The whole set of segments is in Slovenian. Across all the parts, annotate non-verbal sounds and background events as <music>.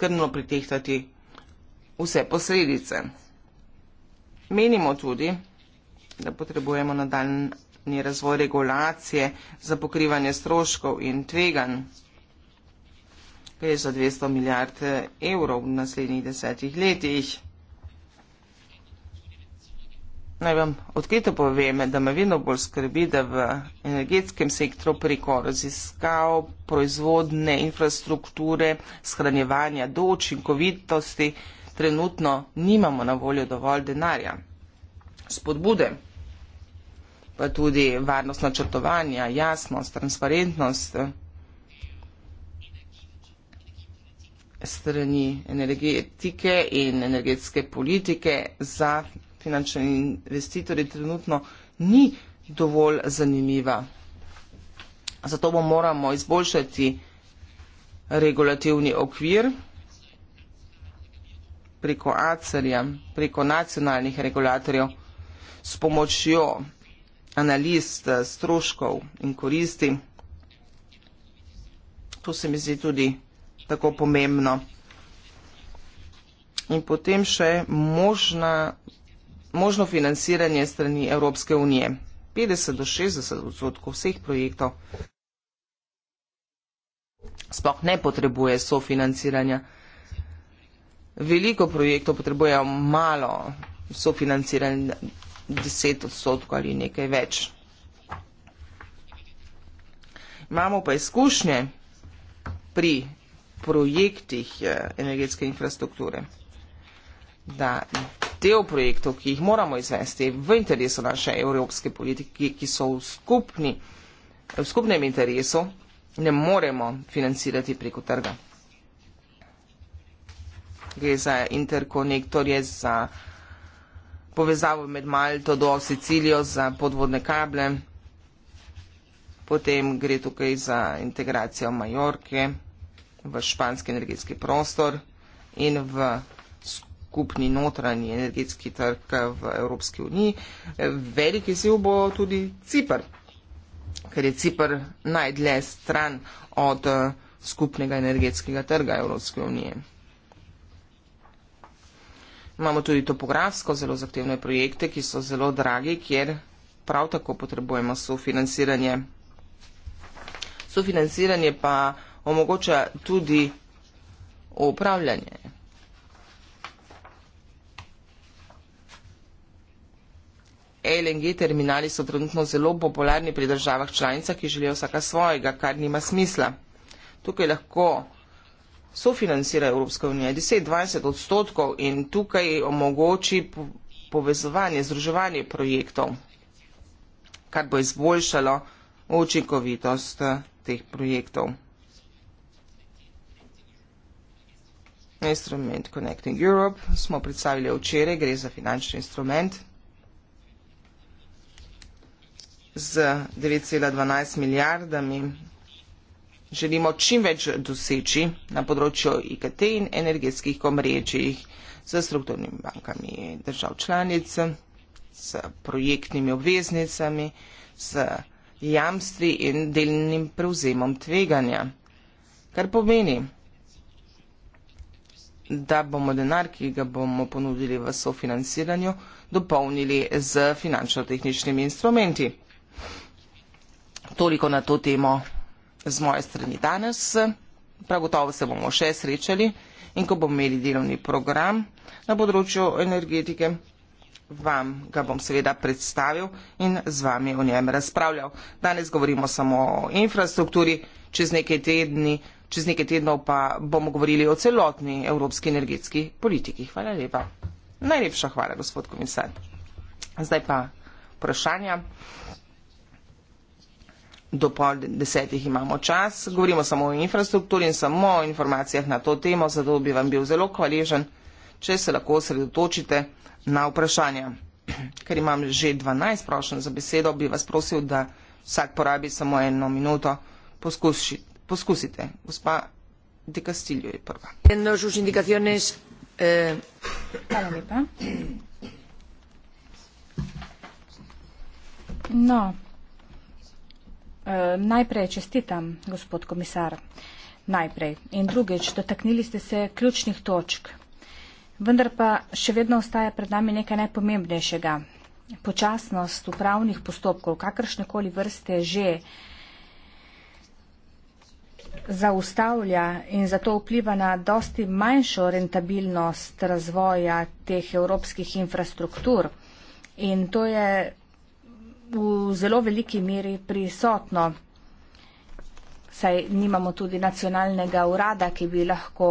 skrbno pritehtati vse posledice. Menimo tudi, da potrebujemo nadaljni razvoj regulacije za pokrivanje stroškov in tvegan, ki je za 200 milijard evrov v naslednjih desetih letih naj vam odkrito povem, da me vedno bolj skrbi, da v energetskem sektoru preko raziskav, proizvodne infrastrukture, shranjevanja do učinkovitosti trenutno nimamo na voljo dovolj denarja. Spodbude pa tudi varnost načrtovanja, jasnost, transparentnost strani energetike in energetske politike za finančne investitorje trenutno ni dovolj zanimiva. Zato bomo moramo izboljšati regulativni okvir preko ACER-ja, preko nacionalnih regulatorjev s pomočjo analiz stroškov in koristi. To se mi zdi tudi tako pomembno. In potem še možna možno financiranje strani Evropske unije. 50 do 60 odstotkov vseh projektov sploh ne potrebuje sofinanciranja. Veliko projektov potrebuje malo sofinanciranja, 10 odstotkov ali nekaj več. Imamo pa izkušnje pri projektih eh, energetske infrastrukture, da del projektov, ki jih moramo izvesti v interesu naše evropske politike, ki so v, skupni, v skupnem interesu, ne moremo financirati preko trga. Gre za interkonektorje, za povezavo med Malto do Sicilijo, za podvodne kable, potem gre tukaj za integracijo Majorke v španski energetski prostor in v skupni notranji energetski trg v Evropski uniji. Velik izziv bo tudi Cipr, ker je Cipr najdlje stran od eh, skupnega energetskega trga Evropske unije. Imamo tudi topografsko zelo zahtevne projekte, ki so zelo dragi, kjer prav tako potrebujemo sofinanciranje. Sofinanciranje pa omogoča tudi upravljanje. LNG terminali so trenutno zelo popularni pri državah članicah, ki želijo vsaka svojega, kar nima smisla. Tukaj lahko sofinancira Evropska unija 10-20 odstotkov in tukaj omogoči povezovanje, združevanje projektov, kar bo izboljšalo učinkovitost eh, teh projektov. Instrument Connecting Europe smo predstavili včeraj, gre za finančni instrument, z 9,12 milijardami želimo čim več doseči na področju IKT in energetskih omrečjih z strukturnimi bankami držav članic, s projektnimi obveznicami, s jamstvi in delnim prevzemom tveganja. Kar pomeni, da bomo denar, ki ga bomo ponudili v sofinanciranju, dopolnili z finančno-tehničnimi instrumenti toliko na to temo z moje strani danes. Prav gotovo se bomo še srečali in ko bomo imeli delovni program na področju energetike, vam ga bom seveda predstavil in z vami o njem razpravljal. Danes govorimo samo o infrastrukturi, čez nekaj tedni, čez nekaj tednov pa bomo govorili o celotni evropski energetski politiki. Hvala lepa. Najlepša hvala, gospod komisar. Zdaj pa vprašanja do pol desetih imamo čas, govorimo samo o infrastrukturi in samo o informacijah na to temo, zato bi vam bil zelo hvaležen, če se lahko sredotočite na vprašanja. <clears throat> Ker imam že 12 prošenj za besedo, bi vas prosil, da vsak porabi samo eno minuto. Poskusi, poskusite. Gospa De Castillo je prva. Eh, Hvala lepa. No, Ehm, najprej čestitam, gospod komisar. Najprej. In drugič, dotaknili ste se ključnih točk. Vendar pa še vedno ostaja pred nami nekaj najpomembnejšega. Počasnost upravnih postopkov, kakršnekoli vrste že zaustavlja in zato vpliva na dosti manjšo rentabilnost razvoja teh evropskih infrastruktur. In to je v zelo veliki meri prisotno. Saj nimamo tudi nacionalnega urada, ki bi lahko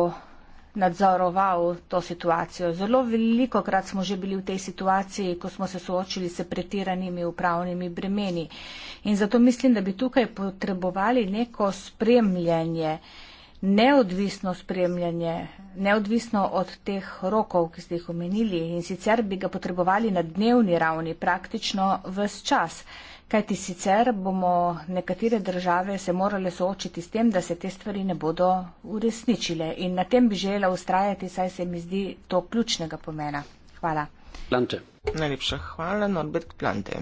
nadzoroval to situacijo. Zelo veliko krat smo že bili v tej situaciji, ko smo se soočili s pretiranimi upravnimi bremeni. In zato mislim, da bi tukaj potrebovali neko spremljanje neodvisno spremljanje, neodvisno od teh rokov, ki ste jih omenili in sicer bi ga potrebovali na dnevni ravni praktično vse čas. Kajti sicer bomo nekatere države se morale soočiti s tem, da se te stvari ne bodo uresničile. In na tem bi želela ustrajati, saj se mi zdi to ključnega pomena. Hvala. Plante. Najlepša hvala, Norbert Plante.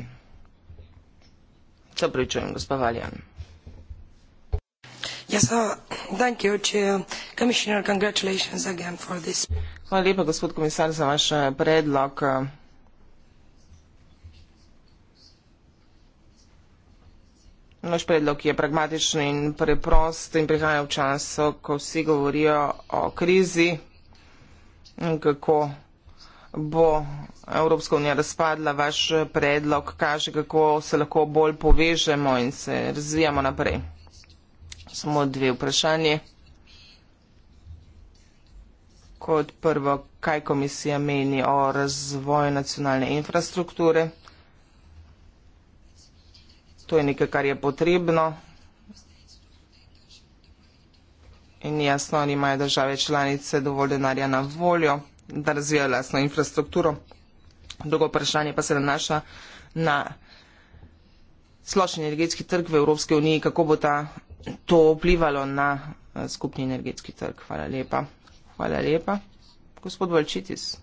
Se pričujem, gospa Valjan. Uh, Hvala lepa, gospod komisar, za vaš eh, predlog. Eh. Naš predlog je pragmatičen in preprost in prihaja v času, ko vsi govorijo o krizi in kako bo Evropska unija razpadla. Vaš predlog kaže, kako se lahko bolj povežemo in se razvijamo naprej samo dve vprašanje. Kot prvo, kaj komisija meni o razvoju nacionalne infrastrukture? To je nekaj, kar je potrebno. In jasno, oni imajo države članice dovolj denarja na voljo, da razvijajo lasno infrastrukturo. Drugo vprašanje pa se nanaša na splošni energetski trg v Evropski uniji, kako bo ta to vplivalo na eh, skupni energetski trg. Hvala lepa. Hvala lepa. Gospod Valčitis.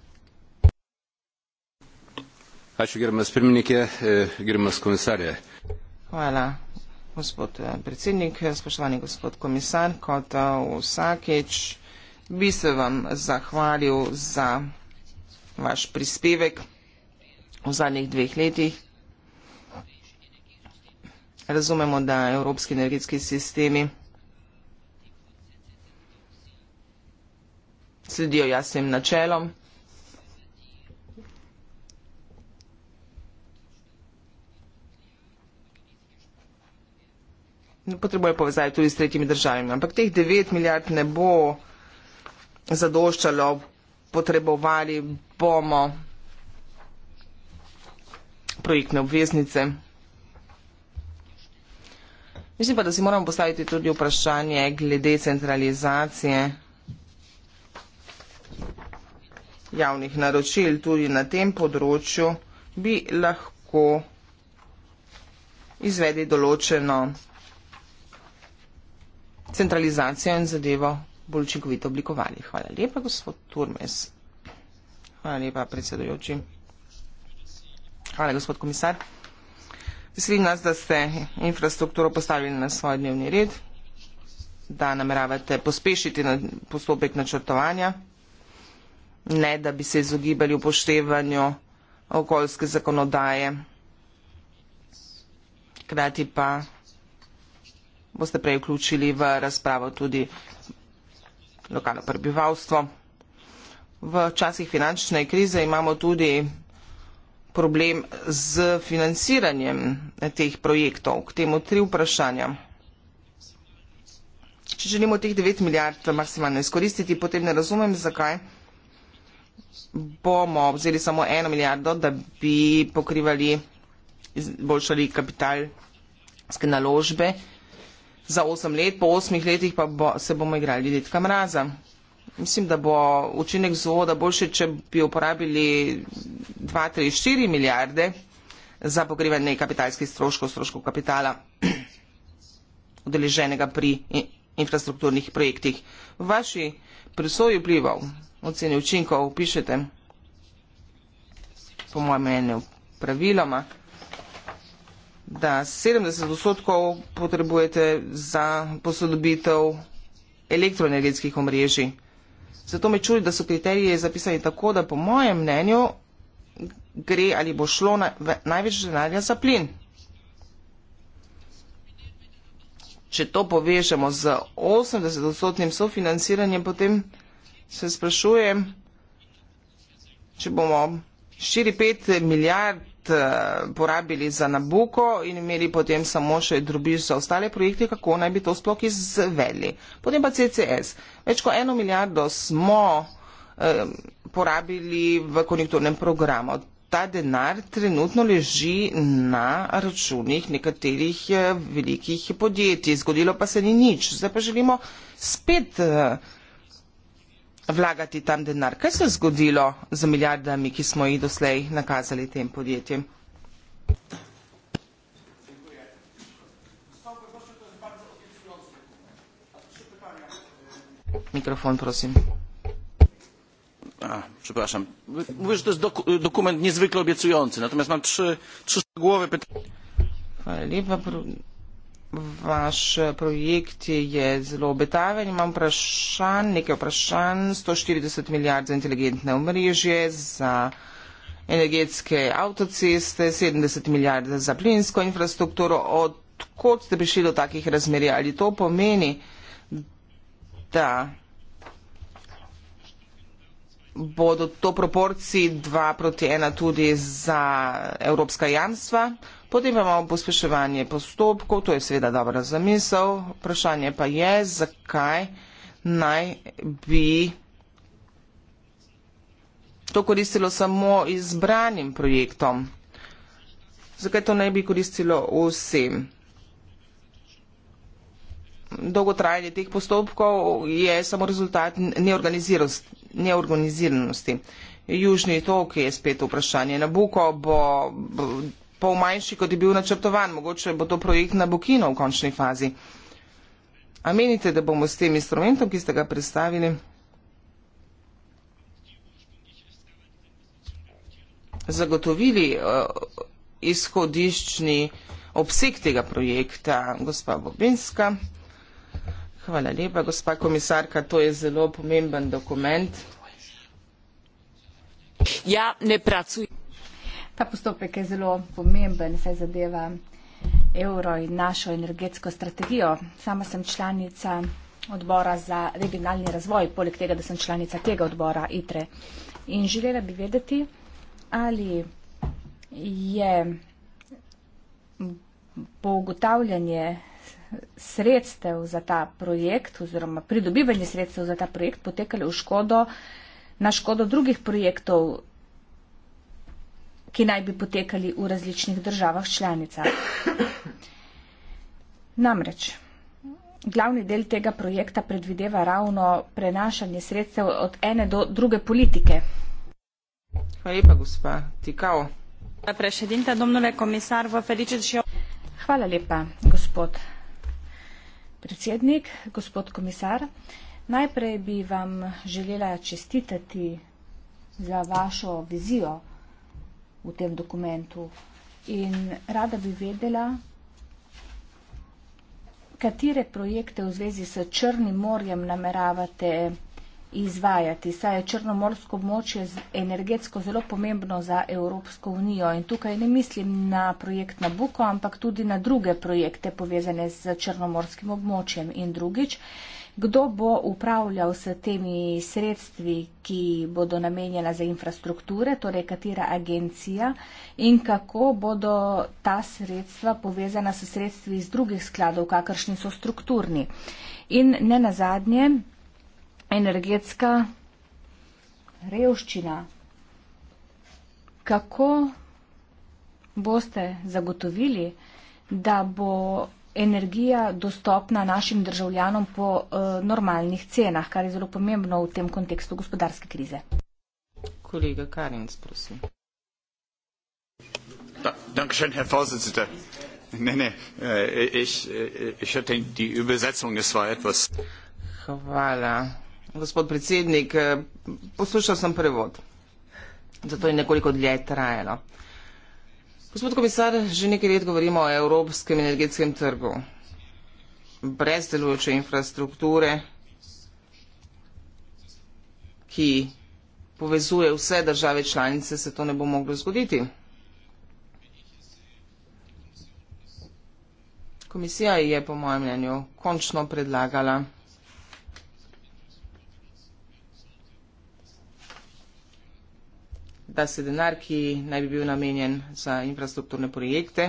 Kaj še gremo s premnike, gremo s komisarje. Hvala, gospod eh, predsednik, spoštovani gospod komisar, kot eh, vsakeč bi se vam zahvalil za vaš prispevek v zadnjih dveh letih razumemo, da evropski energetski sistemi sledijo jasnim načelom. Potrebuje povezati tudi s tretjimi državami, ampak teh 9 milijard ne bo zadoščalo, potrebovali bomo projektne obveznice. Mislim pa, da si moramo postaviti tudi vprašanje glede centralizacije javnih naročil tudi na tem področju bi lahko izvedi določeno centralizacijo in zadevo bolj učinkovito oblikovali. Hvala lepa, gospod Turmes. Hvala lepa, predsedujoči. Hvala, gospod komisar. Veseli nas, da ste infrastrukturo postavili na svoj dnevni red, da nameravate pospešiti na postopek načrtovanja, ne da bi se izogibali upoštevanju okoljske zakonodaje. Hkrati pa boste prej vključili v razpravo tudi lokalno prebivalstvo. V časih finančne krize imamo tudi problem z financiranjem teh projektov, k temu tri vprašanja. Če želimo teh 9 milijard maksimalno izkoristiti, potem ne razumem, zakaj bomo vzeli samo eno milijardo, da bi pokrivali, izboljšali kapital skaj naložbe za 8 let, po 8 letih pa bo, se bomo igrali detka mraza mislim, da bo učinek zvoda boljši, če bi uporabili 2, 3, 4 milijarde za pokrivanje kapitalskih stroškov, stroškov kapitala, odeleženega <clears throat> pri infrastrukturnih projektih. V vaši presoji vplival oceni učinkov pišete, po mojem mnenju, praviloma, da 70 odstotkov potrebujete za posodobitev elektroenergetskih omrežij. Zato me čudi, da so kriteriji zapisani tako, da po mojem mnenju gre ali bo šlo na, v, največ denarja za plin. Če to povežemo z 80-odstotnim sofinanciranjem, potem se sprašujem, če bomo 4-5 milijard Eh, porabili za Nabuko in imeli potem samo še drobiž za ostale projekte, kako naj bi to sploh izvedli. Potem pa CCS. Več kot eno milijardo smo eh, porabili v konjunkturnem programu. Ta denar trenutno leži na računih nekaterih eh, velikih podjetij. Zgodilo pa se ni nič. Zdaj pa želimo spet uh, vlagati tam denar. Kaj se je zgodilo z milijardami, ki smo jih doslej nakazali tem podjetjem? Mikrofon, prosim. A, przepraszam. Mówisz, że to jest dok dokument niezwykle obiecujący. Natomiast mam trzy, trzy szczegółowe pytania. Chwaliwa, vaš projekt je zelo obetaven. Imam vprašanj, nekaj vprašanj. 140 milijard za inteligentne omrežje, za energetske avtoceste, 70 milijard za plinsko infrastrukturo. Odkot ste prišli do takih razmerij? Ali to pomeni, da bodo to proporciji 2 proti 1 tudi za evropska jamstva. Potem pa imamo pospeševanje postopkov, to je seveda dobra zamisel. Vprašanje pa je, zakaj naj bi to koristilo samo izbranim projektom. Zakaj to naj bi koristilo vsem? Dolgotrajanje teh postopkov je samo rezultat neorganiziranosti neorganiziranosti. Južni tok je spet vprašanje. Nabuko bo pol manjši, kot je bil načrtovan. Mogoče bo to projekt Nabukino v končni fazi. A menite, da bomo s tem instrumentom, ki ste ga predstavili, zagotovili uh, izhodiščni obseg tega projekta, gospa Bobinska? Hvala lepa, gospa komisarka, to je zelo pomemben dokument. Ja, ne pracuj. Ta postopek je zelo pomemben, se zadeva evro in našo energetsko strategijo. Sama sem članica odbora za regionalni razvoj, poleg tega, da sem članica tega odbora ITRE. In želela bi vedeti, ali je po ugotavljanje sredstev za ta projekt oziroma pridobivanje sredstev za ta projekt potekale v škodo, na škodo drugih projektov, ki naj bi potekali v različnih državah članicah. Namreč, glavni del tega projekta predvideva ravno prenašanje sredstev od ene do druge politike. Hvala lepa, gospa Tikao. Hvala lepa, gospod predsednik, gospod komisar. Najprej bi vam želela čestitati za vašo vizijo v tem dokumentu in rada bi vedela, katere projekte v zvezi s Črnim morjem nameravate vzeti izvajati. Saj je črnomorsko območje energetsko zelo pomembno za Evropsko unijo in tukaj ne mislim na projekt Nabuko, ampak tudi na druge projekte povezane z črnomorskim območjem in drugič. Kdo bo upravljal s temi sredstvi, ki bodo namenjena za infrastrukture, torej katera agencija in kako bodo ta sredstva povezana s sredstvi iz drugih skladov, kakršni so strukturni. In ne nazadnje, energetska revščina. Kako boste zagotovili, da bo energija dostopna našim državljanom po uh, normalnih cenah, kar je zelo pomembno v tem kontekstu gospodarske krize? Kolega Karinc, prosim. Dankeschön, Herr Vorsitzender. Ne, ne, äh, ich, äh, ich hatte die Übersetzung, es war etwas. Hvala, gospod predsednik, eh, poslušal sem prevod. Zato je nekoliko dlje trajalo. Gospod komisar, že nekaj let govorimo o evropskem energetskem trgu. Brez delujoče infrastrukture, ki povezuje vse države članice, se to ne bo moglo zgoditi. Komisija je po mojem mnenju končno predlagala da se denar, ki naj bi bil namenjen za infrastrukturne projekte,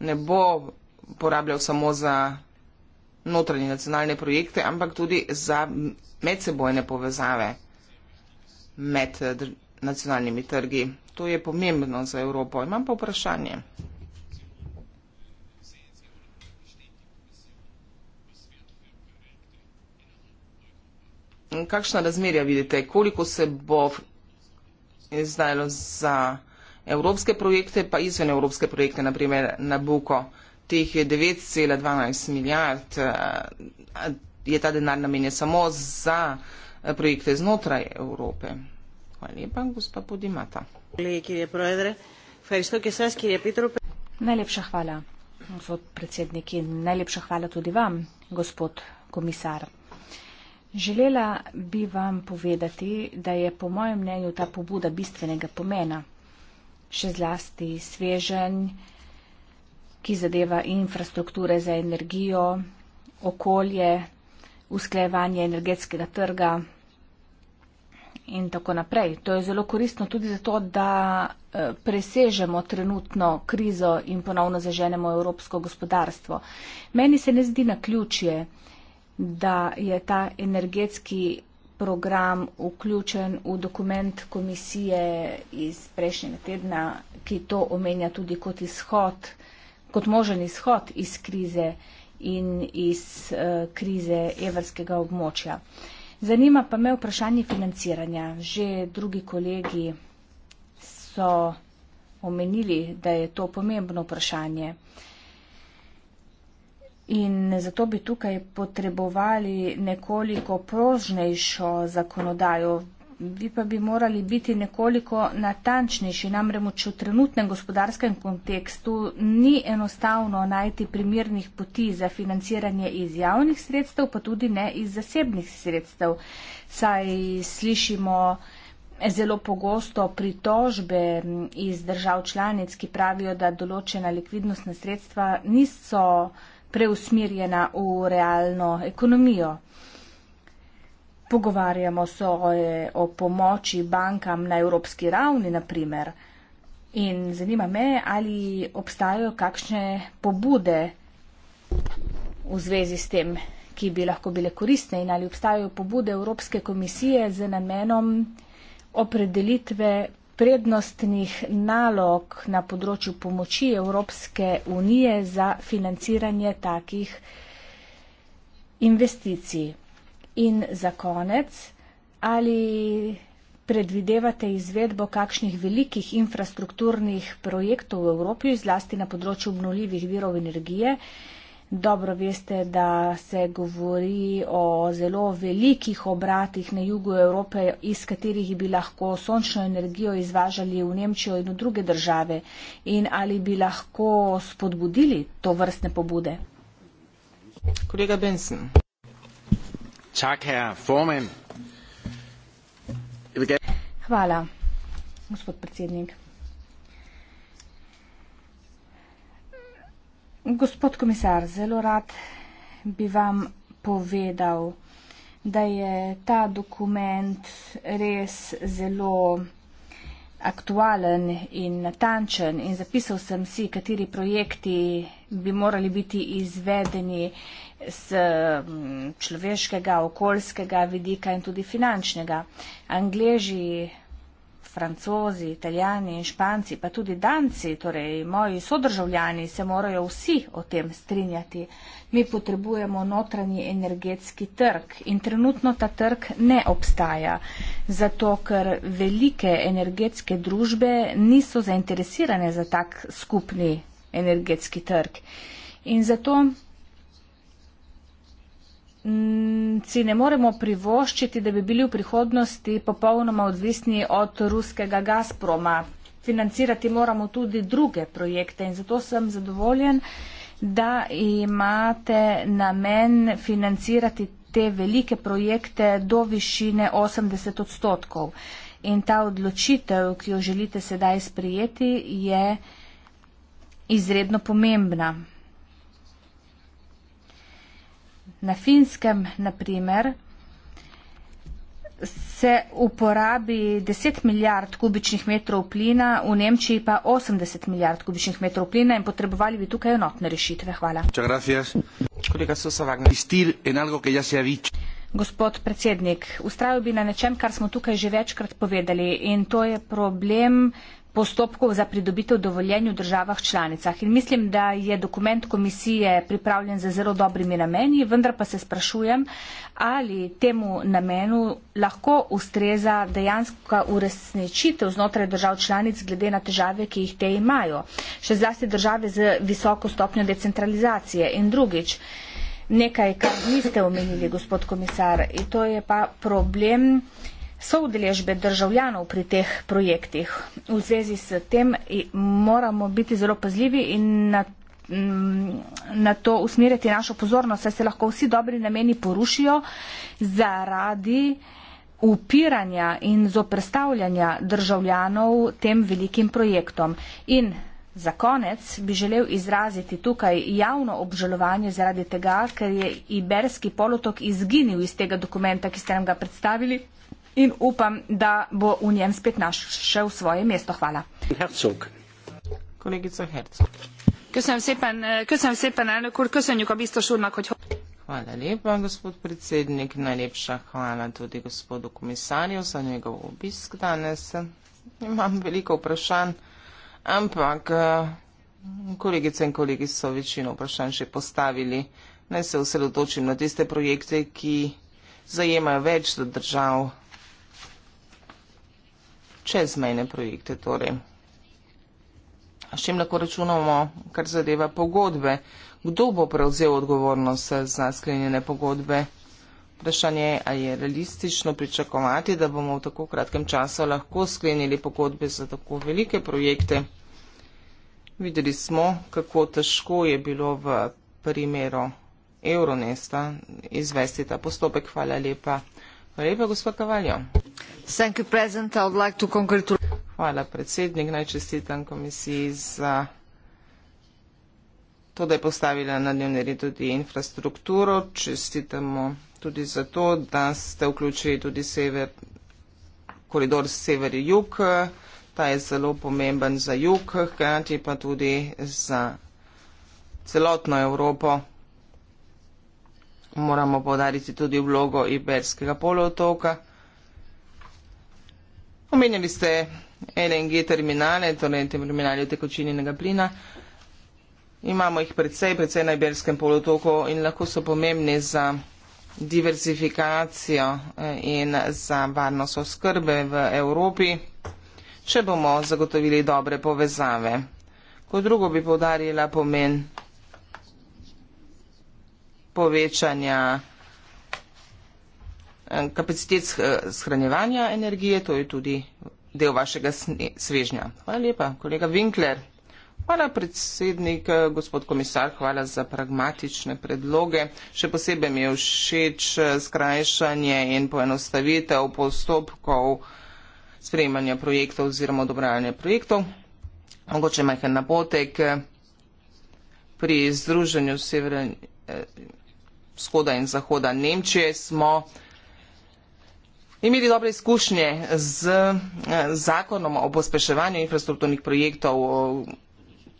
ne bo porabljal samo za notranje nacionalne projekte, ampak tudi za medsebojne povezave med nacionalnimi trgi. To je pomembno za Evropo. Imam pa vprašanje. kakšna razmerja vidite, koliko se bo izdajalo za evropske projekte, pa izven evropske projekte, naprimer na Buko, teh je 9,12 milijard, eh, je ta denar namenjen samo za eh, projekte znotraj Evrope. Hvala lepa, gospa Podimata. Najlepša hvala, gospod predsednik, in najlepša hvala tudi vam, gospod komisar. Želela bi vam povedati, da je po mojem mnenju ta pobuda bistvenega pomena, še zlasti svežen, ki zadeva infrastrukture za energijo, okolje, usklejevanje energetskega trga in tako naprej. To je zelo koristno tudi zato, da eh, presežemo trenutno krizo in ponovno zaženemo evropsko gospodarstvo. Meni se ne zdi na ključje, da je ta energetski program vključen v dokument komisije iz prejšnjega tedna, ki to omenja tudi kot izhod, kot možen izhod iz krize in iz eh, krize evrskega območja. Zanima pa me vprašanje financiranja. Že drugi kolegi so omenili, da je to pomembno vprašanje. Uh, In zato bi tukaj potrebovali nekoliko prožnejšo zakonodajo. Vi pa bi morali biti nekoliko natančnejši, namreč v trenutnem gospodarskem kontekstu ni enostavno najti primernih poti za financiranje iz javnih sredstev, pa tudi ne iz zasebnih sredstev. Saj slišimo zelo pogosto pritožbe iz držav članic, ki pravijo, da določena likvidnostna sredstva niso preusmirjena v realno ekonomijo. Pogovarjamo se o pomoči bankam na evropski ravni, naprimer, in zanima me, ali obstajajo kakšne pobude v zvezi s tem, ki bi lahko bile koristne in ali obstajajo pobude Evropske komisije z namenom opredelitve prednostnih nalog na področju pomoči Evropske unije za financiranje takih investicij. In za konec, ali predvidevate izvedbo kakšnih velikih infrastrukturnih projektov v Evropi, zlasti na področju obnovljivih virov energije? Dobro veste, da se govori o zelo velikih obratih na jugu Evrope, iz katerih bi lahko sončno energijo izvažali v Nemčijo in v druge države. In ali bi lahko spodbudili to vrstne pobude? Kolega Benson. Čak, herr Formen. Hvala, gospod predsednik. Gospod komisar, zelo rad bi vam povedal, da je ta dokument res zelo aktualen in natančen in zapisal sem si, kateri projekti bi morali biti izvedeni z človeškega, okoljskega vidika in tudi finančnega. Angleži francozi, italijani in španci, pa tudi danci, torej moji sodržavljani, se morajo vsi o tem strinjati. Mi potrebujemo notranji energetski trg in trenutno ta trg ne obstaja, zato ker velike energetske družbe niso zainteresirane za tak skupni energetski trg. In zato Mm, si ne moremo privoščiti, da bi bili v prihodnosti popolnoma odvisni od ruskega Gazproma. Financirati moramo tudi druge projekte in zato sem zadovoljen, da imate namen financirati te velike projekte do višine 80 odstotkov. In ta odločitev, ki jo želite sedaj sprijeti, je izredno pomembna. na finskem, na primer, se uporabi 10 milijard kubičnih metrov plina, v Nemčiji pa 80 milijard kubičnih metrov plina in potrebovali bi tukaj enotne rešitve. Hvala. Gospod predsednik, ustrajal bi na nečem, kar smo tukaj že večkrat povedali in to je problem, postopkov za pridobitev dovoljenja v državah članicah. In mislim, da je dokument komisije pripravljen za zelo dobrimi nameni, vendar pa se sprašujem, ali temu namenu lahko ustreza dejanska uresničitev znotraj držav članic glede na težave, ki jih te imajo. Še zlasti države z visoko stopnjo decentralizacije. In drugič, nekaj, kar niste omenili, gospod komisar, in to je pa problem, soudeležbe državljanov pri teh projektih. V zvezi s tem moramo biti zelo pazljivi in na, mm, na to usmeriti našo pozornost, saj se lahko vsi dobri nameni porušijo zaradi upiranja in zoprstavljanja državljanov tem velikim projektom. In za konec bi želel izraziti tukaj javno obžalovanje zaradi tega, ker je Iberski polotok izginil iz tega dokumenta, ki ste nam ga predstavili in upam, da bo v njem spet našel svoje mesto. Hvala. Herzog. Kolegica Herzog. Köszönöm szépen, eh, köszönöm szépen, elnök úr, köszönjük a biztos úrnak, hogy... Hvala lepa, gospod predsednik, najlepša hvala tudi gospodu komisarju za njegov obisk danes. Imam veliko vprašanj, ampak eh, kolegice in kolegi so večino vprašanj že postavili. Naj se osredotočim na tiste projekte, ki zajemajo več držav čezmejne projekte. Torej. S čim lahko računamo, kar zadeva pogodbe? Kdo bo prevzel odgovornost za sklenjene pogodbe? Vprašanje je, ali je realistično pričakovati, da bomo v tako kratkem času lahko sklenili pogodbe za tako velike projekte. Videli smo, kako težko je bilo v primeru Euronesta izvesti ta postopek. Hvala lepa. Hvala, predsednik. Naj čestitam komisiji za to, da je postavila na dnevni red tudi infrastrukturo. Čestitamo tudi za to, da ste vključili tudi sever, koridor sever-jug. Ta je zelo pomemben za jug, hkrati pa tudi za celotno Evropo moramo povdariti tudi vlogo Iberskega polotoka. Omenjali ste LNG terminale, torej terminale tekočinjenega plina. Imamo jih predvsej, predvsej na Iberskem polotoku in lahko so pomembni za diversifikacijo eh, in za varnost oskrbe v Evropi, če bomo zagotovili dobre povezave. Kot drugo bi povdarjala pomen povečanja eh, kapacitet shranjevanja energije, to je tudi del vašega svežnja. Hvala lepa, kolega Winkler. Hvala, predsednik, eh, gospod komisar, hvala za pragmatične predloge. Še posebej mi je všeč eh, skrajšanje in poenostavitev postopkov sprejemanja projektov oziroma odobravanja projektov. Mogoče majhen napotek pri združenju severnih vzhoda in zahoda Nemčije, smo imeli dobre izkušnje z eh, zakonom o pospeševanju infrastrukturnih projektov,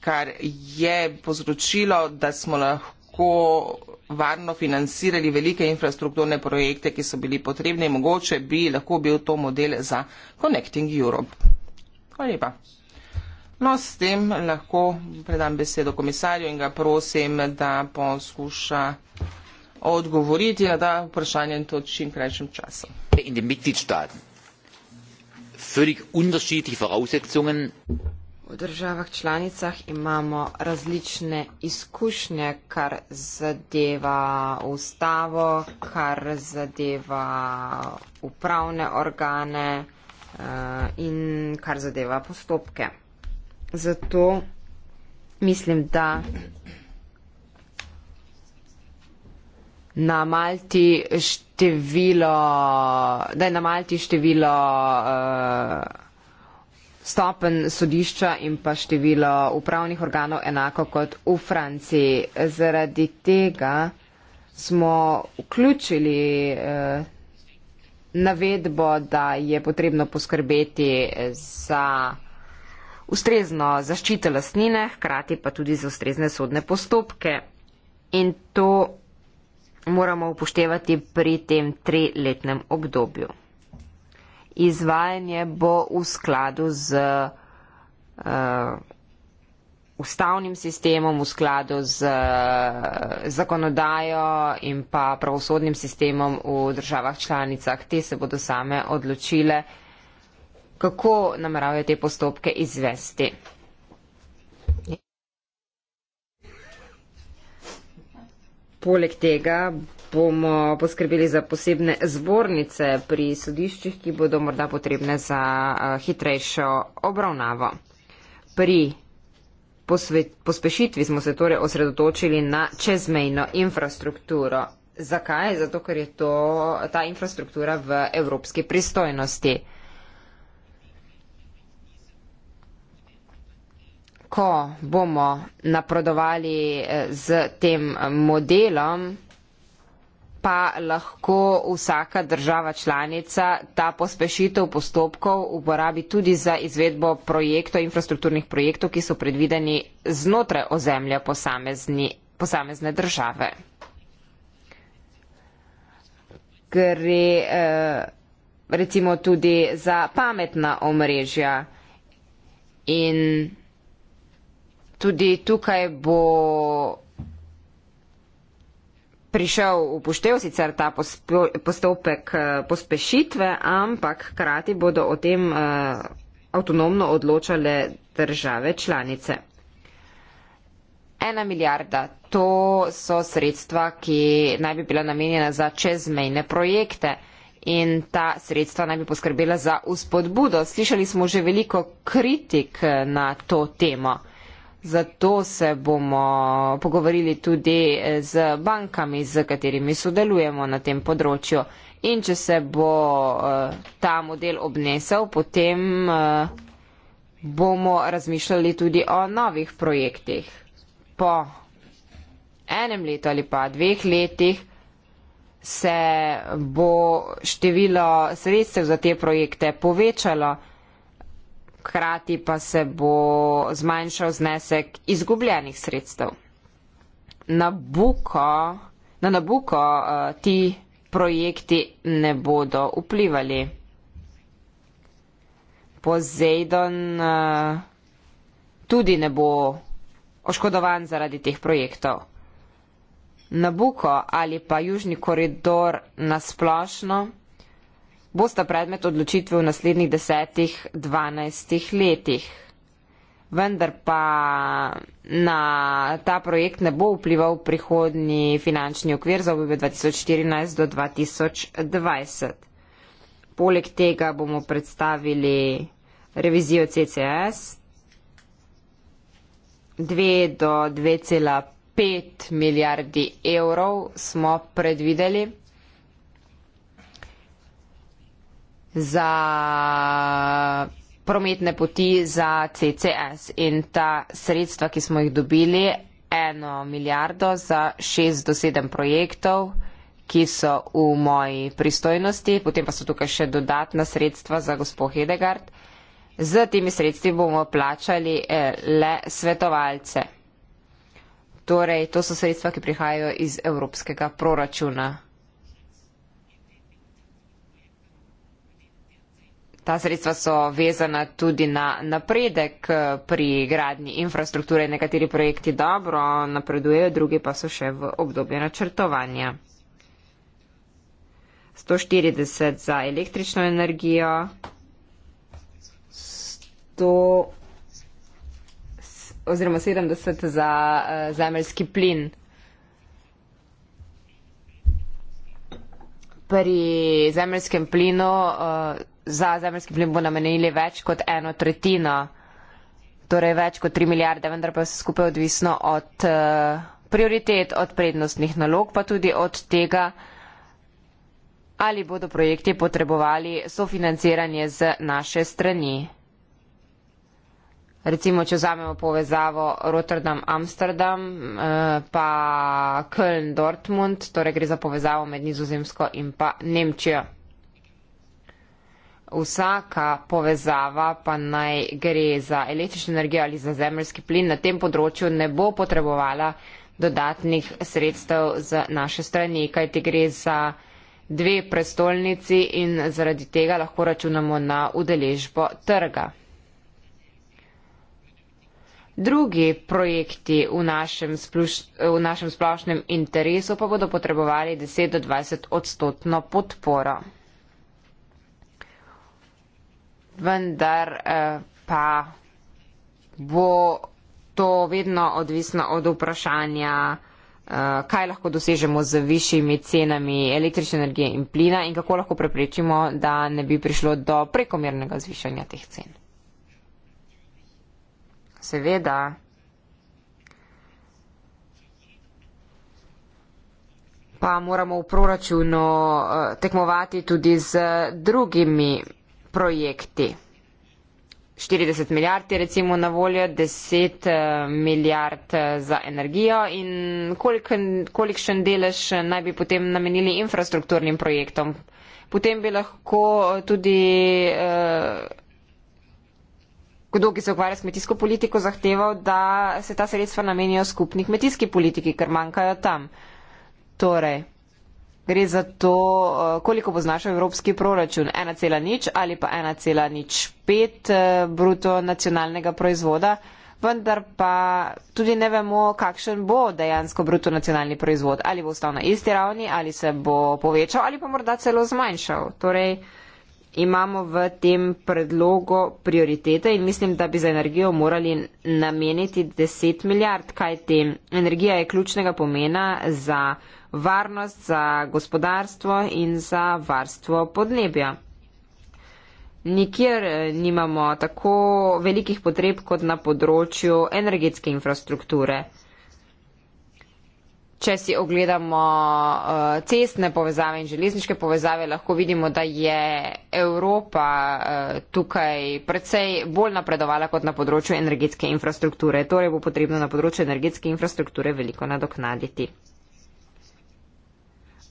kar je pozročilo, da smo lahko varno financirali velike infrastrukturne projekte, ki so bili potrebne in mogoče bi lahko bil to model za Connecting Europe. Hvala lepa. No, s tem lahko predam besedo komisarju in ga prosim, da poskuša odgovoriti na ta vprašanja in to v čim krajšem času. V državah članicah imamo različne izkušnje, kar zadeva ustavo, kar zadeva upravne organe eh, in kar zadeva postopke. Zato mislim, da na Malti število, da je na Malti število uh, eh, stopen sodišča in pa število upravnih organov enako kot v Franciji. Zaradi tega smo vključili uh, navedbo, da je potrebno poskrbeti za ustrezno zaščito lastnine, hkrati pa tudi za ustrezne sodne postopke. In to moramo upoštevati pri tem triletnem obdobju. Izvajanje bo v skladu z uh, ustavnim sistemom, v skladu z uh, zakonodajo in pa pravosodnim sistemom v državah članicah. Te se bodo same odločile, kako nameravajo te postopke izvesti. Poleg tega bomo poskrbeli za posebne zbornice pri sodiščih, ki bodo morda potrebne za eh, hitrejšo obravnavo. Pri pospešitvi smo se torej osredotočili na čezmejno infrastrukturo. Zakaj? Zato, ker je to, ta infrastruktura v evropski pristojnosti. ko bomo napredovali z eh, tem eh, modelom, pa lahko vsaka država članica ta pospešitev postopkov uporabi tudi za izvedbo projektov, infrastrukturnih projektov, ki so predvideni znotraj ozemlja posamezni, posamezne države. Gre eh, recimo tudi za pametna omrežja in tudi tukaj bo prišel upoštev sicer ta postopek eh, pospešitve, ampak krati bodo o tem eh, avtonomno odločale države članice. Ena milijarda, to so sredstva, ki naj bi bila namenjena za čezmejne projekte in ta sredstva naj bi poskrbela za uspodbudo. Slišali smo že veliko kritik eh, na to temo. Zato se bomo pogovorili tudi eh, z bankami, z katerimi sodelujemo na tem področju. In če se bo eh, ta model obnesel, potem eh, bomo razmišljali tudi o novih projektih. Po enem letu ali pa dveh letih se bo število sredstev za te projekte povečalo hkrati pa se bo zmanjšal znesek izgubljenih sredstev. Nabuko, na nabuko uh, ti projekti ne bodo vplivali. Pozejdon uh, eh, tudi ne bo oškodovan zaradi teh projektov. Nabuko ali pa južni koridor nasplošno bosta predmet odločitve v naslednjih desetih, dvanajstih letih. Vendar pa na ta projekt ne bo vplival prihodni finančni okvir za obdobje 2014 do 2020. Poleg tega bomo predstavili revizijo CCS, 2 do 2,5 milijardi evrov smo predvideli. za prometne poti za CCS in ta sredstva, ki smo jih dobili, eno milijardo za šest do sedem projektov, ki so v moji pristojnosti, potem pa so tukaj še dodatna sredstva za gospod Hedegard. Z temi sredstvi bomo plačali eh, le svetovalce. Torej, to so sredstva, ki prihajajo iz evropskega proračuna. Ta sredstva so vezana tudi na napredek eh, pri gradni infrastrukture. Nekateri projekti dobro napredujejo, drugi pa so še v obdobju načrtovanja. 140 za električno energijo, 100 oziroma 70 za eh, zemeljski plin. Pri zemeljskem plinu uh, za zemljski plin bo namenili več kot eno tretjino, torej več kot 3 milijarde, vendar pa se skupaj odvisno od eh, prioritet, od prednostnih nalog, pa tudi od tega, ali bodo projekti potrebovali sofinanciranje z naše strani. Recimo, če vzamemo povezavo Rotterdam-Amsterdam eh, pa Köln-Dortmund, torej gre za povezavo med Nizozemsko in pa Nemčijo vsaka povezava, pa naj gre za električno energijo ali za zemljski plin, na tem področju ne bo potrebovala dodatnih sredstev za naše strani, kajti gre za dve prestolnici in zaradi tega lahko računamo na udeležbo trga. Drugi projekti v našem, spluš, v našem splošnem interesu pa bodo potrebovali 10-20 odstotno podporo vendar eh, pa bo to vedno odvisno od vprašanja, eh, kaj lahko dosežemo z višjimi cenami električne energije in plina in kako lahko preprečimo, da ne bi prišlo do prekomernega zvišanja teh cen. Seveda. Pa moramo v proračunu eh, tekmovati tudi z drugimi projekti. 40 milijard je recimo na voljo, 10 eh, milijard eh, za energijo in kolikšen delež eh, naj bi potem namenili infrastrukturnim projektom. Potem bi lahko tudi eh, kdo, ki se ukvarja s kmetijsko politiko, zahteval, da se ta sredstva namenijo skupni kmetijski politiki, ker manjkajo tam. Torej. Gre za to, eh, koliko bo znašal evropski proračun, 1,0 ali pa 1,05 eh, bruto nacionalnega proizvoda, vendar pa tudi ne vemo, kakšen bo dejansko bruto nacionalni proizvod, ali bo ostal na isti ravni, ali se bo povečal, ali pa morda celo zmanjšal. Torej, imamo v tem predlogu prioritete in mislim, da bi za energijo morali nameniti 10 milijard, kaj tem. Energija je ključnega pomena za varnost, za gospodarstvo in za varstvo podnebja. Nikjer eh, nimamo tako velikih potreb kot na področju energetske infrastrukture. Če si ogledamo eh, cestne povezave in železniške povezave, lahko vidimo, da je Evropa eh, tukaj precej bolj napredovala kot na področju energetske infrastrukture. Torej bo potrebno na področju energetske infrastrukture veliko nadoknaditi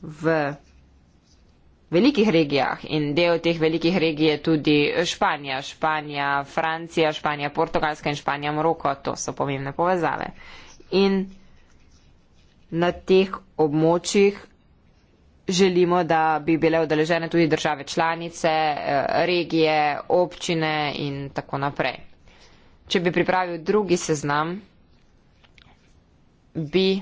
v velikih regijah in del teh velikih regij je tudi Španija, Španija, Francija, Španija, Portugalska in Španija, Moroko, to so pomembne povezave. In na teh območjih želimo, da bi bile odeležene tudi države članice, eh, regije, občine in tako naprej. Če bi pripravil drugi seznam, bi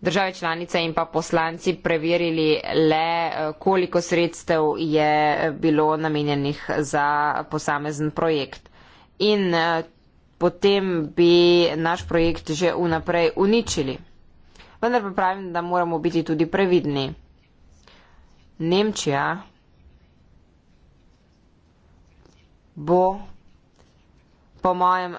države članice in pa poslanci preverili le, eh, koliko sredstev je eh, bilo namenjenih za posamezen projekt. In eh, potem bi naš projekt že vnaprej uničili. Vendar pa pravim, da moramo biti tudi previdni. Nemčija bo po mojem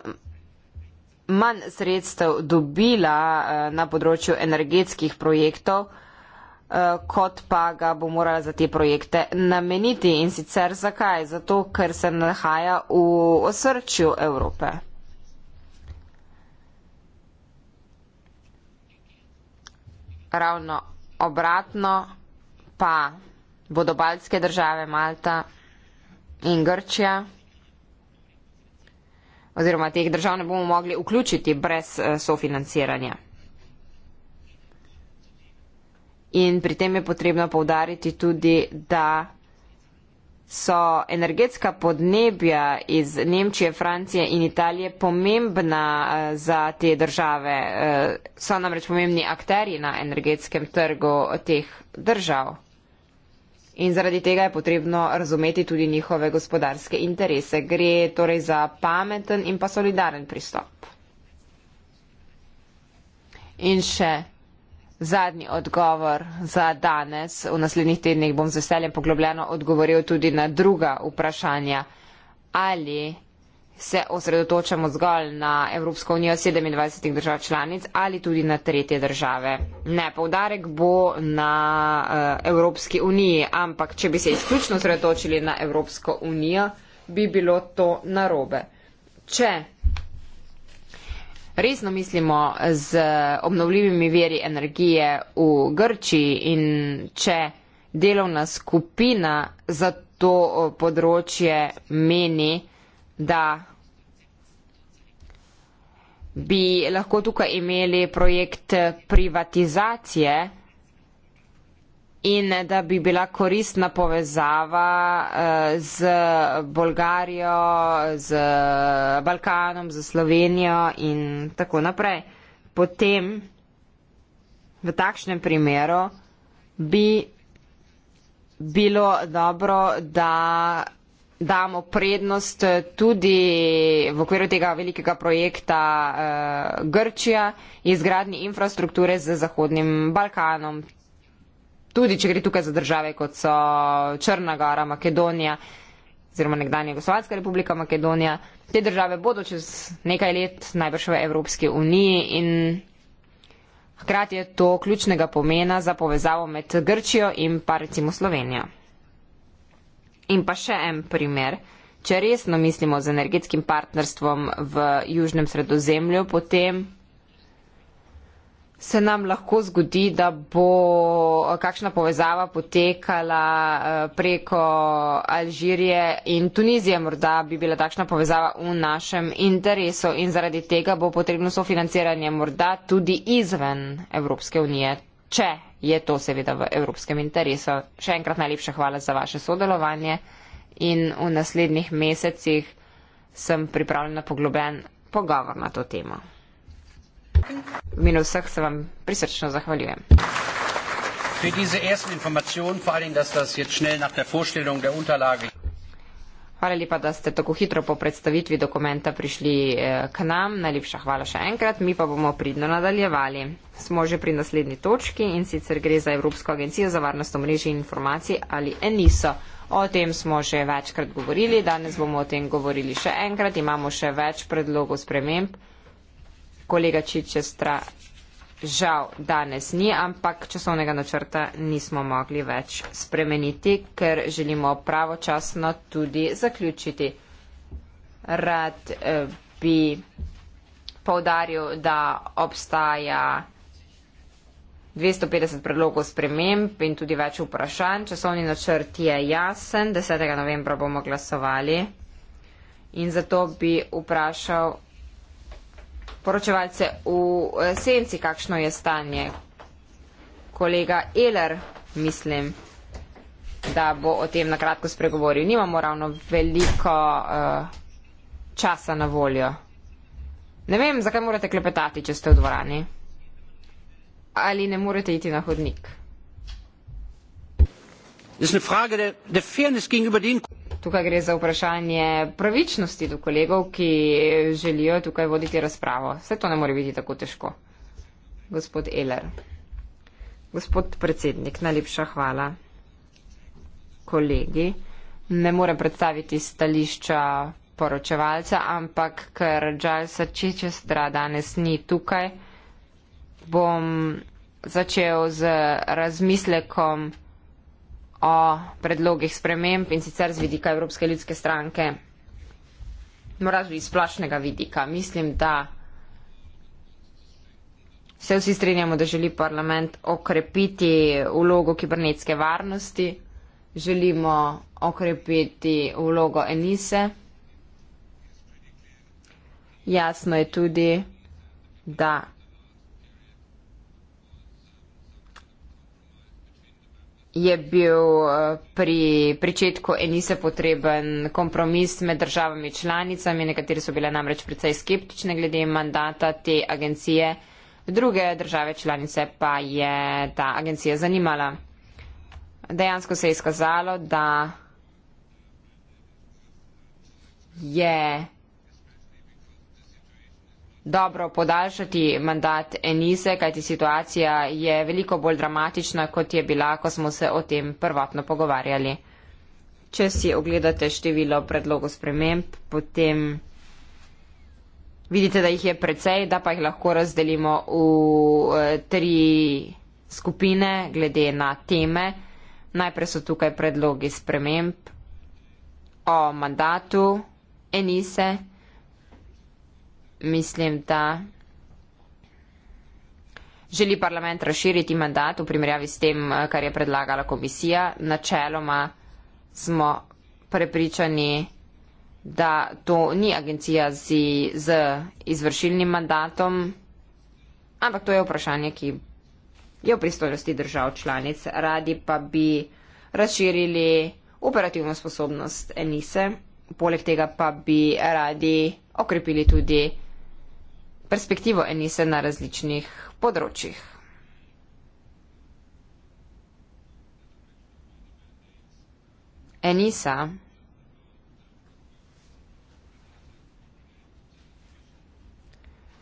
manj sredstev dobila eh, na področju energetskih projektov, eh, kot pa ga bo morala za te projekte nameniti. In sicer zakaj? Zato, ker se nahaja v osrčju Evrope. Ravno obratno pa bodo baltske države Malta in Grčija oziroma teh držav ne bomo mogli vključiti brez eh, sofinanciranja. In pri tem je potrebno povdariti tudi, da so energetska podnebja iz Nemčije, Francije in Italije pomembna eh, za te države. Eh, so namreč pomembni akteri na energetskem trgu teh držav in zaradi tega je potrebno razumeti tudi njihove gospodarske interese. Gre torej za pameten in pa solidaren pristop. In še zadnji odgovor za danes. V naslednjih tednih bom z veseljem poglobljeno odgovoril tudi na druga vprašanja. Ali se osredotočamo zgolj na Evropsko unijo 27 držav članic ali tudi na tretje države. Ne, povdarek bo na uh, Evropski uniji, ampak če bi se izključno osredotočili na Evropsko unijo, bi bilo to narobe. Če resno mislimo z obnovljivimi veri energije v Grčiji in če delovna skupina za to eh, področje meni, da bi lahko tukaj imeli projekt privatizacije in da bi bila koristna povezava eh, z Bolgarijo, z Balkanom, z Slovenijo in tako naprej. Potem v takšnem primeru bi bilo dobro, da damo prednost eh, tudi v okviru tega velikega projekta uh, Grčija izgradnji infrastrukture z Zahodnim Balkanom. Tudi, če gre tukaj za države, kot so Črna gora, Makedonija, oziroma nekdanja Jugoslavijska republika Makedonija, te države bodo čez nekaj let najbrž v Evropski uniji in hkrati je to ključnega pomena za povezavo med Grčijo in pa recimo Slovenijo. In pa še en primer. Če resno mislimo z energetskim partnerstvom v južnem sredozemlju, potem se nam lahko zgodi, da bo kakšna povezava potekala eh, preko Alžirije in Tunizije. Morda bi bila takšna povezava v našem interesu in zaradi tega bo potrebno sofinanciranje morda tudi izven Evropske unije, če je to seveda v evropskem interesu. Še enkrat najlepša hvala za vaše sodelovanje in v naslednjih mesecih sem pripravljena poglobljen pogovor na to temo. V imenu vseh se vam prisrčno zahvaljujem. Für diese ersten Informationen, vor allem, dass das jetzt schnell nach der Vorstellung der Unterlage. Hvala lepa, da ste tako hitro po predstavitvi dokumenta prišli eh, k nam. Najlepša hvala še enkrat. Mi pa bomo pridno nadaljevali. Smo že pri naslednji točki in sicer gre za Evropsko agencijo za varnost omrežje in informacij ali ENISO. O tem smo že večkrat govorili, danes bomo o tem govorili še enkrat. Imamo še več predlogov sprememb. Kolega Čičestra žal danes ni, ampak časovnega načrta nismo mogli več spremeniti, ker želimo pravočasno tudi zaključiti. Rad eh, bi povdaril, da obstaja 250 predlogov sprememb in tudi več vprašanj. Časovni načrt je jasen, 10. novembra bomo glasovali. In zato bi vprašal poročevalce v eh, senci, kakšno je stanje. Kolega Eler, mislim, da bo o tem nakratko spregovoril. Nimamo ravno veliko uh, časa na voljo. Ne vem, zakaj morate klepetati, če ste v dvorani. Ali ne morete iti na hodnik. To je vprašanje, da je fairness gegenüber den. Tukaj gre za vprašanje pravičnosti do kolegov, ki želijo tukaj voditi razpravo. Vse to ne more biti tako težko. Gospod Eler. Gospod predsednik, najlepša hvala. Kolegi, ne morem predstaviti stališča poročevalca, ampak ker Džalsa Čičestra danes ni tukaj, bom začel z razmislekom o predlogih sprememb in sicer z vidika Evropske ljudske stranke, moraš biti splošnega vidika. Mislim, da se vsi strinjamo, da želi parlament okrepiti vlogo kibernetske varnosti, želimo okrepiti vlogo Enise. Jasno je tudi, da je bil eh, pri pričetku enise potreben kompromis med državami članicami, nekateri so bile namreč precej skeptične glede mandata te agencije, druge države članice pa je ta agencija zanimala. Dejansko se je izkazalo, da je dobro podaljšati mandat Enise, kajti situacija je veliko bolj dramatična, kot je bila, ko smo se o tem prvotno pogovarjali. Če si ogledate število predlogov sprememb, potem vidite, da jih je precej, da pa jih lahko razdelimo v eh, tri skupine glede na teme. Najprej so tukaj predlogi sprememb o mandatu Enise mislim, da želi parlament razširiti mandat v primerjavi s tem, kar je predlagala komisija. Načeloma smo prepričani, da to ni agencija z, z izvršilnim mandatom, ampak to je vprašanje, ki je v pristojnosti držav članic. Radi pa bi razširili operativno sposobnost Enise, poleg tega pa bi radi okrepili tudi perspektivo Enise na različnih področjih. Enisa.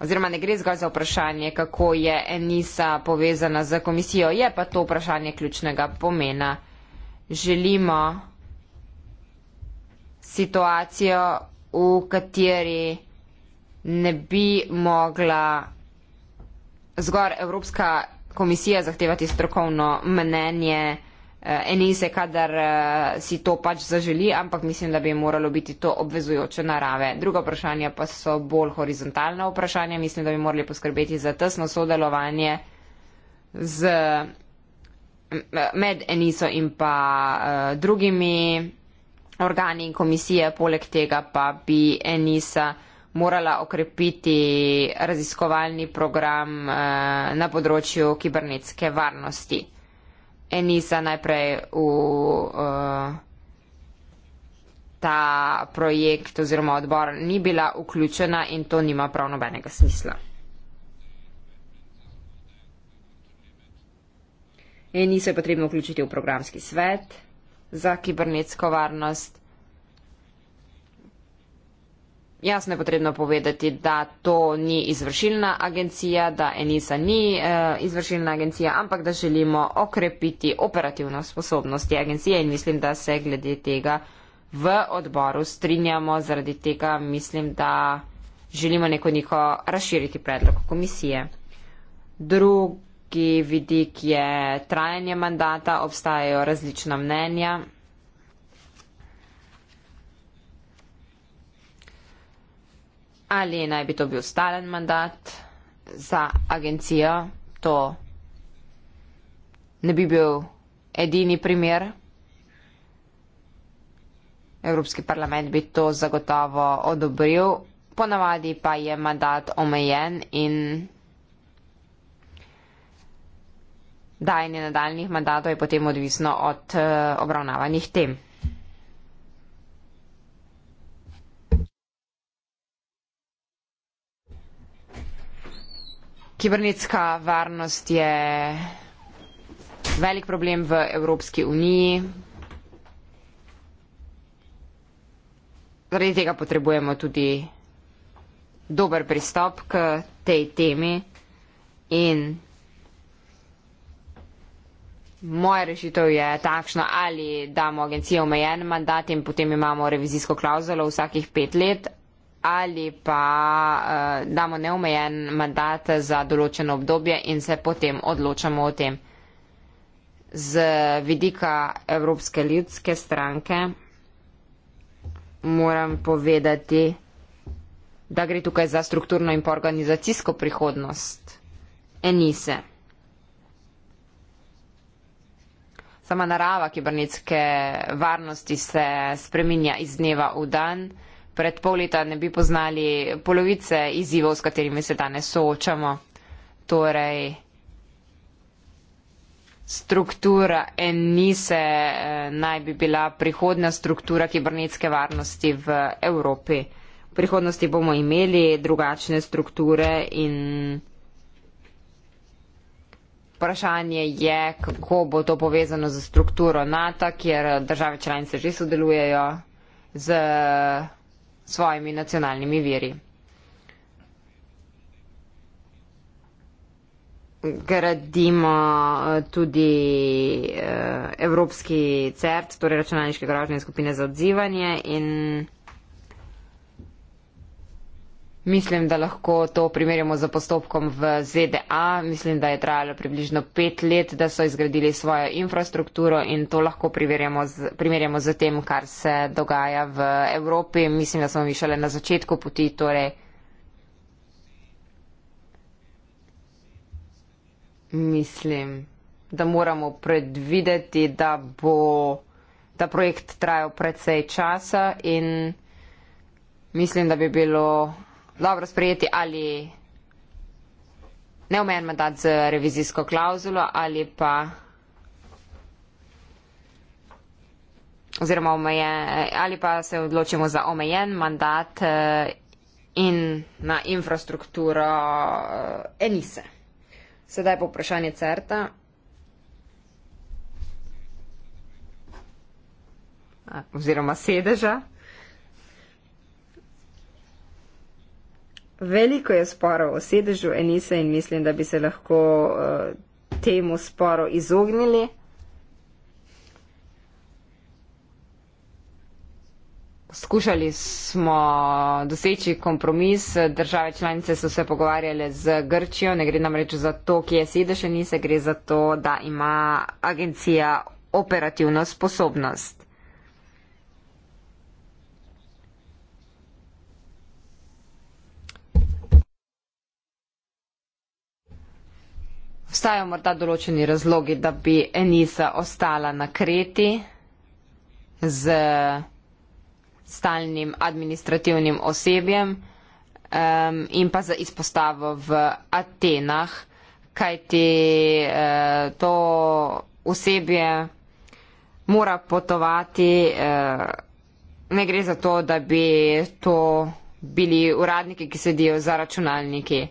Oziroma ne gre zgolj za vprašanje, kako je Enisa povezana z komisijo, je pa to vprašanje ključnega pomena. Želimo situacijo, v kateri ne bi mogla zgor Evropska komisija zahtevati strokovno mnenje eh, enise, kadar eh, si to pač zaželi, ampak mislim, da bi moralo biti to obvezujoče narave. Druga vprašanja pa so bolj horizontalna vprašanja. Mislim, da bi morali poskrbeti za tesno sodelovanje z, med eniso in pa eh, drugimi organi in komisije. Poleg tega pa bi enisa morala okrepiti raziskovalni program eh, na področju kibernetske varnosti. Enisa najprej v eh, ta projekt oziroma odbor ni bila vključena in to nima prav nobenega smisla. Enisa je potrebno vključiti v programski svet za kibernetsko varnost jasno je potrebno povedati, da to ni izvršilna agencija, da Enisa ni eh, izvršilna agencija, ampak da želimo okrepiti operativno sposobnosti agencije in mislim, da se glede tega v odboru strinjamo, zaradi tega mislim, da želimo neko njiho razširiti predlog komisije. Drugi vidik je trajanje mandata, obstajajo različna mnenja. ali naj bi to bil stalen mandat za agencijo, to ne bi bil edini primer. Evropski parlament bi to zagotovo odobril, ponavadi pa je mandat omejen in dajanje nadaljnih mandatov je potem odvisno od eh, obravnavanih tem. Kibernetska varnost je velik problem v Evropski uniji. Zaradi tega potrebujemo tudi dober pristop k tej temi in moja rešitev je takšna, ali damo agencijo omejen mandat in potem imamo revizijsko klauzulo vsakih pet let ali pa uh, damo neomejen mandat za določeno obdobje in se potem odločamo o tem. Z vidika Evropske ljudske stranke moram povedati, da gre tukaj za strukturno in organizacijsko prihodnost enise. Sama narava kibernetske varnosti se spreminja iz dneva v dan pred pol leta ne bi poznali polovice izzivov, s katerimi se danes soočamo. Torej, struktura enise eh, naj bi bila prihodna struktura kibernetske varnosti v Evropi. V prihodnosti bomo imeli drugačne strukture in. Vprašanje je, kako bo to povezano z strukturo NATO, kjer države članice že sodelujejo z svojimi nacionalnimi viri. Gradimo eh, tudi eh, Evropski cert, torej računalniške grožnje skupine za odzivanje in Mislim, da lahko to primerjamo z postopkom v ZDA. Mislim, da je trajalo približno pet let, da so izgradili svojo infrastrukturo in to lahko primerjamo z, primerjamo z tem, kar se dogaja v Evropi. Mislim, da smo mi šele na začetku poti. Torej mislim, da moramo predvideti, da bo da projekt trajal predvsej časa in mislim, da bi bilo dobro sprejeti ali neomejen mandat z revizijsko klauzulo ali pa oziroma omejen, ali pa se odločimo za omejen mandat eh, in na infrastrukturo eh, Enise. Sedaj pa vprašanje CERTA. Eh, oziroma sedeža. Veliko je sporov o sedežu Enisa in mislim, da bi se lahko uh, temu sporo izognili. Skušali smo doseči kompromis, države članice so se pogovarjale z Grčijo, ne gre namreč za to, kje je sedež Enisa, gre za to, da ima agencija operativno sposobnost. Vstajajo morda določeni razlogi, da bi Enisa ostala na Kreti z stalnim administrativnim osebjem um, in pa za izpostavo v Atenah, kajti uh, to osebje mora potovati. Uh, ne gre za to, da bi to bili uradniki, ki sedijo za računalniki.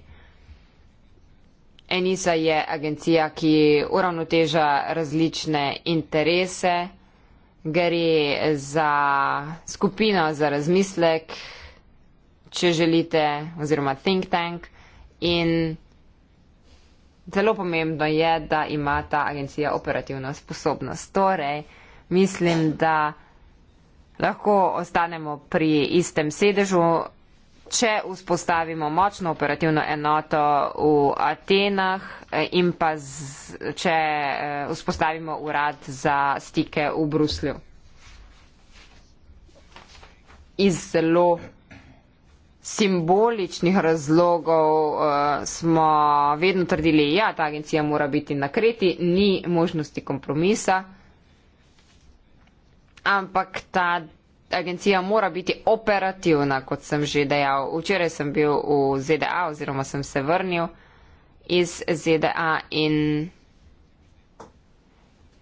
Enisa je agencija, ki uravnoteža različne interese, gre za skupino za razmislek, če želite, oziroma think tank. In zelo pomembno je, da ima ta agencija operativno sposobnost. Torej, mislim, da lahko ostanemo pri istem sedežu če vzpostavimo močno operativno enoto v Atenah eh, in pa z, če eh, vzpostavimo urad za stike v Bruslju. Iz zelo simboličnih razlogov uh, smo vedno trdili, da ja, ta agencija mora biti na kreti, ni možnosti kompromisa. Ampak ta agencija mora biti operativna, kot sem že dejal. Včeraj sem bil v ZDA oziroma sem se vrnil iz ZDA in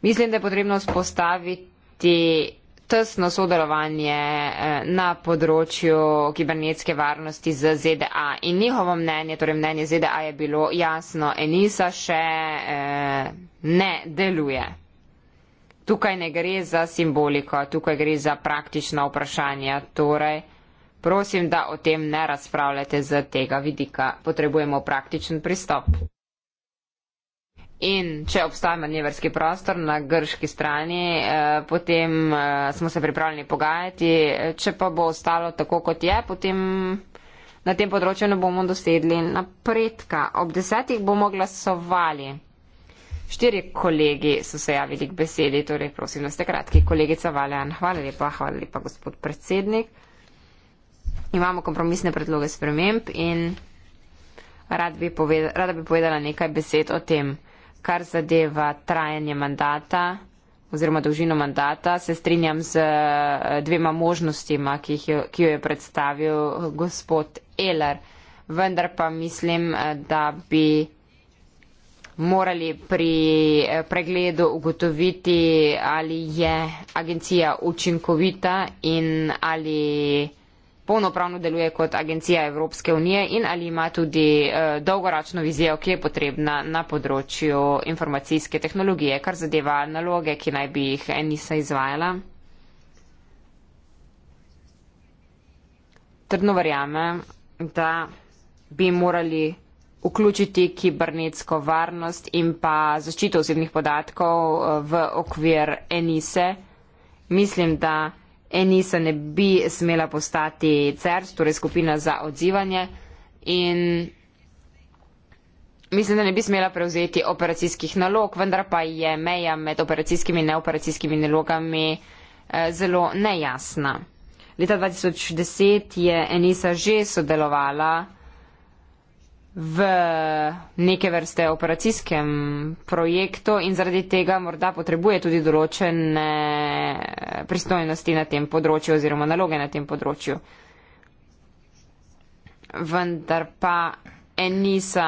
mislim, da je potrebno spostaviti tesno sodelovanje eh, na področju kibernetske varnosti z ZDA in njihovo mnenje, torej mnenje ZDA je bilo jasno, Enisa še eh, ne deluje. Tukaj ne gre za simboliko, tukaj gre za praktična vprašanja. Torej, prosim, da o tem ne razpravljate z tega vidika. Potrebujemo praktičen pristop. In če obstaja manjeverski prostor na grški strani, eh, potem eh, smo se pripravljeni pogajati. Če pa bo ostalo tako, kot je, potem na tem področju ne bomo dosedli napredka. Ob desetih bomo glasovali. Štiri kolegi so se javili k besedi, torej prosim, da ste kratki. Kolegica Valjan, hvala lepa, hvala lepa, gospod predsednik. Imamo kompromisne predloge sprememb in rad bi povedala, rada bi povedala nekaj besed o tem, kar zadeva trajanje mandata oziroma dolžino mandata. Se strinjam z eh, dvema možnostima, ki, jih, ki jo je predstavil eh, gospod Eler. Vendar pa mislim, eh, da bi morali pri eh, pregledu ugotoviti, ali je agencija učinkovita in ali polnopravno deluje kot agencija Evropske unije in ali ima tudi uh, dolgoročno vizijo, ki je potrebna na področju informacijske tehnologije, kar zadeva naloge, ki naj bi jih Enisa izvajala. Trdno verjame, da bi morali vključiti kibernetsko varnost in pa zaščito osebnih podatkov eh, v okvir Enise. Mislim, da Enisa ne bi smela postati CERT, torej skupina za odzivanje in mislim, da ne bi smela prevzeti operacijskih nalog, vendar pa je meja med operacijskimi in neoperacijskimi nalogami eh, zelo nejasna. Leta 2010 je Enisa že sodelovala v neke vrste operacijskem projektu in zaradi tega morda potrebuje tudi določene pristojnosti na tem področju oziroma naloge na tem področju. Vendar pa Enisa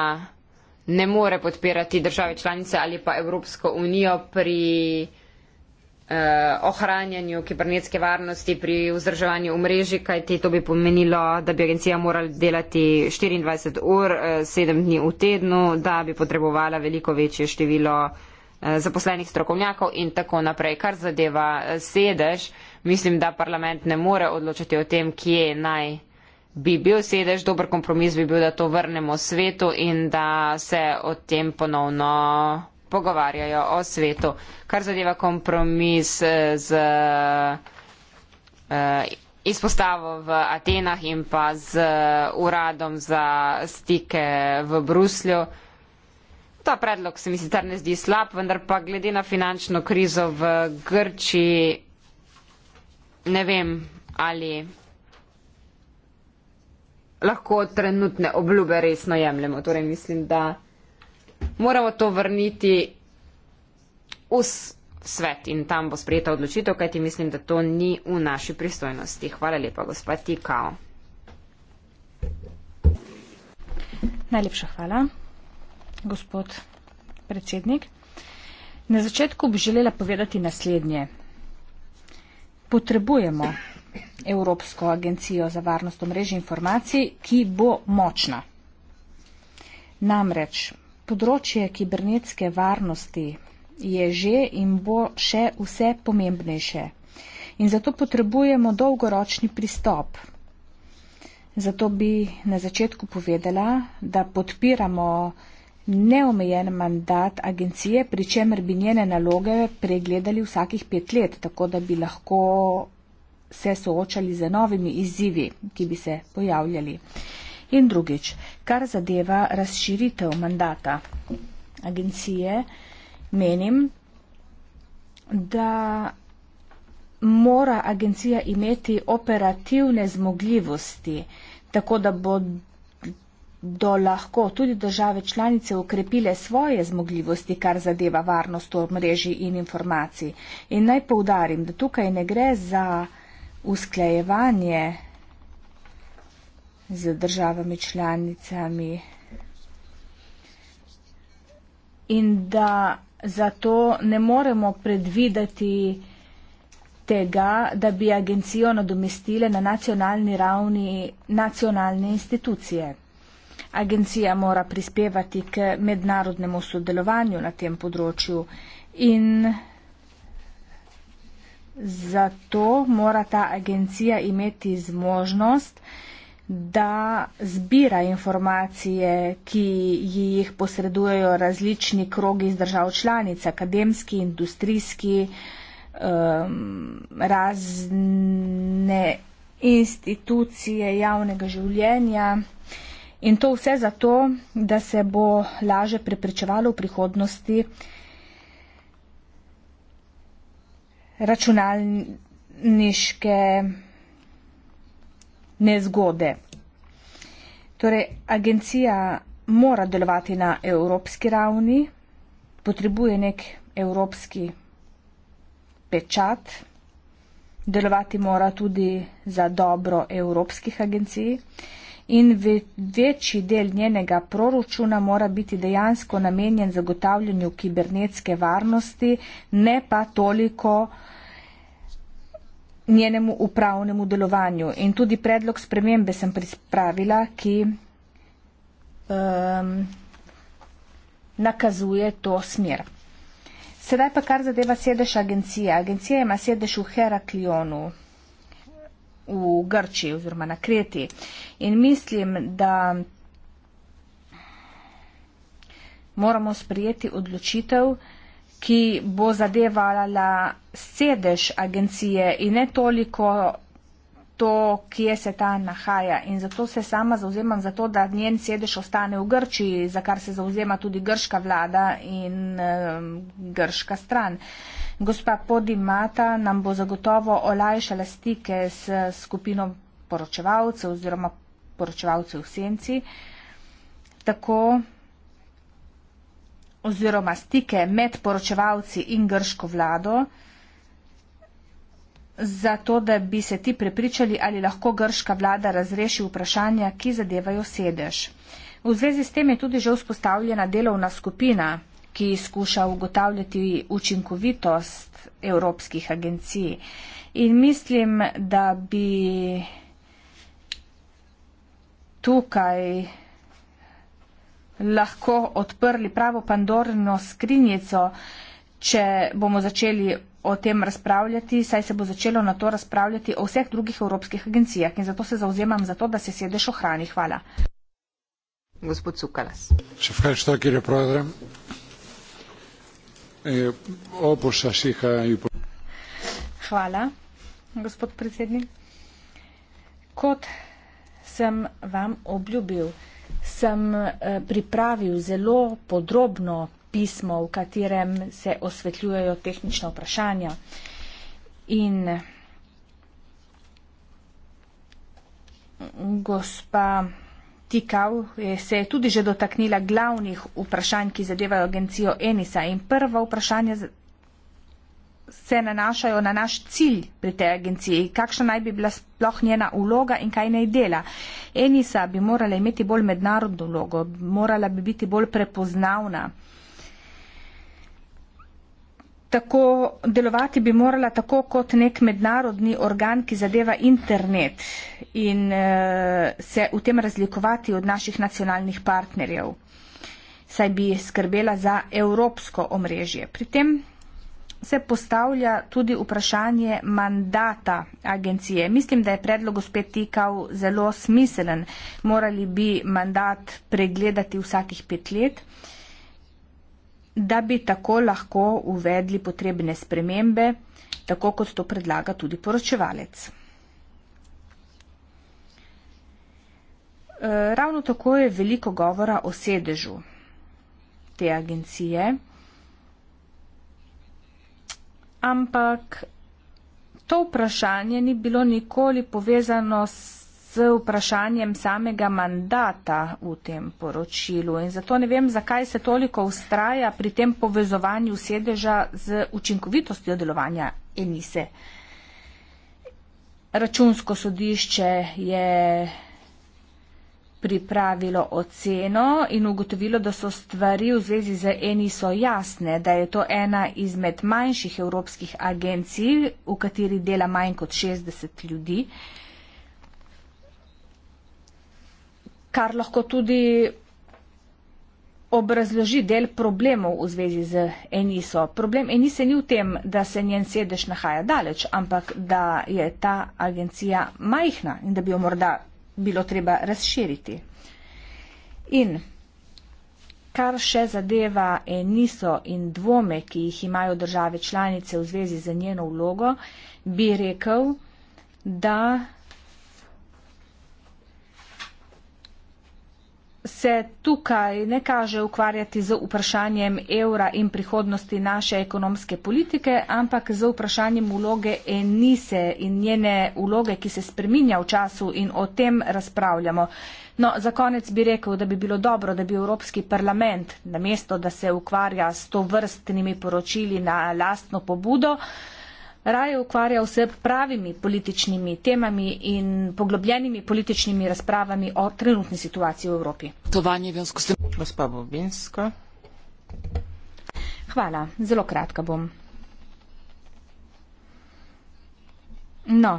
ne more podpirati države članice ali pa Evropsko unijo pri Eh, ohranjanju kibernetske varnosti pri vzdrževanju omrežij, kajti to bi pomenilo, da bi agencija morala delati 24 ur, 7 eh, dni v tednu, da bi potrebovala veliko večje število eh, zaposlenih strokovnjakov in tako naprej. Kar zadeva sedež, mislim, da parlament ne more odločiti o tem, kje naj bi bil sedež. Dober kompromis bi bil, da to vrnemo svetu in da se o tem ponovno pogovarjajo o svetu. Kar zadeva kompromis eh, z eh, izpostavo v Atenah in pa z eh, uradom za stike v Bruslju. Ta predlog se mi sicer ne zdi slab, vendar pa glede na finančno krizo v Grčiji ne vem, ali lahko trenutne obljube resno jemljemo. Torej mislim, da moramo to vrniti v svet in tam bo sprejeta odločitev, kajti mislim, da to ni v naši pristojnosti. Hvala lepa, gospod Tikao. Najlepša hvala, gospod predsednik. Na začetku bi želela povedati naslednje. Potrebujemo Evropsko agencijo za varnost omrežja informacij, ki bo močna. Namreč Področje kibernetske varnosti je že in bo še vse pomembnejše. In zato potrebujemo dolgoročni pristop. Zato bi na začetku povedala, da podpiramo neomejen mandat agencije, pri čemer bi njene naloge pregledali vsakih pet let, tako da bi lahko se soočali z novimi izzivi, ki bi se pojavljali. Uh, in drugič, kar zadeva razširitev mandata agencije, menim, da mora agencija imeti operativne zmogljivosti, tako da bo do lahko tudi države članice ukrepile svoje zmogljivosti, kar zadeva varnost v mreži in informacij. In naj poudarim, da tukaj ne gre za usklajevanje z državami članicami in da zato ne moremo predvideti tega, da bi agencijo nadomestile na nacionalni ravni nacionalne institucije. Agencija mora prispevati k mednarodnemu sodelovanju na tem področju in zato mora ta agencija imeti zmožnost, da zbira informacije, ki jih posredujejo različni krogi iz držav članic, akademski, industrijski, um, razne institucije javnega življenja in to vse zato, da se bo laže preprečevalo v prihodnosti računalniške nezgode. Torej, agencija mora delovati na evropski ravni, potrebuje nek evropski pečat, delovati mora tudi za dobro evropskih agencij in večji del njenega proračuna mora biti dejansko namenjen zagotavljanju kibernetske varnosti, ne pa toliko uh, njenemu upravnemu delovanju. In tudi predlog spremembe sem pripravila, ki um, nakazuje to smer. Sedaj pa kar zadeva sedež agencije. Agencija ima sedež v Heraklionu v Grči oziroma na Kreti. In mislim, da moramo sprijeti odločitev, ki bo zadevala sedež agencije in ne toliko to, kje se ta nahaja. In zato se sama zauzemam za to, da njen sedež ostane v Grčiji, za kar se zauzema tudi grška vlada in um, grška stran. Gospa Podimata nam bo zagotovo olajšala stike s skupino poročevalcev oziroma poročevalcev v senci. Tako oziroma stike med poročevalci in grško vlado, zato da bi se ti prepričali, ali lahko grška vlada razreši vprašanja, ki zadevajo sedež. V zvezi s tem je tudi že vzpostavljena delovna skupina, ki skuša ugotavljati učinkovitost evropskih agencij. In mislim, da bi tukaj lahko odprli pravo pandorno skrinjico, če bomo začeli o tem razpravljati, saj se bo začelo na to razpravljati o vseh drugih evropskih agencijah in zato se zauzemam za to, da se sedež ohrani. Hvala. Gospod Cukalas. Če kaj šta, kjer je program? E, Opoša šiha in po... Hvala, gospod predsednik. Kot sem vam obljubil, sem eh, pripravil zelo podrobno pismo, v katerem se osvetljujejo tehnična vprašanja. In gospa Tikav eh, se je tudi že dotaknila glavnih vprašanj, ki zadevajo agencijo Enisa. In prvo vprašanje se nanašajo na naš cilj pri tej agenciji, kakšna naj bi bila sploh njena uloga in kaj naj dela. Enisa bi morala imeti bolj mednarodno vlogo, morala bi biti bolj prepoznavna. Tako delovati bi morala tako kot nek mednarodni organ, ki zadeva internet in e, se v tem razlikovati od naših nacionalnih partnerjev, saj bi skrbela za evropsko omrežje. Pri tem se postavlja tudi vprašanje mandata agencije. Mislim, da je predlog spet tikal zelo smiselen. Morali bi mandat pregledati vsakih pet let, da bi tako lahko uvedli potrebne spremembe, tako kot to predlaga tudi poročevalec. Ravno tako je veliko govora o sedežu te agencije ampak to vprašanje ni bilo nikoli povezano s z vprašanjem samega mandata v tem poročilu. In zato ne vem, zakaj se toliko ustraja pri tem povezovanju sedeža z učinkovitostjo delovanja enise. Računsko sodišče je pripravilo oceno in ugotovilo, da so stvari v zvezi z eni so jasne, da je to ena izmed manjših evropskih agencij, v kateri dela manj kot 60 ljudi, kar lahko tudi obrazloži del problemov v zvezi z Eniso. Problem Enise ni v tem, da se njen sedež nahaja daleč, ampak da je ta agencija majhna in da bi jo morda bilo treba razširiti. In kar še zadeva eniso in dvome, ki jih imajo države članice v zvezi z njeno vlogo, bi rekel, da se tukaj ne kaže ukvarjati z vprašanjem evra in prihodnosti naše ekonomske politike, ampak z vprašanjem uloge Enise in njene uloge, ki se spreminja v času in o tem razpravljamo. No, za konec bi rekel, da bi bilo dobro, da bi Evropski parlament, namesto da se ukvarja s to vrstnimi poročili na lastno pobudo, raje ukvarjal s pravimi političnimi temami in poglobljenimi političnimi razpravami o trenutni situaciji v Evropi. Hvala, zelo kratka bom. No,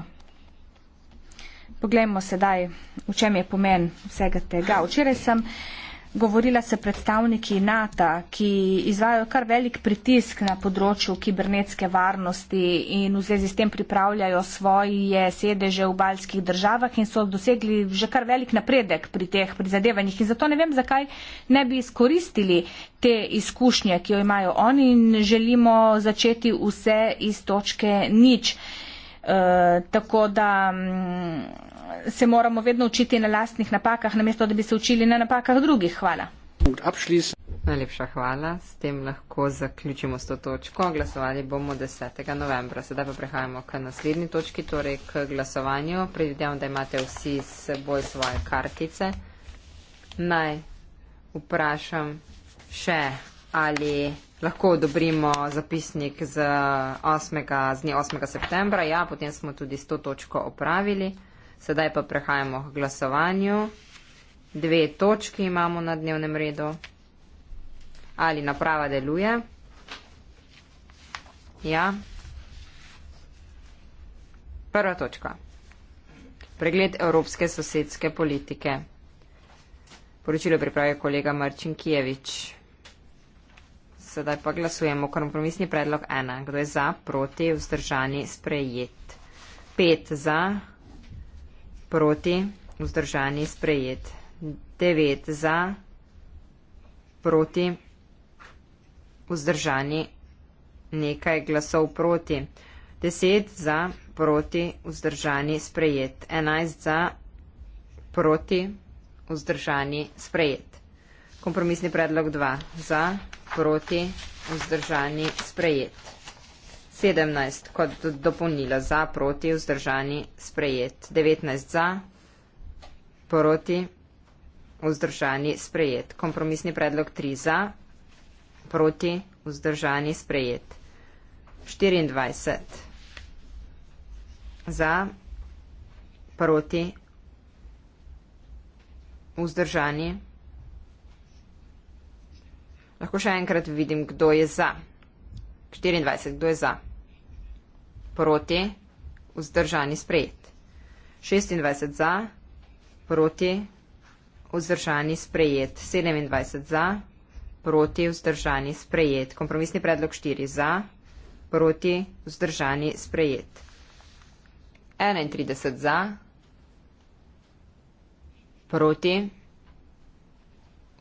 poglejmo sedaj, v čem je pomen vsega tega. Včeraj sem govorila se predstavniki NATO, ki izvajo kar velik pritisk na področju kibernetske varnosti in v zvezi s tem pripravljajo svoje sedeže v baljskih državah in so dosegli že kar velik napredek pri teh prizadevanjih. In zato ne vem, zakaj ne bi izkoristili te izkušnje, ki jo imajo oni in želimo začeti vse iz točke nič. E, tako da. M- mm, se moramo vedno učiti na lastnih napakah, namesto da bi se učili na napakah drugih. Hvala. Najlepša hvala. S tem lahko zaključimo s to točko. Glasovali bomo 10. novembra. Sedaj pa prehajamo k naslednji točki, torej k glasovanju. Predvidevam, da imate vsi s boj svoje kartice. Naj vprašam še, ali lahko odobrimo zapisnik z, 8, z dne 8. septembra. Ja, potem smo tudi s to točko opravili. Sedaj pa prehajamo k glasovanju. Dve točki imamo na dnevnem redu. Ali naprava deluje? Ja. Prva točka. Pregled evropske sosedske politike. Poročilo pripravi kolega Marčin Kijevič. Sedaj pa glasujemo kompromisni predlog 1. Kdo je za, proti, vzdržani, sprejet. 5 za, proti, vzdržani, sprejet. 9 za, proti, vzdržani, nekaj glasov proti. 10 za, proti, vzdržani, sprejet. 11 za, proti, vzdržani, sprejet. Kompromisni predlog 2 za, proti, vzdržani, sprejet. 17 kot dopolnilo za, proti, vzdržani, sprejet. 19 za, proti, vzdržani, sprejet. Kompromisni predlog 3 za, proti, vzdržani, sprejet. 24 za, proti, vzdržani. Lahko še enkrat vidim, kdo je za. 24, kdo je za? proti, vzdržani sprejet. 26 za, proti, vzdržani sprejet. 27 za, proti, vzdržani sprejet. Kompromisni predlog 4 za, proti, vzdržani sprejet. 31 za, proti,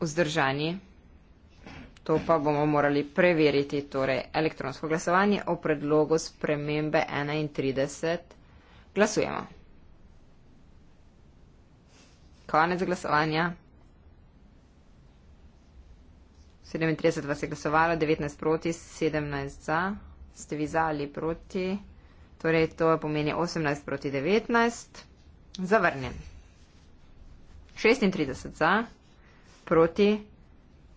vzdržani sprejet to pa bomo morali preveriti. Torej, elektronsko glasovanje o predlogu spremembe 31. Glasujemo. Konec glasovanja. 37 vas je glasovalo, 19 proti, 17 za. Ste vi za ali proti? Torej, to pomeni 18 proti 19. Zavrnjen. 36 za, proti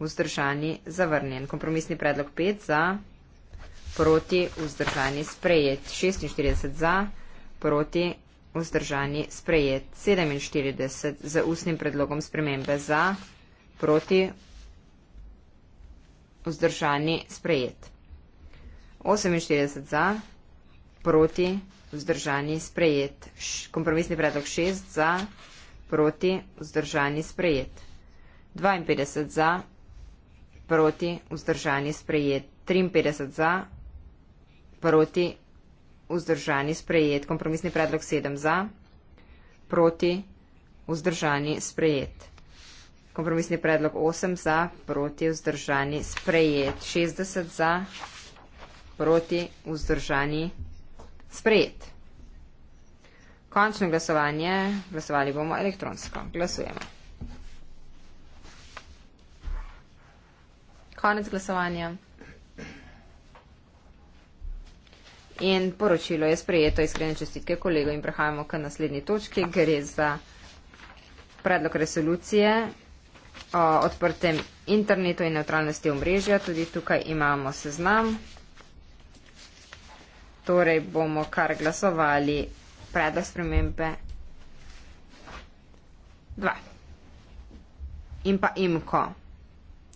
vzdržani zavrnjen. Kompromisni predlog 5 za, proti vzdržani sprejet. 46 za, proti vzdržani sprejet. 47 za ustnim predlogom spremembe za, proti vzdržani sprejet. 48 za, proti vzdržani sprejet. Kompromisni predlog 6 za, proti vzdržani sprejet. 52 za, proti, vzdržani sprejet, 53 za, proti, vzdržani sprejet, kompromisni predlog 7 za, proti, vzdržani sprejet. Kompromisni predlog 8 za, proti, vzdržani sprejet, 60 za, proti, vzdržani sprejet. Končno glasovanje, glasovali bomo elektronsko. Glasujemo. Konec glasovanja. In poročilo je sprejeto, iskrene čestitke kolego in prehajamo k naslednji točki, gre za predlog resolucije o odprtem internetu in neutralnosti omrežja. Tudi tukaj imamo seznam. Torej bomo kar glasovali predlog spremembe 2 in pa imko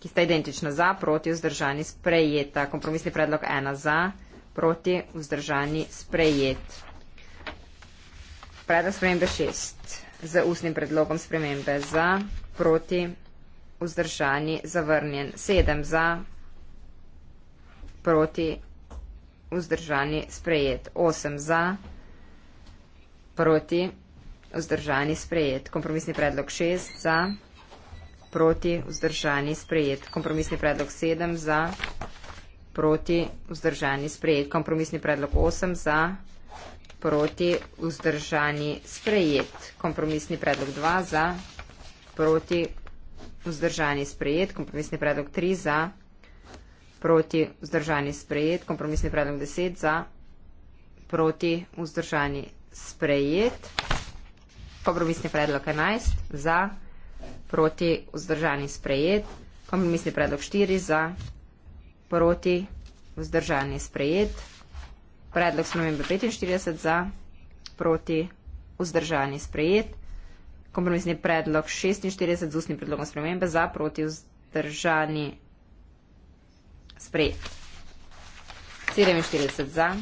ki sta identična za, proti, vzdržani, sprejeta. Kompromisni predlog ena za, proti, vzdržani, sprejet. Predlog spremembe šest. Z ustnim predlogom spremembe za, proti, vzdržani, zavrnjen. Sedem za, proti, vzdržani, sprejet. Osem za, proti, vzdržani, sprejet. Kompromisni predlog šest za proti vzdržani sprejet. Kompromisni predlog 7 za, proti vzdržani sprejet. Kompromisni predlog 8 za, proti vzdržani sprejet. Kompromisni predlog 2 za, proti vzdržani sprejet. Kompromisni predlog 3 za, proti vzdržani sprejet. Kompromisni predlog 10 za, proti vzdržani sprejet. Kompromisni predlog 11 za, proti vzdržani sprejet proti vzdržani sprejet. Kom misli predlog 4 za proti vzdržani sprejet. Predlog spremembe 45 za proti vzdržani sprejet. Kompromisni predlog 46 z ustnim predlogom spremembe za proti vzdržani sprejet. 47 za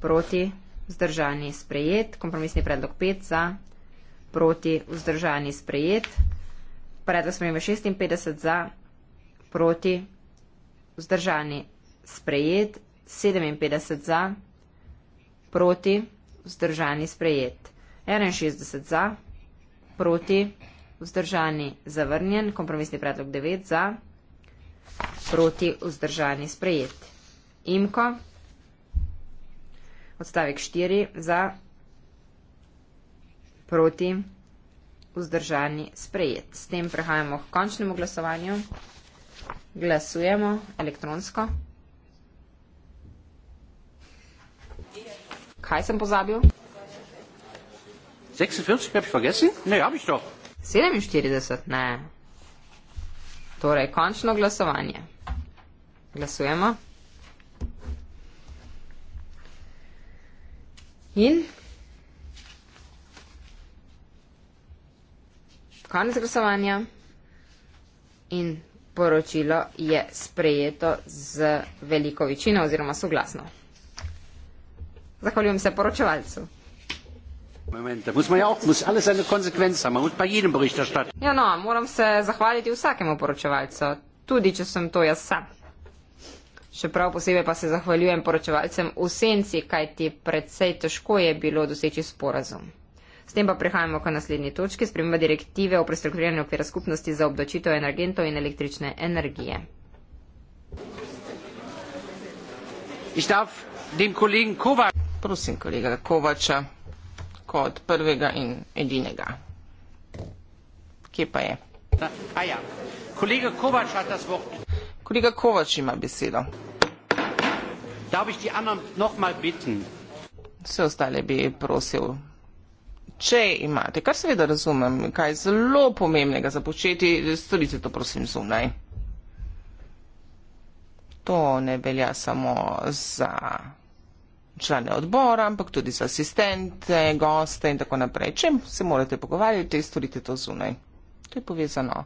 proti vzdržani sprejet. Kompromisni predlog 5 za proti vzdržani sprejet. Predlog smo imeli 56 za, proti, vzdržani, sprejet, 57 za, proti, vzdržani, sprejet, 61 za, proti, vzdržani, zavrnjen, kompromisni predlog 9 za, proti, vzdržani, sprejet. Imko, odstavek 4 za, proti, vzdržani, sprejet vzdržani, sprejet. S tem prehajamo k končnemu glasovanju. Glasujemo elektronsko. Kaj sem pozabil? 46, 47, ne. Torej, končno glasovanje. Glasujemo. In konec glasovanja in poročilo je sprejeto z veliko večino oziroma soglasno. Zahvaljujem se poročevalcu. Ja, ja, no, moram se zahvaliti vsakemu poročevalcu, tudi če sem to jaz sam. Še prav posebej pa se zahvaljujem poročevalcem v senci, kajti predvsej težko je bilo doseči sporazum. S tem pa prehajamo k naslednji točki, sprememba direktive o prestrukturiranju okvira skupnosti za obdočitev energentov in električne energije. Prosim kolega Kovača kot prvega in edinega. Kje pa je? Aja, ah, kolega Kovač ima besedo. Kolega Kovač ima besedo. Vse ostale bi prosil če imate, kar seveda razumem, kaj je zelo pomembnega za početi, storite to prosim zunaj. To ne velja samo za člane odbora, ampak tudi za asistente, goste in tako naprej. Če se morate pogovarjati, storite to zunaj. To je povezano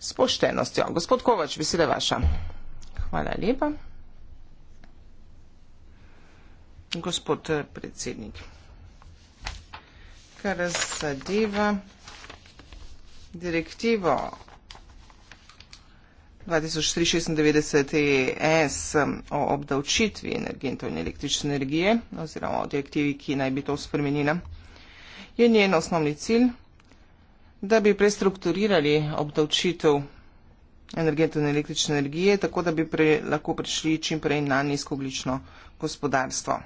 s poštenostjo. Gospod Kovač, veselje vaša. Hvala lepa gospod eh, predsednik. Kar zadeva direktivo 2396ES e o obdavčitvi energentov in električne energije oziroma o direktivi, ki naj bi to spremenila, je njen osnovni cilj, da bi prestrukturirali obdavčitev energentov in električne energije, tako da bi pre, lahko prišli čimprej na nizkoglično gospodarstvo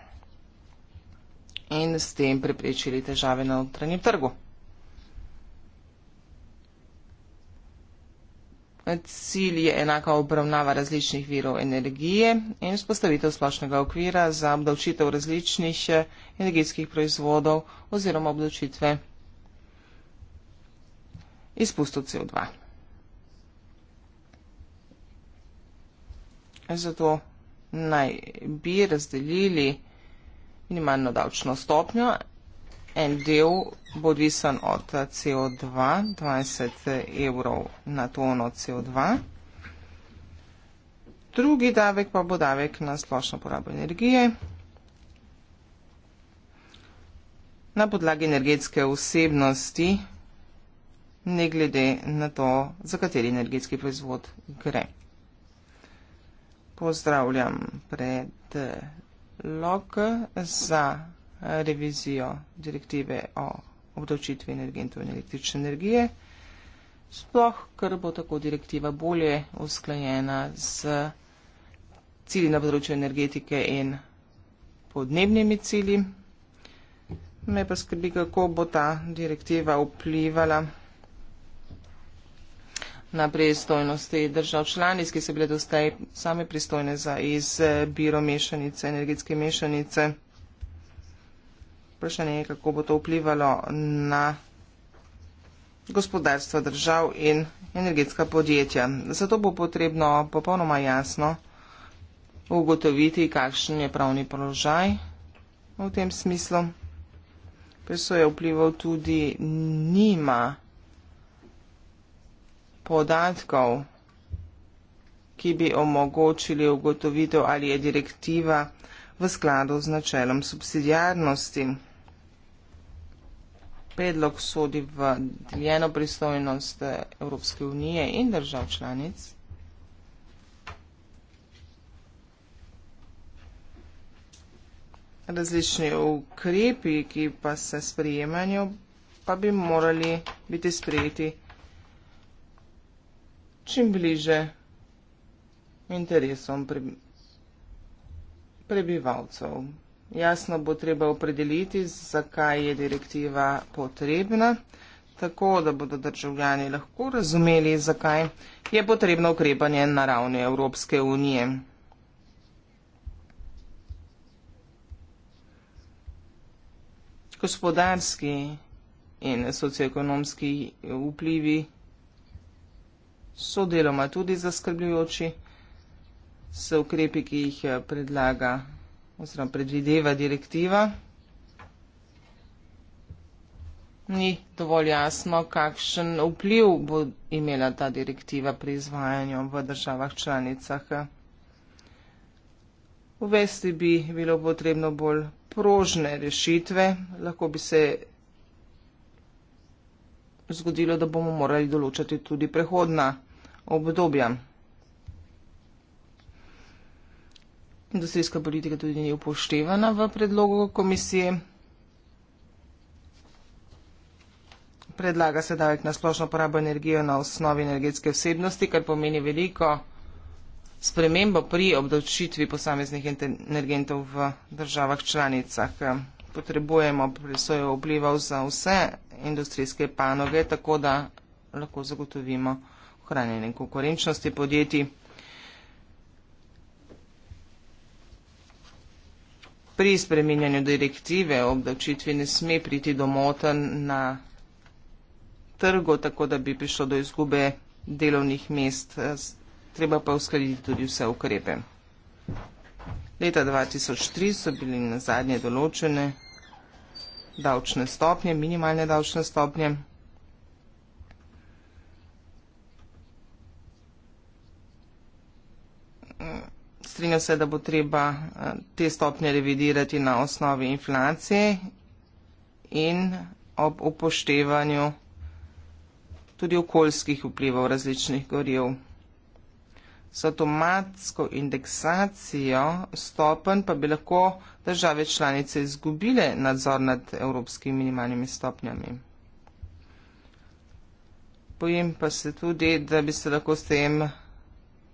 in s tem preprečili težave na notranjem trgu. Cilj je enaka obravnava različnih virov energije in vzpostavitev splošnega okvira za obdavčitev različnih eh, energetskih proizvodov oziroma obdavčitve izpustov CO2. Zato naj bi razdelili minimalno davčno stopnjo. En del bo odvisen od CO2, 20 evrov na tono CO2. Drugi davek pa bo davek na splošno porabo energije. Na podlagi energetske vsebnosti, ne glede na to, za kateri energetski proizvod gre. Pozdravljam pred log za eh, revizijo direktive o obdavčitvi energentov in električne energije, sploh, ker bo tako direktiva bolje usklajena z cilji na področju energetike in podnebnimi cilji. Me pa skrbi, kako bo ta direktiva vplivala na pristojnosti držav članic, ki so bile dostaj same pristojne za izbiro mešanice, energetske mešanice. Vprašanje je, kako bo to vplivalo na gospodarstva držav in energetska podjetja. Zato bo potrebno popolnoma jasno ugotoviti, kakšen je pravni položaj v tem smislu. Presoje vplival tudi nima podatkov, ki bi omogočili ugotovitev, ali je direktiva v skladu z načelom subsidijarnosti. Predlog sodi v deljeno pristojnost Evropske unije in držav članic. Različni ukrepi, ki pa se sprijemanju, pa bi morali biti sprijeti čim bliže interesom prebivalcev. Jasno bo treba opredeliti, zakaj je direktiva potrebna, tako da bodo državljani lahko razumeli, zakaj je potrebno ukrepanje na ravni Evropske unije. Gospodarski in socioekonomski vplivi so deloma tudi zaskrbljujoči, so ukrepi, ki jih eh, predlaga oziroma predvideva direktiva. Ni dovolj jasno, kakšen vpliv bo imela ta direktiva pri izvajanju v državah članicah. Uvesti bi bilo potrebno bolj prožne rešitve, lahko bi se zgodilo, da bomo morali določati tudi prehodna obdobja. Industrijska politika tudi ni upoštevana v predlogu komisije. Predlaga se davek na splošno porabo energijo na osnovi energetske vsebnosti, kar pomeni veliko spremembo pri obdavčitvi posameznih energentov v državah članicah. Potrebujemo presojo vplivov za vse industrijske panoge, tako da lahko zagotovimo ohranjanje konkurenčnosti podjetij. Pri spreminjanju direktive o obdavčitvi ne sme priti do moten na trgu, tako da bi prišlo do izgube delovnih mest, treba pa uskladiti tudi vse ukrepe. Leta 2003 so bili na zadnje določene davčne stopnje, minimalne davčne stopnje. strinjal se, da bo treba eh, te stopnje revidirati na osnovi inflacije in ob upoštevanju tudi okoljskih vplivov različnih goriv. S avtomatsko indeksacijo stopen pa bi lahko države članice izgubile nadzor nad evropskimi minimalnimi stopnjami. Bojim pa se tudi, da bi se lahko s tem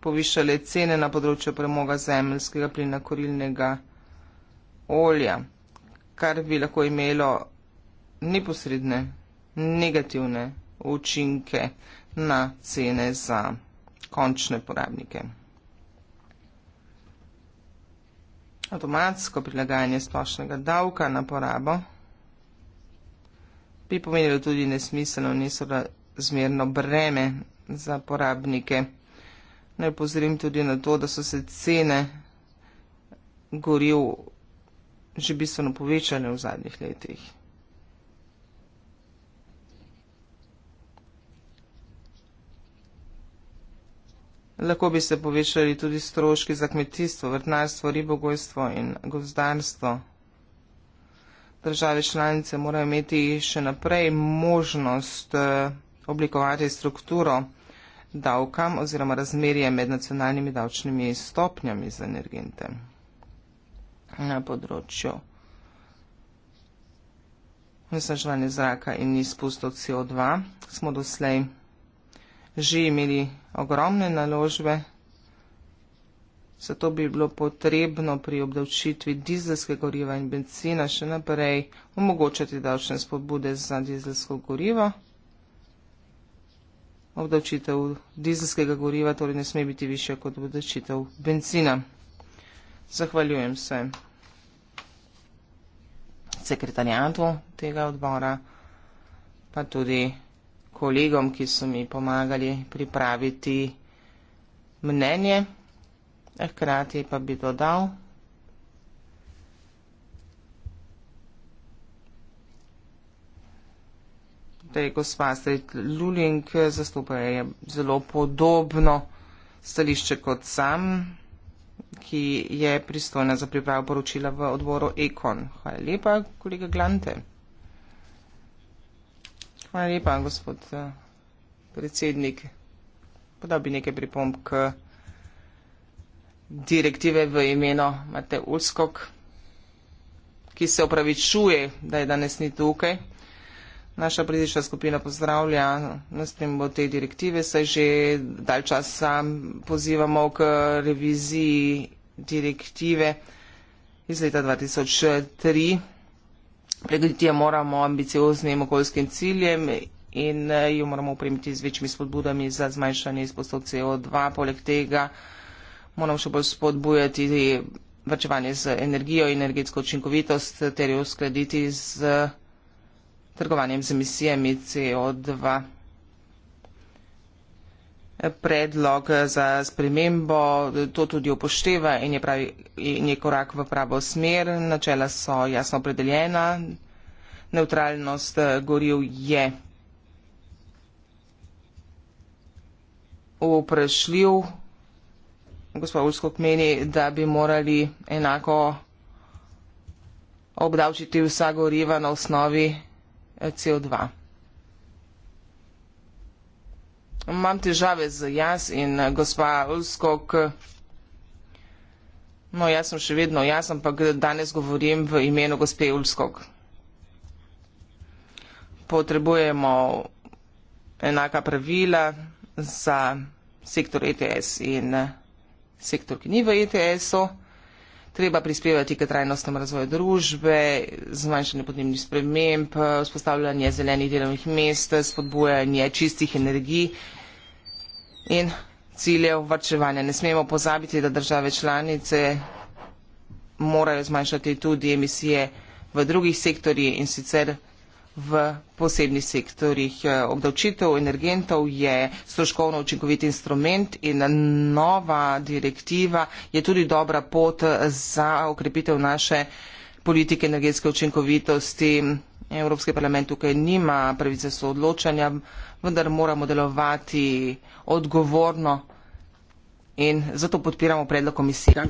povišale cene na področju premoga zemljskega plina korilnega olja, kar bi lahko imelo neposredne negativne učinke na cene za končne porabnike. Avtomatsko prilagajanje splošnega davka na porabo bi pomenilo tudi nesmiselno in nesorazmerno breme za porabnike. Naj pozrim tudi na to, da so se cene goril že bistveno povečane v zadnjih letih. Lahko bi se povečali tudi stroški za kmetijstvo, vrtnarstvo, ribogojstvo in gozdarstvo. Države članice morajo imeti še naprej možnost eh, oblikovati strukturo davkam oziroma razmerje med nacionalnimi davčnimi stopnjami za energente na področju nesnaževanja zraka in izpustov CO2. Smo doslej že imeli ogromne naložbe, zato bi bilo potrebno pri obdavčitvi dizelske goriva in benzina še naprej omogočati davčne spodbude za dizelsko gorivo obdavčitev dizelskega goriva, torej ne sme biti više kot obdavčitev benzina. Zahvaljujem se sekretarjatu tega odbora, pa tudi kolegom, ki so mi pomagali pripraviti mnenje. Hkrati pa bi dodal, torej gospa Astrid Luling zastopala je zelo podobno stališče kot sam, ki je pristojna za pripravo poročila v odboru Ekon. Hvala lepa, kolega Glante. Hvala lepa, gospod eh, predsednik. Podal bi nekaj pripomb k direktive v imeno Mate Ulskog, ki se opravičuje, da je danes ni tukaj. Okay. Naša politična skupina pozdravlja nastanitev te direktive, saj že dalj časa pozivamo k reviziji direktive iz leta 2003. Pregoditi jo moramo ambicioznim okoljskim ciljem in jo moramo upremiti z večjimi spodbudami za zmanjšanje izpustov CO2. Poleg tega moramo še bolj spodbujati vrčevanje z energijo in energetsko učinkovitost ter jo uskladiti z trgovanjem z emisijami CO2. Predlog za spremembo to tudi upošteva in je, pravi, in je korak v pravo smer. Načela so jasno opredeljena. Neutralnost eh, goril je uprašljiv. Gospod Ulskog meni, da bi morali enako obdavčiti vsa goriva na osnovi CO2. Imam težave z jaz in eh, gospa Ulskog. No, jaz sem še vedno jaz, ampak danes govorim v imenu gospe Ulskog. Potrebujemo enaka pravila za sektor ETS in eh, sektor, ki ni v ETS-u treba prispevati k trajnostnemu razvoju družbe, zmanjšanju podnebnih sprememb, vzpostavljanje zelenih delovnih mest, spodbujanje čistih energij in ciljev vrčevanja. Ne smemo pozabiti, da države članice morajo zmanjšati tudi emisije v drugih sektorjih in sicer v posebnih sektorjih. Obdavčitev energentov je stroškovno učinkovit instrument in nova direktiva je tudi dobra pot za okrepitev naše politike energetske učinkovitosti. Evropski parlament tukaj nima pravice soodločanja, vendar moramo delovati odgovorno in zato podpiramo predlog komisije. Ähm,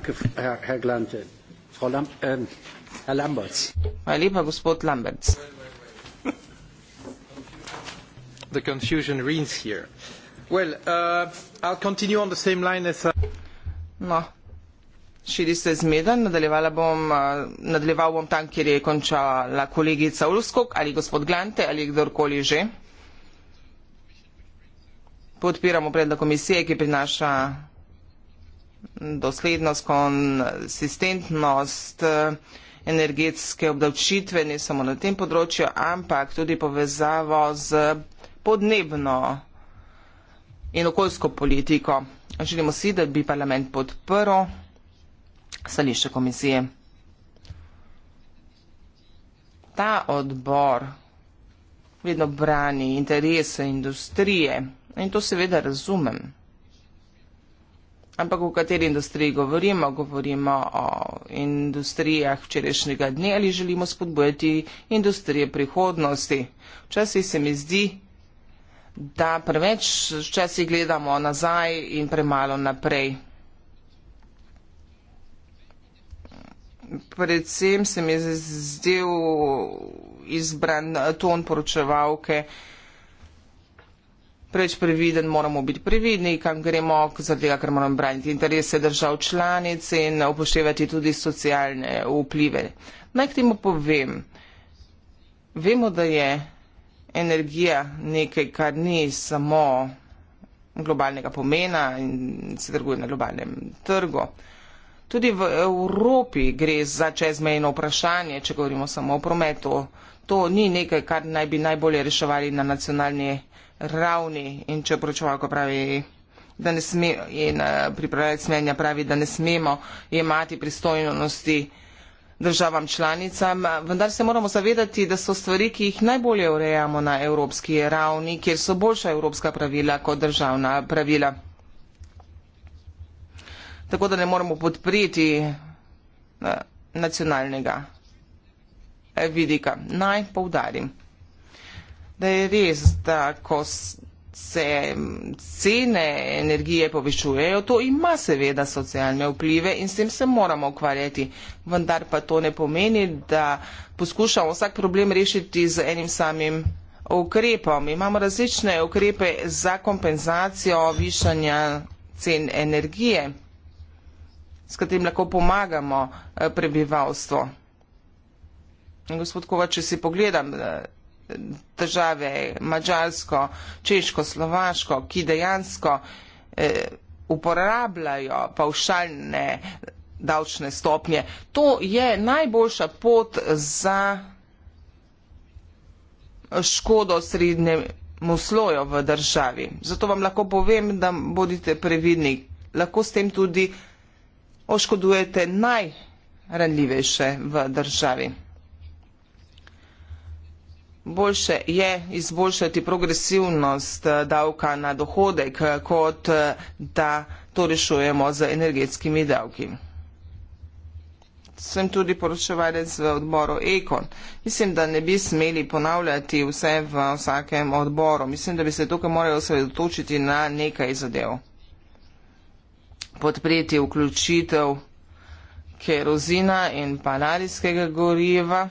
Hvala lepa, gospod Lamberts the confusion reigns here. Well, uh, I'll continue on the same line as uh... No. Širi se zmeda, nadaljevala bom, uh, nadaljeval bom tam, kjer je končala kolegica Ulskog ali gospod Glante ali kdorkoli že. Podpiramo predlog komisije, ki prinaša doslednost, konsistentnost uh, energetske obdavčitve, ne samo na tem področju, ampak tudi povezavo z podnebno in okoljsko politiko. Želimo si, da bi parlament podprl stališče komisije. Ta odbor vedno brani interese industrije in to seveda razumem. Ampak v kateri industriji govorimo? Govorimo o industrijah včerajšnjega dne ali želimo spodbojati industrije prihodnosti. Včasih se mi zdi, da preveč včasih gledamo nazaj in premalo naprej. Predvsem se mi je zdel izbran ton poročevalke. Preveč previden moramo biti previdni, kam gremo, zaradi tega, ker moramo braniti interese držav članic in upoštevati tudi socialne vplive. Naj k temu povem. Vemo, da je energija nekaj, kar ni samo globalnega pomena in se trguje na globalnem trgu. Tudi v Evropi gre za čezmejno vprašanje, če govorimo samo o prometu. To ni nekaj, kar naj bi najbolje reševali na nacionalni ravni in če pročevalko pravi, da ne smemo in eh, pripravljajo smenja pravi, da ne smemo jemati pristojnosti uh, državam članicam, vendar se moramo zavedati, da so stvari, ki jih najbolje urejamo na evropski ravni, kjer so boljša evropska pravila kot državna pravila. Tako da ne moramo podpreti eh, nacionalnega eh, vidika. Naj poudarim, da je res, da ko se cene energije povečujejo, to ima seveda socialne vplive in s tem se moramo ukvarjati. Vendar pa to ne pomeni, da poskušamo vsak problem rešiti z enim samim ukrepom. Imamo različne ukrepe za kompenzacijo višanja cen energije, s katerim lahko pomagamo eh, prebivalstvo. Gospod Kovač, če si pogledam eh, države, Mačarsko, Češko, Slovaško, ki dejansko eh, uporabljajo paušalne davčne stopnje. To je najboljša pot za škodo srednjemu sloju v državi. Zato vam lahko povem, da bodite previdni. Lahko s tem tudi oškodujete najranljivejše v državi boljše je izboljšati progresivnost eh, davka na dohodek, eh, kot eh, da to rešujemo z energetskimi davki. Sem tudi poročevalec v odboru Ekon. Mislim, da ne bi smeli ponavljati vse v vsakem odboru. Mislim, da bi se tukaj morali osredotočiti na nekaj zadev. Podpreti vključitev kerozina in panarijskega goriva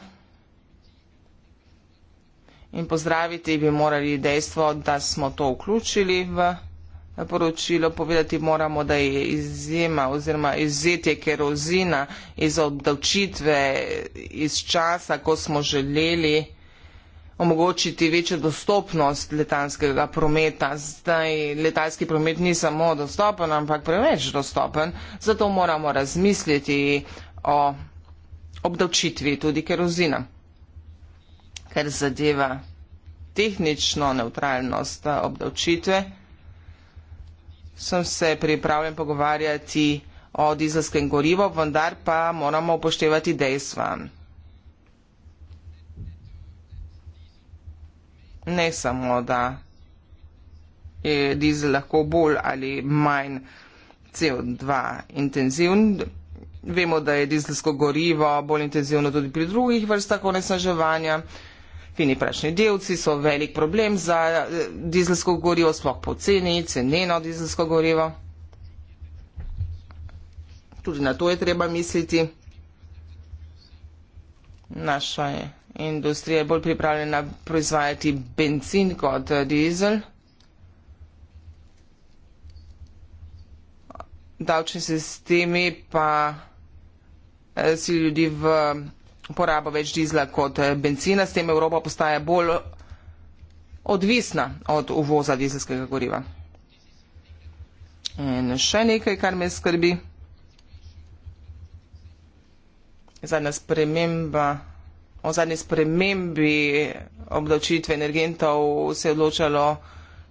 in pozdraviti bi morali dejstvo, da smo to vključili v poročilo. Povedati moramo, da je izjema oziroma izzetje kerozina iz obdavčitve iz časa, ko smo želeli omogočiti večjo dostopnost letalskega prometa. Zdaj letalski promet ni samo dostopen, ampak preveč dostopen, zato moramo razmisliti o obdavčitvi tudi kerozina kar zadeva tehnično neutralnost eh, obdavčitve, sem se pripravljen pogovarjati o dizelskem gorivu, vendar pa moramo upoštevati dejstva. Ne samo, da je dizel lahko bolj ali manj CO2 intenzivn, vemo, da je dizelsko gorivo bolj intenzivno tudi pri drugih vrstah onesnaževanja, fini prašni delci so velik problem za eh, dizelsko gorivo, sploh po ceni, ceneno dizelsko gorivo. Tudi na to je treba misliti. Naša je industrija je bolj pripravljena proizvajati benzin kot eh, dizel. Davčni sistemi pa eh, si ljudi v porabo več dizla kot eh, benzina, s tem Evropa postaja bolj odvisna od uvoza dizelskega goriva. In še nekaj, kar me skrbi. Zadnja sprememba, o zadnji spremembi obdavčitve energentov se je odločalo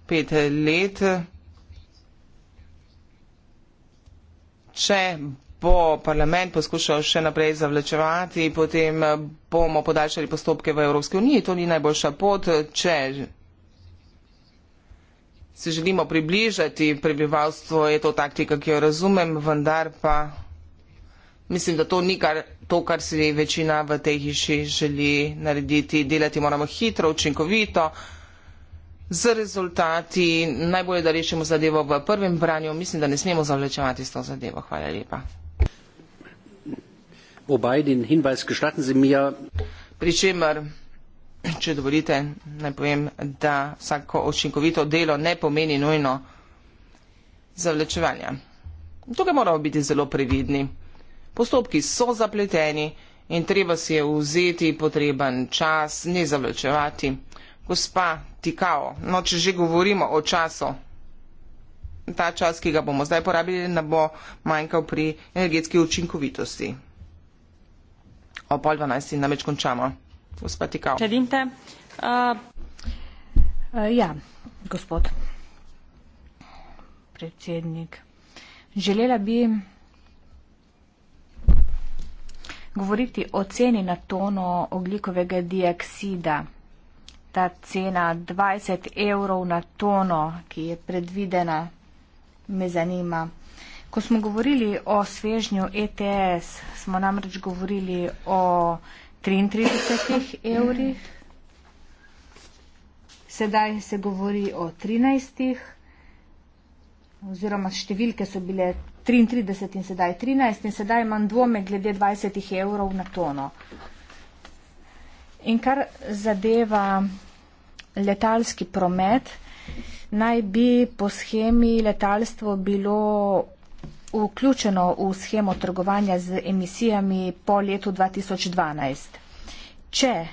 pet let. Če bo parlament poskušal še naprej zavlačevati, potem eh, bomo podaljšali postopke v Evropske unije. To ni najboljša pot, če se želimo približati prebivalstvo, je to taktika, ki jo razumem, vendar pa mislim, da to ni kar to, kar si večina v tej hiši želi narediti. Delati moramo hitro, učinkovito. Z rezultati najbolje, da rešimo zadevo v prvem branju, mislim, da ne smemo zavlečevati s to zadevo. Hvala lepa obaj den Hinweis gestatten Sie mir. Pričemer, če dovolite, naj povem, da vsako učinkovito delo ne pomeni nujno zavlečevanja. Tukaj moramo biti zelo previdni. Postopki so zapleteni in treba si je vzeti potreben čas, ne zavlečevati. Gospa Tikao, no če že govorimo o času, ta čas, ki ga bomo zdaj porabili, ne bo manjkal pri energetski učinkovitosti o pol dvanajst in namreč končamo. Gospa Tikao. Če vidite. Uh, eh, eh, ja, gospod predsednik. Želela bi govoriti o ceni na tono oglikovega dioksida. Ta cena 20 evrov na tono, ki je predvidena, me zanima. Ko smo govorili o svežnju ETS, smo namreč govorili o 33 evrih, sedaj se govori o 13, oziroma številke so bile 33 in sedaj 13 in sedaj imam dvome glede 20 evrov na tono. In kar zadeva letalski promet, naj bi po schemi letalstvo bilo vključeno v schemo trgovanja z emisijami po letu 2012. Če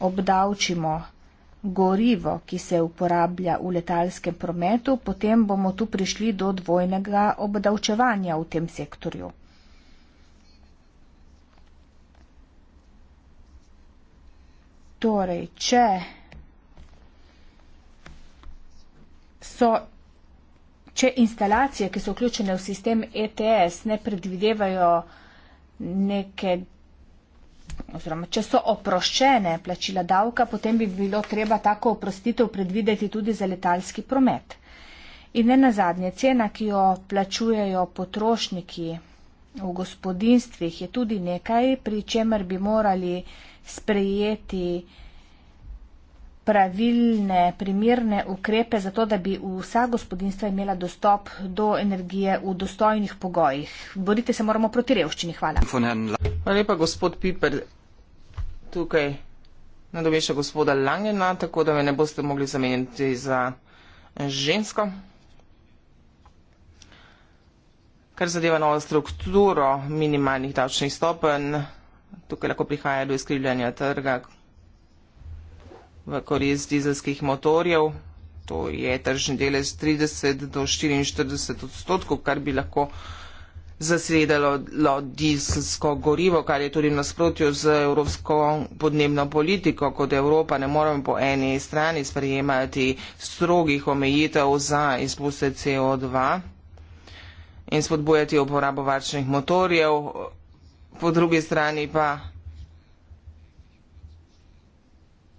obdavčimo gorivo, ki se uporablja v letalskem prometu, potem bomo tu prišli do dvojnega obdavčevanja v tem sektorju. Torej, če so če instalacije, ki so vključene v sistem ETS, ne predvidevajo neke, oziroma če so oproščene plačila davka, potem bi bilo treba tako oprostitev predvideti tudi za letalski promet. In ne nazadnje, cena, ki jo plačujejo potrošniki v gospodinstvih, je tudi nekaj, pri čemer bi morali sprejeti pravilne, primirne ukrepe za to, da bi vsa gospodinstva imela dostop do energije v dostojnih pogojih. Borite se moramo proti revščini. Hvala. Hvala lepa, gospod Piper. Tukaj nadoveša gospoda Langena, tako da me ne boste mogli zamenjati za žensko. Kar zadeva novo strukturo minimalnih davčnih stopenj, tukaj lahko prihaja do izkrivljanja trga, v korist dizelskih motorjev. To je tržni delež 30 do 44 odstotkov, kar bi lahko zasedalo dizelsko gorivo, kar je tudi v nasprotju z evropsko podnebno politiko, kot Evropa ne moremo po eni strani sprejemati strogih omejitev za izpuste CO2 in spodbujati uporabo varčnih motorjev, po drugi strani pa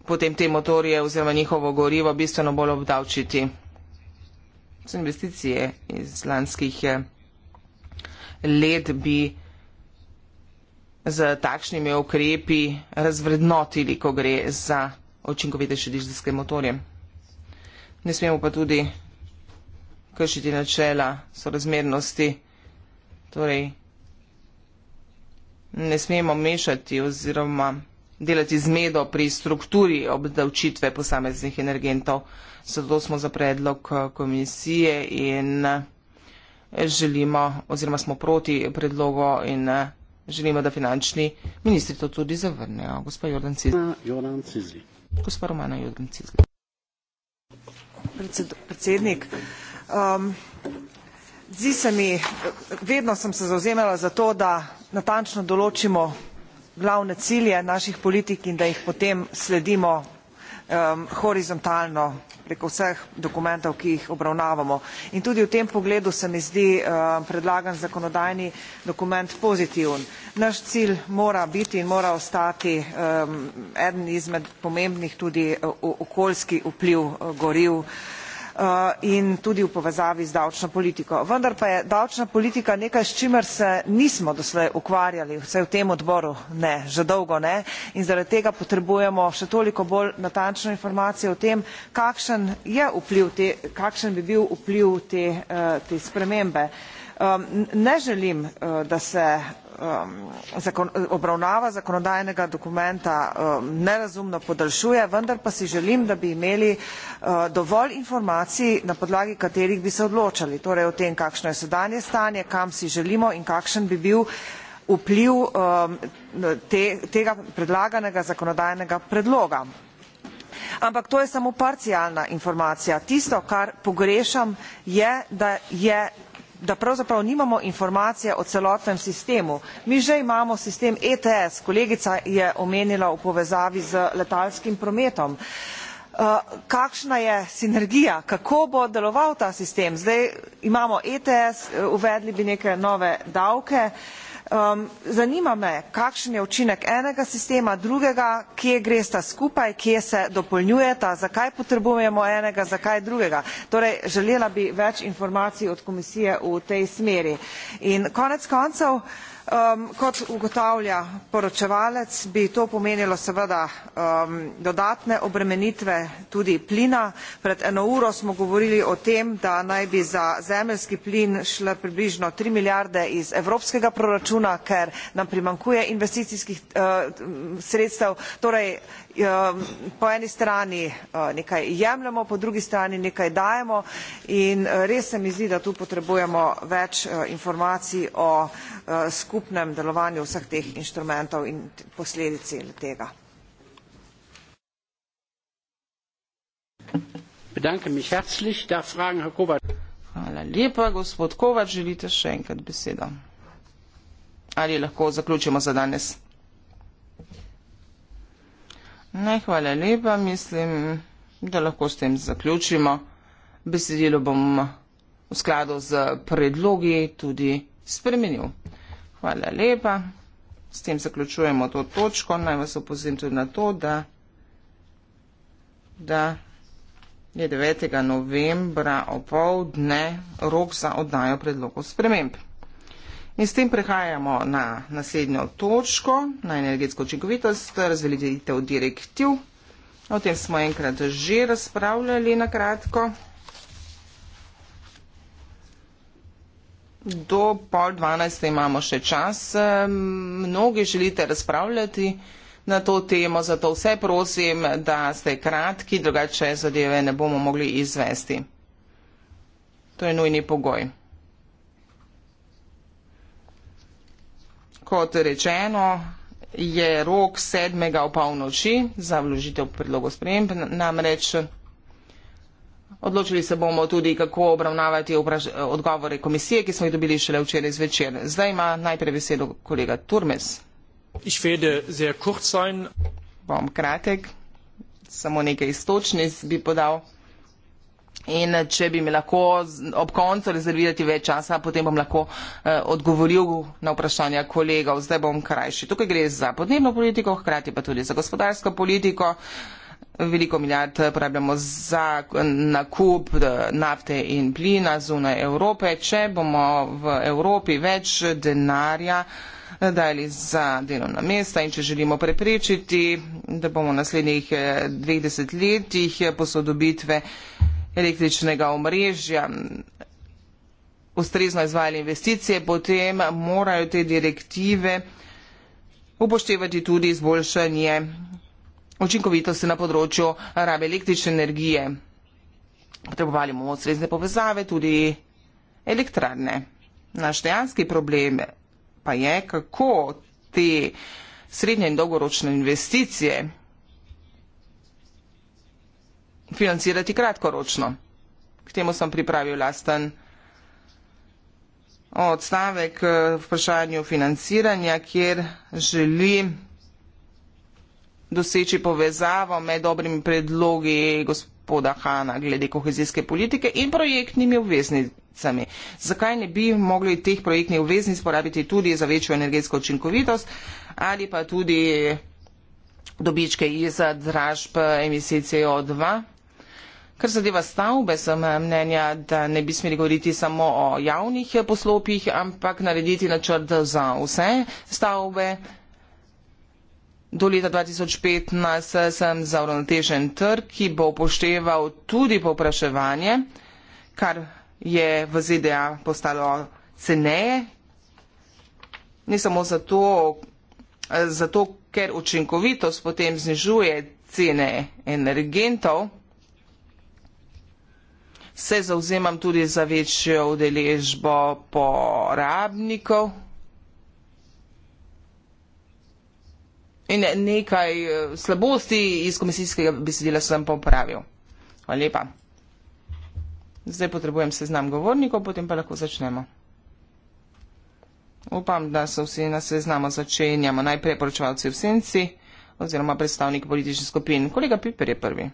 potem te motorje oziroma njihovo gorivo bistveno bolj obdavčiti. Z investicije iz lanskih eh, let bi z takšnimi ukrepi razvrednotili, ko gre za očinkovitejše dizelske motorje. Ne smemo pa tudi kršiti načela sorazmernosti, torej ne smemo mešati oziroma delati zmedo pri strukturi obdavčitve posameznih energentov. Zato smo za predlog eh, komisije in eh, želimo oziroma smo proti predlogu in eh, želimo, da finančni ministri to tudi zavrnejo. Gospa Jordan Cizli. Jordan Cizli. Gospa Romana Jordan Cizli. Predsednik, um, zdi se mi, vedno sem se zauzemala za to, da natančno določimo glavne cilje naših politik in da jih potem sledimo um, horizontalno preko vseh dokumentov, ki jih obravnavamo. In tudi v tem pogledu se mi zdi um, predlagan zakonodajni dokument pozitiven. Naš cilj mora biti in mora ostati um, eden izmed pomembnih tudi uh, okoljski vpliv uh, goril. Um, Eh, in tudi v povezavi z davčno politiko. Vendar pa je davčna politika nekaj, s čimer se nismo doslej ukvarjali, vse v tem odboru ne, že dolgo ne, in zaradi tega potrebujemo še toliko bolj natančne informacije o tem, kakšen, je vpliv te, kakšen bi bil vpliv te, eh, te spremembe. Ne želim, eh, da se um, zakon, obravnava zakonodajnega dokumenta um, nerazumno podaljšuje, vendar pa si želim, da bi imeli uh, dovolj informacij, na podlagi katerih bi se odločali, torej o tem, kakšno je sedanje stanje, kam si želimo in kakšen bi bil vpliv um, te, tega predlaganega zakonodajnega predloga. Ampak to je samo parcialna informacija. Tisto, kar pogrešam, je, da je da pravzaprav nimamo informacije o celotnem sistemu. Mi že imamo sistem ETS, kolegica je omenila v povezavi z letalskim prometom. Eh, kakšna je sinergija, kako bo deloval ta sistem? Zdaj imamo ETS, eh, uvedli bi neke nove davke, Um, zanima me, kakšen je učinek enega sistema, drugega, kje gre sta skupaj, kje se dopolnjujeta, zakaj potrebujemo enega, zakaj drugega. Torej, želela bi več informacij od komisije v tej smeri. In konec koncev, uh, kot ugotavlja poročevalec bi to pomenilo seveda dodatne obremenitve tudi plina pred eno uro smo govorili o tem da naj bi za zemeljski plin šle približno tri milijarde iz evropskega proračuna ker nam primanjkuje investicijskih sredstev torej Ehm, po eni strani eh, nekaj jemljamo, po drugi strani nekaj dajemo in eh, res se mi zdi, da tu potrebujemo več eh, informacij o skupnem delovanju vseh teh inštrumentov in posledici tega. Hvala lepa, gospod Kovač, želite še enkrat besedo. Ali lahko zaključimo za danes? Ne, hvala lepa, mislim, da lahko s tem zaključimo. Besedilo bom v skladu z predlogi tudi spremenil. Hvala lepa. S tem zaključujemo to točko. Naj vas opozim tudi na to, da, da je 9. novembra opoldne rok za oddajo predlogov sprememb. In s tem prehajamo na naslednjo točko, na energetsko očinkovitost, razveljavitev direktiv. O tem smo enkrat že razpravljali na kratko. Do pol dvanajste imamo še čas. Mnogi želite razpravljati na to temo, zato vse prosim, da ste kratki, drugače zadeve ne bomo mogli izvesti. To je nujni pogoj. kot rečeno, je rok sedmega v polnoči za vložitev predlogov sprememb, namreč odločili se bomo tudi, kako obravnavati odgovore komisije, ki smo jih dobili šele včeraj zvečer. Zdaj ima najprej besedo kolega Turmes. Ich werde sehr kurz sein. Bom kratek, samo nekaj istočnic bi podal. In eh, če bi mi lahko ob koncu rezervirati več časa, potem bom lahko eh, odgovoril na vprašanja kolegov. Zdaj bom krajši. Tukaj gre za podnebno politiko, hkrati pa tudi za gospodarsko politiko. Veliko milijard eh, porabljamo za eh, nakup nafte in plina zunaj Evrope. Če bomo v Evropi več denarja dali za delovna mesta in če želimo preprečiti, da bomo v naslednjih 20 letih posodobitve električnega omrežja ustrezno izvajali investicije, potem morajo te direktive upoštevati tudi izboljšanje učinkovitosti na področju rabe električne energije. Potrebovali bomo ustrezne povezave, tudi elektrarne. Naš dejanski problem pa je, kako te srednje in dolgoročne investicije financirati kratkoročno. K temu sem pripravil lasten odstavek eh, vprašanju financiranja, kjer želi doseči povezavo med dobrimi predlogi gospoda Hana glede kohezijske politike in projektnimi obveznicami. Zakaj ne bi mogli teh projektnih obveznic porabiti tudi za večjo energetsko učinkovitost ali pa tudi dobičke iz dražb emisije CO2? Kar zadeva stavbe, sem eh, mnenja, da ne bi smeli govoriti samo o javnih eh, poslopih, ampak narediti načrt eh, za vse stavbe. Do leta 2015 sem za uravnotežen trg, ki bo upošteval tudi popraševanje, kar je v ZDA postalo ceneje. Ne samo zato, zato ker učinkovitost potem znižuje cene energentov se zauzemam tudi za večjo udeležbo porabnikov. In nekaj eh, slabosti iz komisijskega besedila sem popravil. Hvala lepa. Zdaj potrebujem seznam govornikov, potem pa lahko začnemo. Upam, da so vsi na seznamu začenjamo. Najprej poročevalci v senci oziroma predstavniki političnih skupin. Kolega Piper je prvi.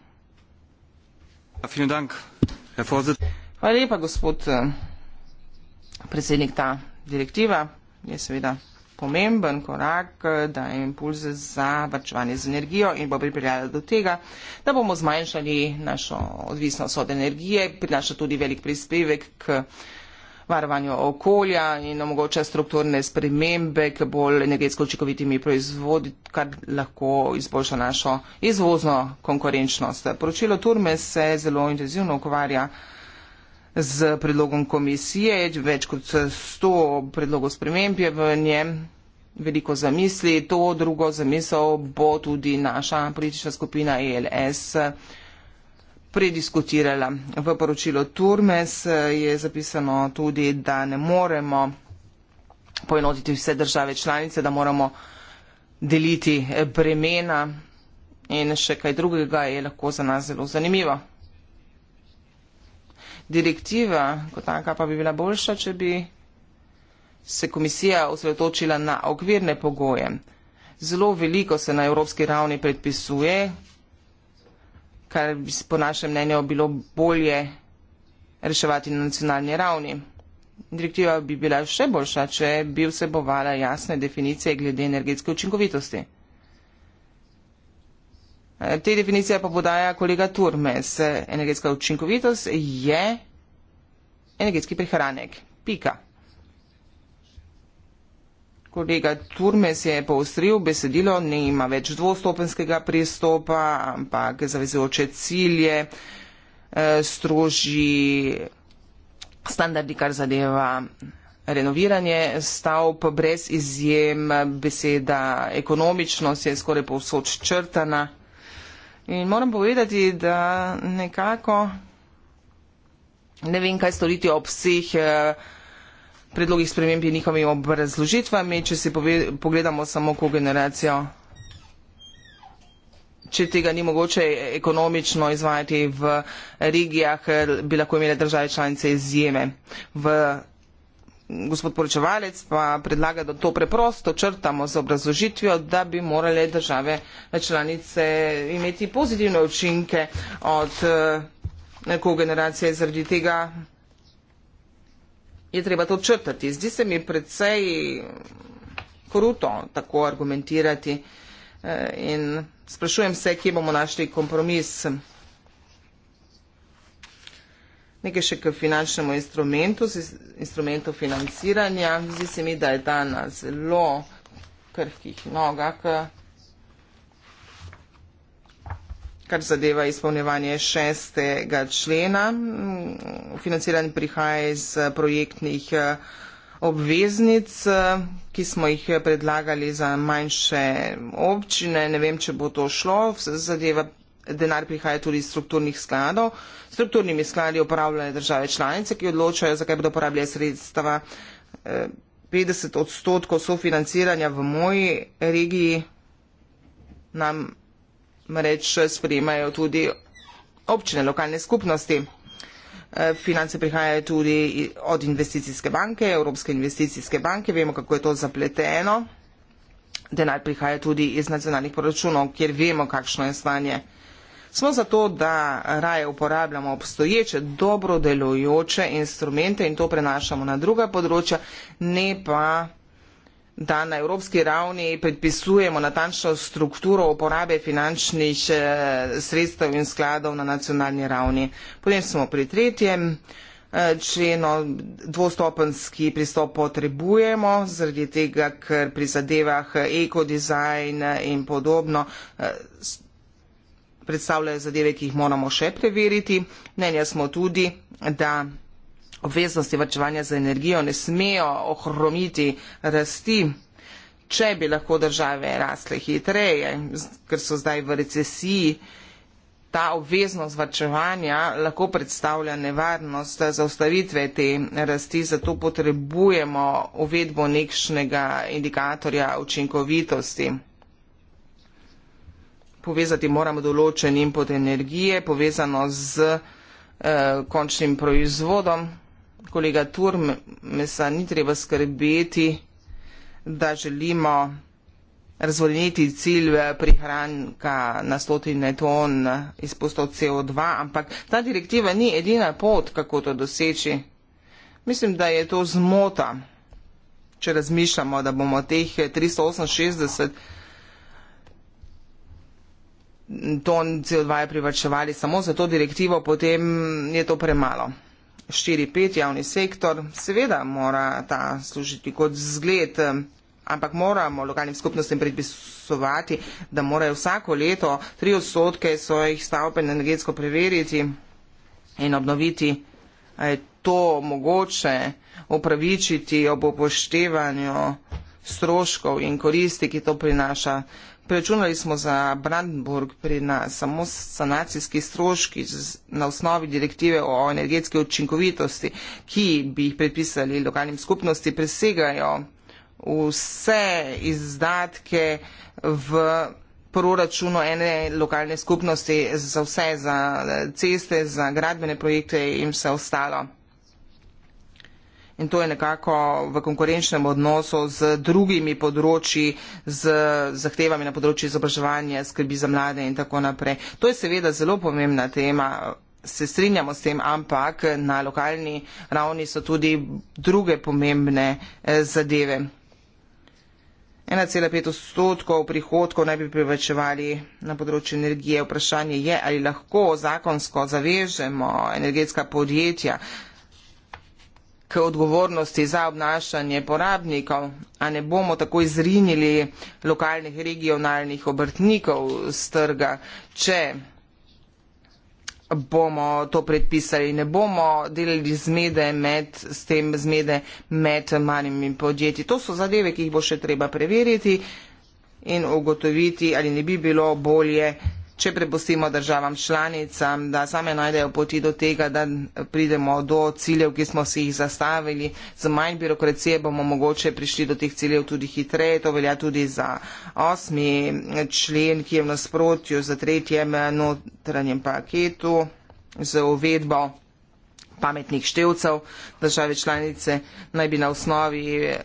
Fino ja, dank. Hvala lepa, gospod eh, predsednik. Ta direktiva je seveda pomemben korak, eh, da je impulz za vrčevanje z energijo in bo pripeljala do tega, da bomo zmanjšali našo odvisnost od energije, prinaša tudi velik prispevek k varovanju okolja in omogoča strukturne spremembe k bolj energetsko učinkovitimi proizvodi, kar lahko izboljša našo izvozno konkurenčnost. Poročilo Turme se zelo intenzivno ukvarja z predlogom komisije, več kot 100 predlogov sprememb je v njem veliko zamisli. To drugo zamisel bo tudi naša politična skupina ELS prediskutirala. V poročilu Turmes eh, je zapisano tudi, da ne moremo poenotiti vse države članice, da moramo deliti eh, bremena in še kaj drugega je lahko za nas zelo zanimivo. Direktiva kot taka pa bi bila boljša, če bi se komisija osredotočila na okvirne pogoje. Zelo veliko se na evropski ravni predpisuje, kar bi po našem mnenju bilo bolje reševati na nacionalni ravni. Direktiva bi bila še boljša, če bi vsebovala jasne definicije glede energetske učinkovitosti. E, te definicije pa podaja kolega Turmes. E, energetska učinkovitost je energetski prihranek. Pika. Kolega Turmes je poostril besedilo, ne ima več dvostopenskega pristopa, ampak zavezujoče cilje, eh, stroži standardi, kar zadeva renoviranje stavb, brez izjem beseda ekonomičnost je skoraj povsod črtana. In moram povedati, da nekako ne vem, kaj storiti ob vseh. Eh, predlogih sprememb in njihovimi obrazložitvami, če si pove, pogledamo samo kogeneracijo. Če tega ni mogoče ekonomično izvajati v regijah, bi lahko imele države članice izjeme. V gospod poročevalec pa predlaga, da to preprosto črtamo z obrazložitvijo, da bi morale države članice imeti pozitivne učinke od eh, kogeneracije zaradi tega je treba to črtati. Zdi se mi predvsej kruto tako argumentirati eh, in sprašujem se, kje bomo našli kompromis. Nekaj še k finančnemu instrumentu, instrumentu financiranja. Zdi se mi, da je ta na zelo krhkih nogah. kar zadeva izpolnjevanje šestega člena. Mm, financiranje prihaja iz eh, projektnih eh, obveznic, eh, ki smo jih predlagali za manjše mm, občine. Ne vem, če bo to šlo. Zadeva denar prihaja tudi iz strukturnih skladov. Strukturnimi skladi upravljajo države članice, ki odločajo, zakaj bodo uporabljali sredstva. 50 odstotkov sofinanciranja v moji regiji nam namreč sprejemajo tudi občine, lokalne skupnosti. E, finance prihajajo tudi od investicijske banke, Evropske investicijske banke, vemo, kako je to zapleteno. Denar prihaja tudi iz nacionalnih proračunov, kjer vemo, kakšno je stanje. Smo zato, da raje uporabljamo obstoječe, dobro delujoče instrumente in to prenašamo na druga področja, ne pa da na evropski ravni predpisujemo natančno strukturo uporabe finančnih eh, sredstev in skladov na nacionalni ravni. Potem smo pri tretjem eh, členu, dvostopenski pristop potrebujemo, zaradi tega, ker pri zadevah eh, ekodizajn in podobno predstavljajo zadeve, ki jih moramo še preveriti. Mnenja smo tudi, da obveznosti vrčevanja za energijo ne smejo ohromiti rasti. Če bi lahko države rasle hitreje, ker so zdaj v recesiji, ta obveznost vrčevanja lahko predstavlja nevarnost za ustavitve te rasti, zato potrebujemo uvedbo nekšnega indikatorja učinkovitosti. Povezati moramo določen input energije, povezano z eh, končnim proizvodom kolega Turmesa ni treba skrbeti, da želimo razvoljeniti cilj prihranka na stotine ton izpustov CO2, ampak ta direktiva ni edina pot, kako to doseči. Mislim, da je to zmota, če razmišljamo, da bomo teh 368 ton CO2 privačevali samo za to direktivo, potem je to premalo štiri, pet javni sektor, seveda mora ta služiti kot zgled, ampak moramo lokalnim skupnostim predpisovati, da morajo vsako leto tri odstotke svojih stavben energetsko preveriti in obnoviti. Je to mogoče upravičiti ob upoštevanju stroškov in koristi, ki to prinaša? Preračunali smo za Brandenburg pri nas samo sanacijski stroški na osnovi direktive o energetske učinkovitosti, ki bi jih predpisali lokalnim skupnosti, presegajo vse izdatke v proračunu ene lokalne skupnosti za vse, za ceste, za gradbene projekte in vse ostalo in to je nekako v konkurenčnem odnosu z drugimi področji, z zahtevami na področju izobraževanja, skrbi za mlade in tako naprej. To je seveda zelo pomembna tema. Se strinjamo s tem, ampak na lokalni ravni so tudi druge pomembne eh, zadeve. 1,5 odstotkov prihodkov naj bi privečevali na področju energije. Vprašanje je, ali lahko zakonsko zavežemo energetska podjetja, k odgovornosti za obnašanje porabnikov, a ne bomo tako izrinili lokalnih regionalnih obrtnikov z trga, če bomo to predpisali. Ne bomo delali zmede med, s tem zmede med manjimi podjetji. To so zadeve, ki jih bo še treba preveriti in ugotoviti, ali ne bi bilo bolje če prepustimo državam članicam, da same najdejo poti do tega, da pridemo do ciljev, ki smo si jih zastavili. Z manj birokracije bomo mogoče prišli do teh ciljev tudi hitreje. To velja tudi za osmi člen, ki je v nasprotju z tretjem notranjem paketu z uvedbo pametnih števcev. Države članice naj bi na osnovi eh,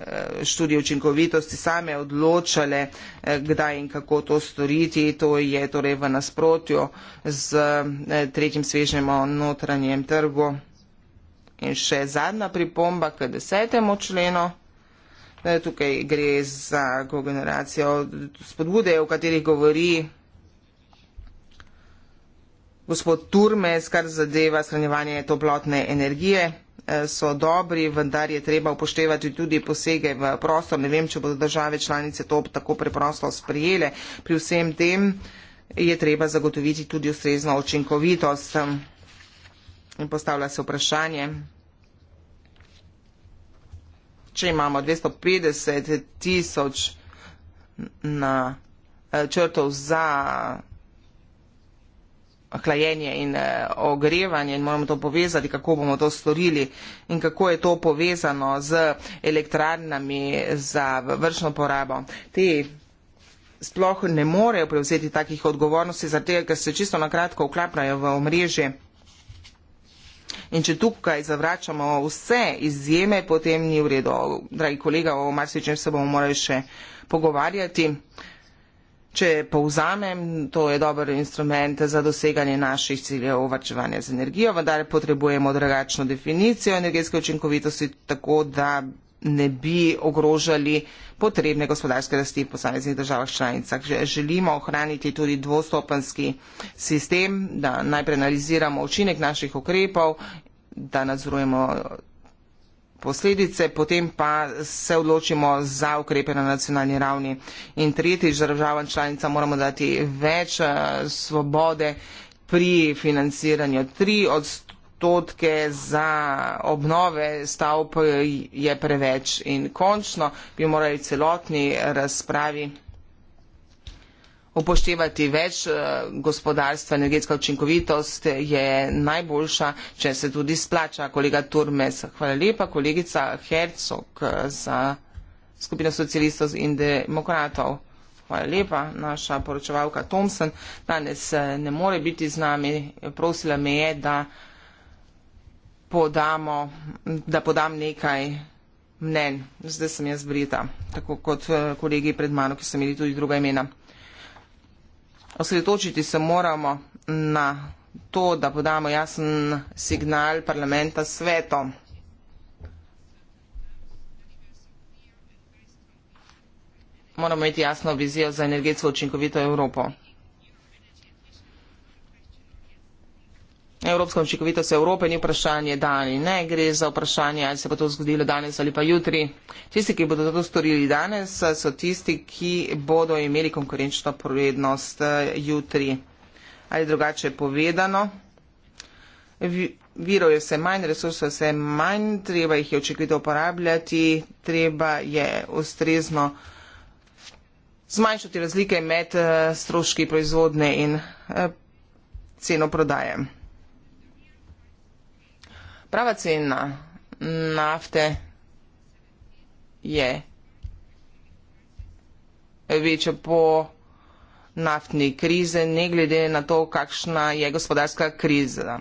študije učinkovitosti same odločale, eh, kdaj in kako to storiti. To je torej v nasprotju z eh, tretjim svežnjem o notranjem trgu. In še zadnja pripomba k desetemu členu. Tukaj gre za kogeneracijo spodbude, o katerih govori gospod Turmes, kar zadeva shranjevanje toplotne energije eh, so dobri, vendar je treba upoštevati tudi posege v prostor. Ne vem, če bodo države članice to tako preprosto sprijele. Pri vsem tem je treba zagotoviti tudi ustrezno očinkovitost. In postavlja se vprašanje, če imamo 250 tisoč na eh, črtov za hlajenje in eh, ogrevanje in moramo to povezati, kako bomo to storili in kako je to povezano z elektrarnami za vršno porabo. Te sploh ne morejo prevzeti takih odgovornosti, zato ker se čisto na kratko uklapljajo v omrežje. In če tukaj zavračamo vse izjeme, potem ni v redu. Dragi kolega, o marsičem se bomo morali še pogovarjati. Če povzamem, to je dober instrument za doseganje naših ciljev ovačevanja z energijo, vendar potrebujemo drugačno definicijo energetske učinkovitosti, tako da ne bi ogrožali potrebne gospodarske rasti v posameznih državah članicah. Želimo ohraniti tudi dvostopenski sistem, da najprej analiziramo učinek naših ukrepov, da nadzorujemo posledice, potem pa se odločimo za ukrepe na nacionalni ravni. In tretjič, državam članica moramo dati več eh, svobode pri financiranju. Tri odstotke za obnove stavb je preveč in končno bi morali celotni razpravi upoštevati več eh, gospodarstva, energetska učinkovitost je najboljša, če se tudi splača. Kolega Turmes, hvala lepa. Kolegica Hercog eh, za skupino socialistov in demokratov. Hvala lepa, naša poročevalka Thompson danes eh, ne more biti z nami. Prosila me je, da, podamo, da podam nekaj mnen. Zdaj sem jaz brita, tako kot kolegi pred mano, ki so imeli tudi druga imena osredotočiti se moramo na to, da podamo jasen signal parlamenta svetom. Moramo imeti jasno vizijo za energetsko učinkovito Evropo. evropska učinkovitost Evrope ni vprašanje dali, ne gre za vprašanje, ali se bo to zgodilo danes ali pa jutri. Tisti, ki bodo to storili danes, so tisti, ki bodo imeli konkurenčno prednost eh, jutri. Ali drugače povedano, virov je vse manj, resursov je vse manj, treba jih je očekvito uporabljati, treba je ustrezno zmanjšati razlike med eh, stroški proizvodne in eh, ceno prodaje. Prava cena nafte je večja po naftni krize, ne glede na to, kakšna je gospodarska kriza.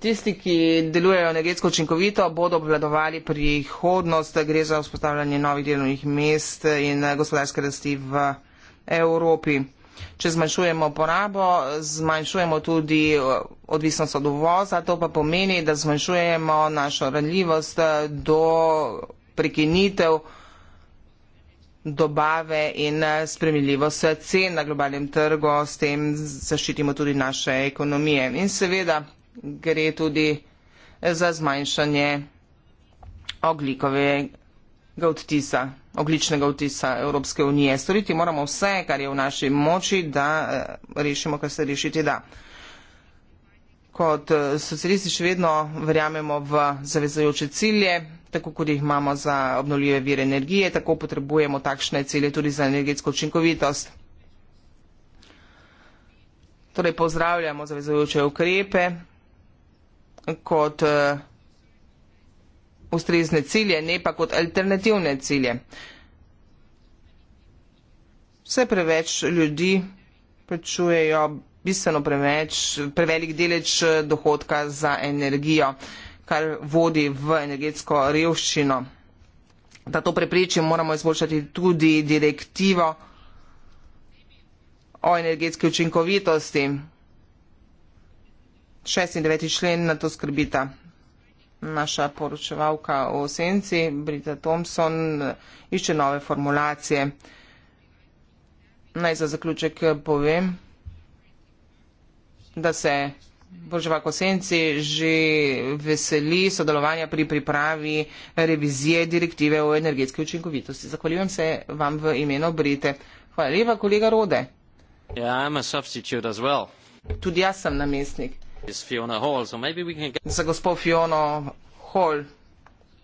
Tisti, ki delujejo energetsko učinkovito, bodo obvladovali prihodnost, gre za vzpostavljanje novih delovnih mest in gospodarske rasti v Evropi če zmanjšujemo porabo, zmanjšujemo tudi eh, odvisnost od uvoza, to pa pomeni, da zmanjšujemo našo ranljivost eh, do prekinitev dobave in eh, spremljivost cen na globalnem trgu, s tem zaščitimo tudi naše ekonomije. In seveda gre tudi za zmanjšanje oglikove ogličnega odtisa, ogličnega odtisa Evropske unije. Storiti moramo vse, kar je v naši moči, da eh, rešimo, kar se rešiti da. Kot eh, socialisti še vedno verjamemo v zavezajoče cilje, tako kot jih imamo za obnovljive vire energije, tako potrebujemo takšne cilje tudi za energetsko učinkovitost. Torej pozdravljamo zavezajoče ukrepe kot eh, ustrezne cilje, ne pa kot alternativne cilje. Vse preveč ljudi plačujejo bistveno preveč, prevelik deleč dohodka za energijo, kar vodi v energetsko revščino. Da to preprečim, moramo izboljšati tudi direktivo o energetski učinkovitosti. 96. člen na to skrbita naša poročevalka o senci, Brita Thompson, išče nove formulacije. Naj za zaključek povem, da se Boževak o senci že veseli sodelovanja pri pripravi revizije direktive o energetski učinkovitosti. Zahvaljujem se vam v imeno Brite. Hvala lepa, kolega Rode. Yeah, well. Tudi jaz sem namestnik. Za gospod Fiona Hall,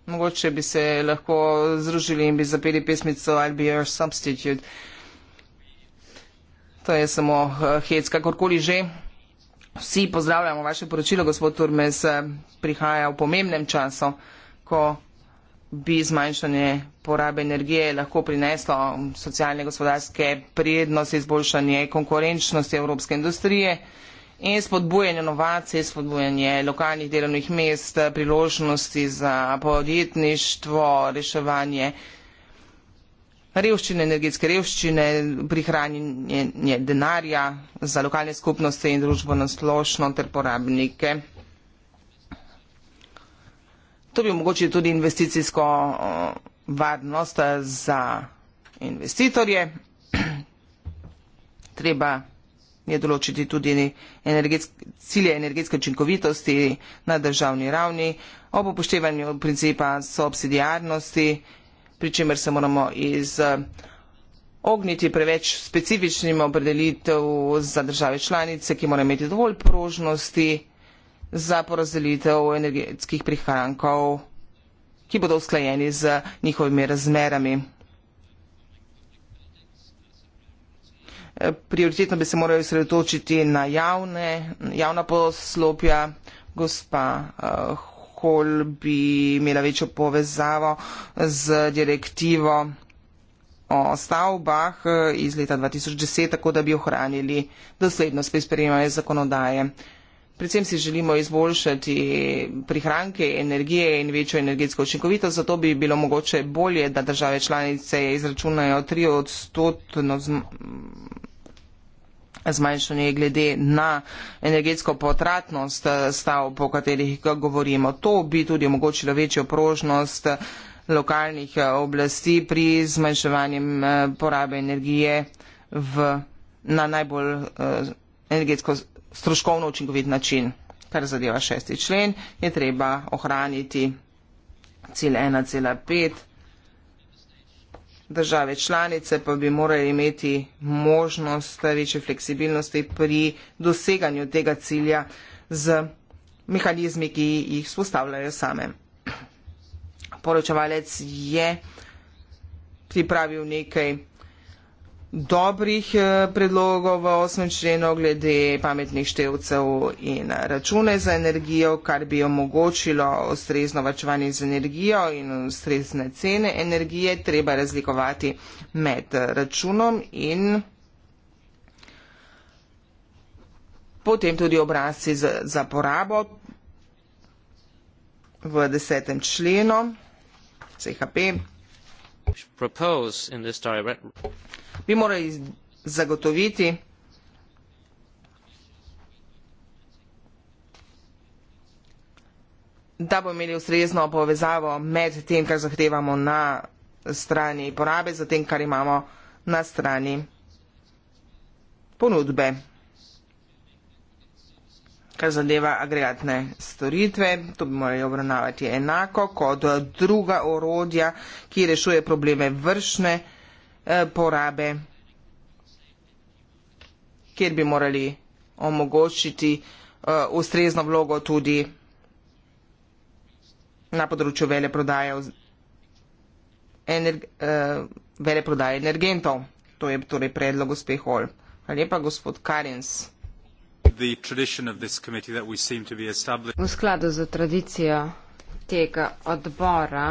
mogoče bi se lahko združili in bi zapeli pesmico I'll be your substitute. To je samo eh, hec, kakorkoli že. Vsi pozdravljamo vaše poročilo, gospod Turmes, eh, prihaja v pomembnem času, ko bi zmanjšanje porabe energije lahko prineslo socialne gospodarske prednosti, izboljšanje konkurenčnosti evropske industrije in spodbujanje inovacij, spodbujanje lokalnih delovnih mest, priložnosti za podjetništvo, reševanje revščine, energetske revščine, prihranjenje denarja za lokalne skupnosti in družbo na splošno ter porabnike. To bi omogočilo tudi investicijsko eh, varnost eh, za investitorje. <clears throat> Treba je določiti tudi energetske, cilje energetske učinkovitosti na državni ravni ob upoštevanju principa subsidijarnosti, pri čemer se moramo iz eh, ogniti preveč specifičnim opredelitev za države članice, ki morajo imeti dovolj prožnosti za porazdelitev energetskih prihrankov, ki bodo usklajeni z njihovimi razmerami. prioritetno bi se morali sredotočiti na javne, javna poslopja. Gospa uh, Hol bi imela večjo povezavo z direktivo o stavbah eh, iz leta 2010, tako da bi ohranili doslednost pri sprejemanju zakonodaje. Predvsem si želimo izboljšati prihranke energije in večjo energetsko učinkovitost, zato bi bilo mogoče bolje, da države članice izračunajo 3 odstotno zmanjšanje glede na energetsko potratnost eh, stavb, o katerih govorimo. To bi tudi omogočilo večjo prožnost eh, lokalnih eh, oblasti pri zmanjševanju porabe energije v, na najbolj energetsko stroškovno učinkovit način. Kar zadeva šesti člen, je treba ohraniti cilj 1,5 Države članice pa bi morali imeti možnost večje fleksibilnosti pri doseganju tega cilja z mehanizmi, ki jih spostavljajo same. Poročevalec je pripravil nekaj dobrih eh, predlogov v 8. členu glede pametnih števcev in račune za energijo, kar bi omogočilo ustrezno vačevanje z energijo in ustrezne cene energije, treba razlikovati med računom in potem tudi obrazci za porabo v 10. členu CHP. Bi morali zagotoviti, da bomo imeli ustrezno povezavo med tem, kar zahtevamo na strani porabe, z tem, kar imamo na strani ponudbe. Kar zadeva agregatne storitve, to bi morali obravnavati enako kot druga orodja, ki rešuje probleme vršne. Eh, porabe, kjer bi morali omogočiti eh, ustrezno vlogo tudi na področju veleprodaje, energ, eh, veleprodaje energentov. To je torej predlog uspeh Hol. Hvala lepa, gospod Karins. V skladu z tradicijo tega odbora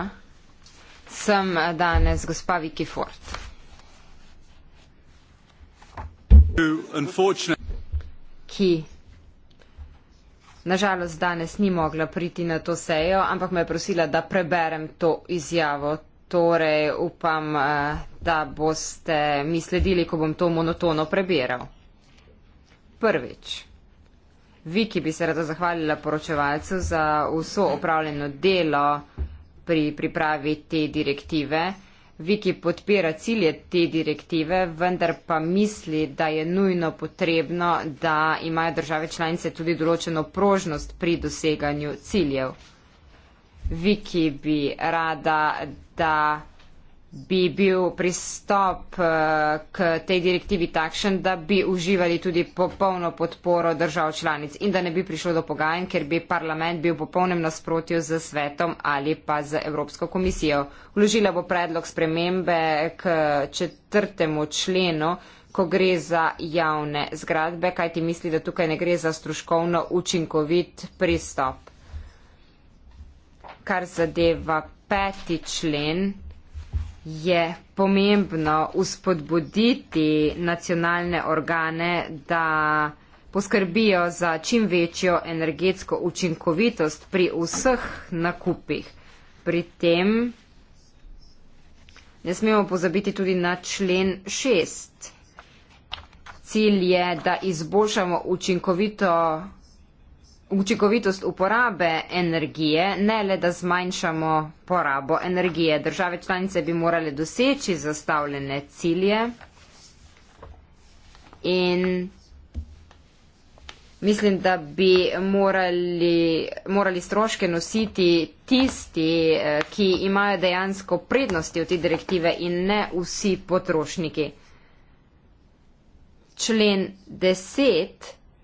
sem danes gospa Viki Ford. ki na žalost danes ni mogla priti na to sejo, ampak me je prosila, da preberem to izjavo. Torej upam, eh, da boste mi sledili, ko bom to monotono prebiral. Prvič. Vi, ki bi se rada zahvalila poročevalcu za vso opravljeno delo pri pripravi te direktive, Viki podpira cilje te direktive, vendar pa misli, da je nujno potrebno, da imajo države članice tudi določeno prožnost pri doseganju ciljev. Viki bi rada, da bi bil pristop eh, k tej direktivi takšen, da bi uživali tudi popolno podporo držav članic in da ne bi prišlo do pogajanj, ker bi parlament bil v popolnem nasprotju z svetom ali pa z Evropsko komisijo. Vložila bo predlog spremembe k četrtemu členu, ko gre za javne zgradbe, kaj ti misli, da tukaj ne gre za stroškovno učinkovit pristop. Kar zadeva peti člen, je pomembno uspodbuditi nacionalne organe, da poskrbijo za čim večjo energetsko učinkovitost pri vseh nakupih. Pri tem ne smemo pozabiti tudi na člen 6. Cilj je, da izboljšamo učinkovito učinkovitost uporabe energije, ne le da zmanjšamo porabo energije. Države članice bi morali doseči zastavljene cilje in mislim, da bi morali, morali stroške nositi tisti, eh, ki imajo dejansko prednosti od te direktive in ne vsi potrošniki. Člen 10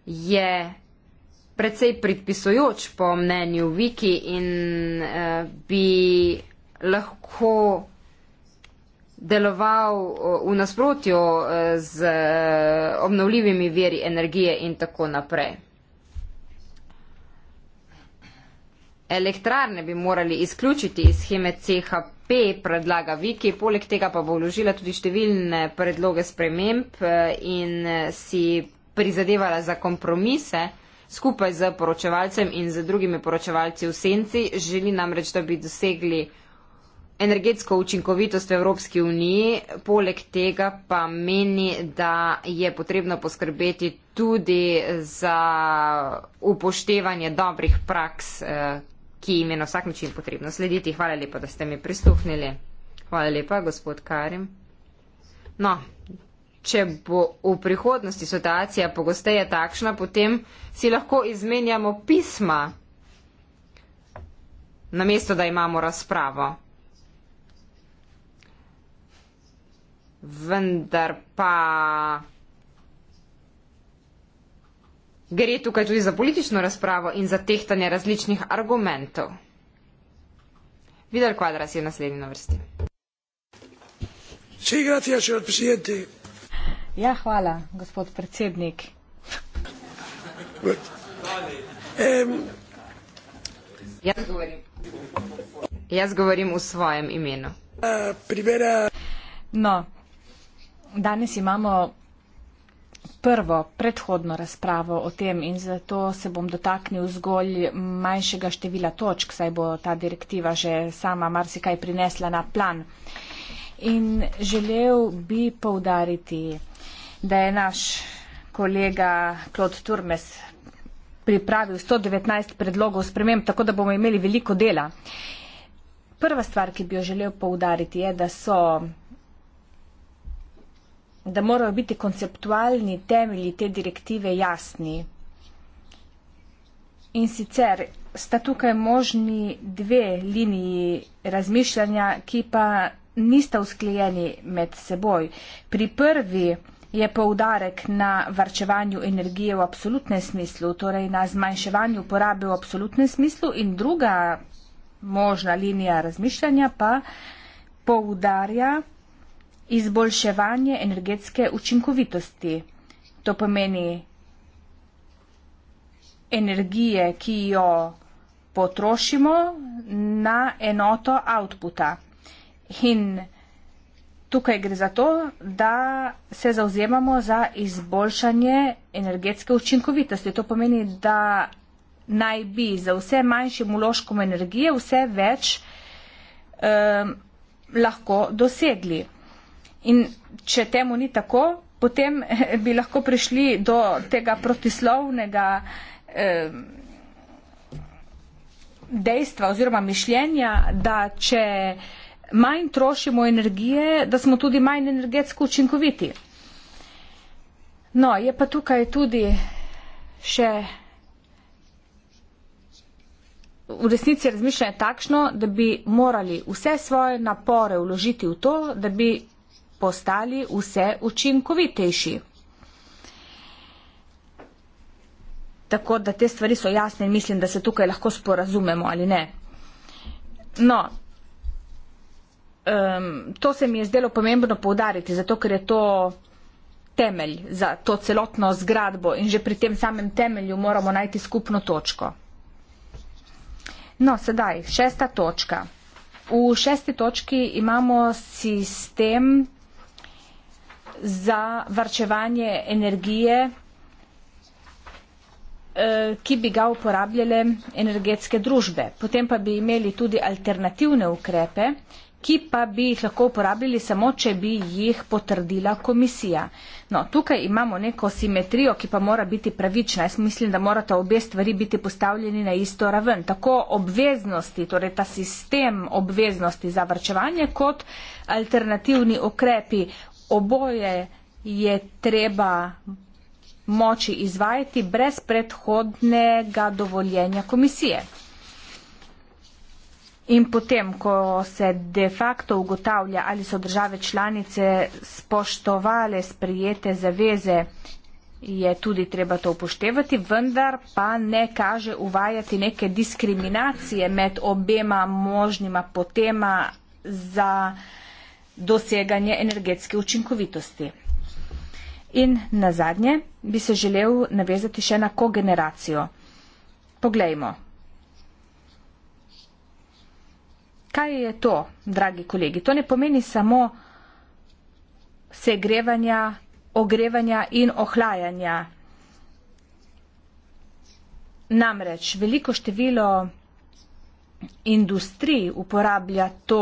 je precej predpisujoč po mnenju Viki in uh, bi lahko deloval eh, v nasprotju eh, z obnovljivimi veri energije in tako naprej. Elektrarne bi morali izključiti iz scheme CHP, predlaga Viki, poleg tega pa bo vložila tudi številne predloge sprememb in si prizadevala za kompromise skupaj z poročevalcem in z drugimi poročevalci v senci želi namreč, da bi dosegli energetsko učinkovitost v Evropski uniji. Poleg tega pa meni, da je potrebno poskrbeti tudi za upoštevanje dobrih praks, eh, ki jim je na vsak način potrebno slediti. Hvala lepa, da ste mi prisluhnili. Hvala lepa, gospod Karim. No, če bo v prihodnosti situacija pogosteje takšna, potem si lahko izmenjamo pisma, namesto da imamo razpravo. Vendar pa gre tukaj tudi za politično razpravo in za tehtanje različnih argumentov. Vidar Kvadras je naslednji na vrsti. Sí, gracias, señor presidente. Ja, hvala, gospod predsednik. Um. Jaz, govorim. Jaz govorim v svojem imenu. No, danes imamo prvo predhodno razpravo o tem in zato se bom dotaknil zgolj manjšega števila točk, saj bo ta direktiva že sama marsikaj prinesla na plan. In želel bi poudariti, da je naš kolega Klod Turmes pripravil 119 predlogov sprememb, tako da bomo imeli veliko dela. Prva stvar, ki bi jo želel poudariti, je, da so da morajo biti konceptualni temelji te direktive jasni. In sicer sta tukaj možni dve liniji razmišljanja, ki pa nista usklejeni med seboj. Pri prvi je poudarek na varčevanju energije v absolutnem smislu, torej na zmanjševanju porabe v absolutnem smislu in druga možna linija razmišljanja pa poudarja izboljševanje energetske učinkovitosti. To pomeni energije, ki jo potrošimo na enoto outputa. In Tukaj gre za to, da se zauzemamo za izboljšanje energetske učinkovitosti. To pomeni, da naj bi za vse manjšim uložkom energije vse več eh, lahko dosegli. In če temu ni tako, potem eh, bi lahko prišli do tega protislovnega eh, dejstva oziroma mišljenja, da če eh, manj trošimo energije, da smo tudi manj energetsko učinkoviti. No, je pa tukaj tudi še v resnici razmišljanje takšno, da bi morali vse svoje napore vložiti v to, da bi postali vse učinkovitejši. Tako da te stvari so jasne in mislim, da se tukaj lahko sporazumemo ali ne. No, um, to se mi je zdelo pomembno povdariti, zato ker je to temelj za to celotno zgradbo in že pri tem samem temelju moramo najti skupno točko. No, sedaj, šesta točka. V šesti točki imamo sistem za varčevanje energije, eh, ki bi ga uporabljale energetske družbe. Potem pa bi imeli tudi alternativne ukrepe, ki pa bi jih lahko uporabili samo, če bi jih potrdila komisija. No, tukaj imamo neko simetrijo, ki pa mora biti pravična. Jaz mislim, da morata obe stvari biti postavljeni na isto raven. Tako obveznosti, torej ta sistem obveznosti za vrčevanje, kot alternativni ukrepi, oboje je treba moči izvajati brez predhodnega dovoljenja komisije. In potem, ko se de facto ugotavlja, ali so države članice spoštovale sprijete zaveze, je tudi treba to upoštevati, vendar pa ne kaže uvajati neke diskriminacije med obema možnima potema za doseganje energetske učinkovitosti. In na zadnje bi se želel navezati še na kogeneracijo. Poglejmo, Kaj je to, dragi kolegi? To ne pomeni samo segrevanja, ogrevanja in ohlajanja. Namreč veliko število industrij uporablja to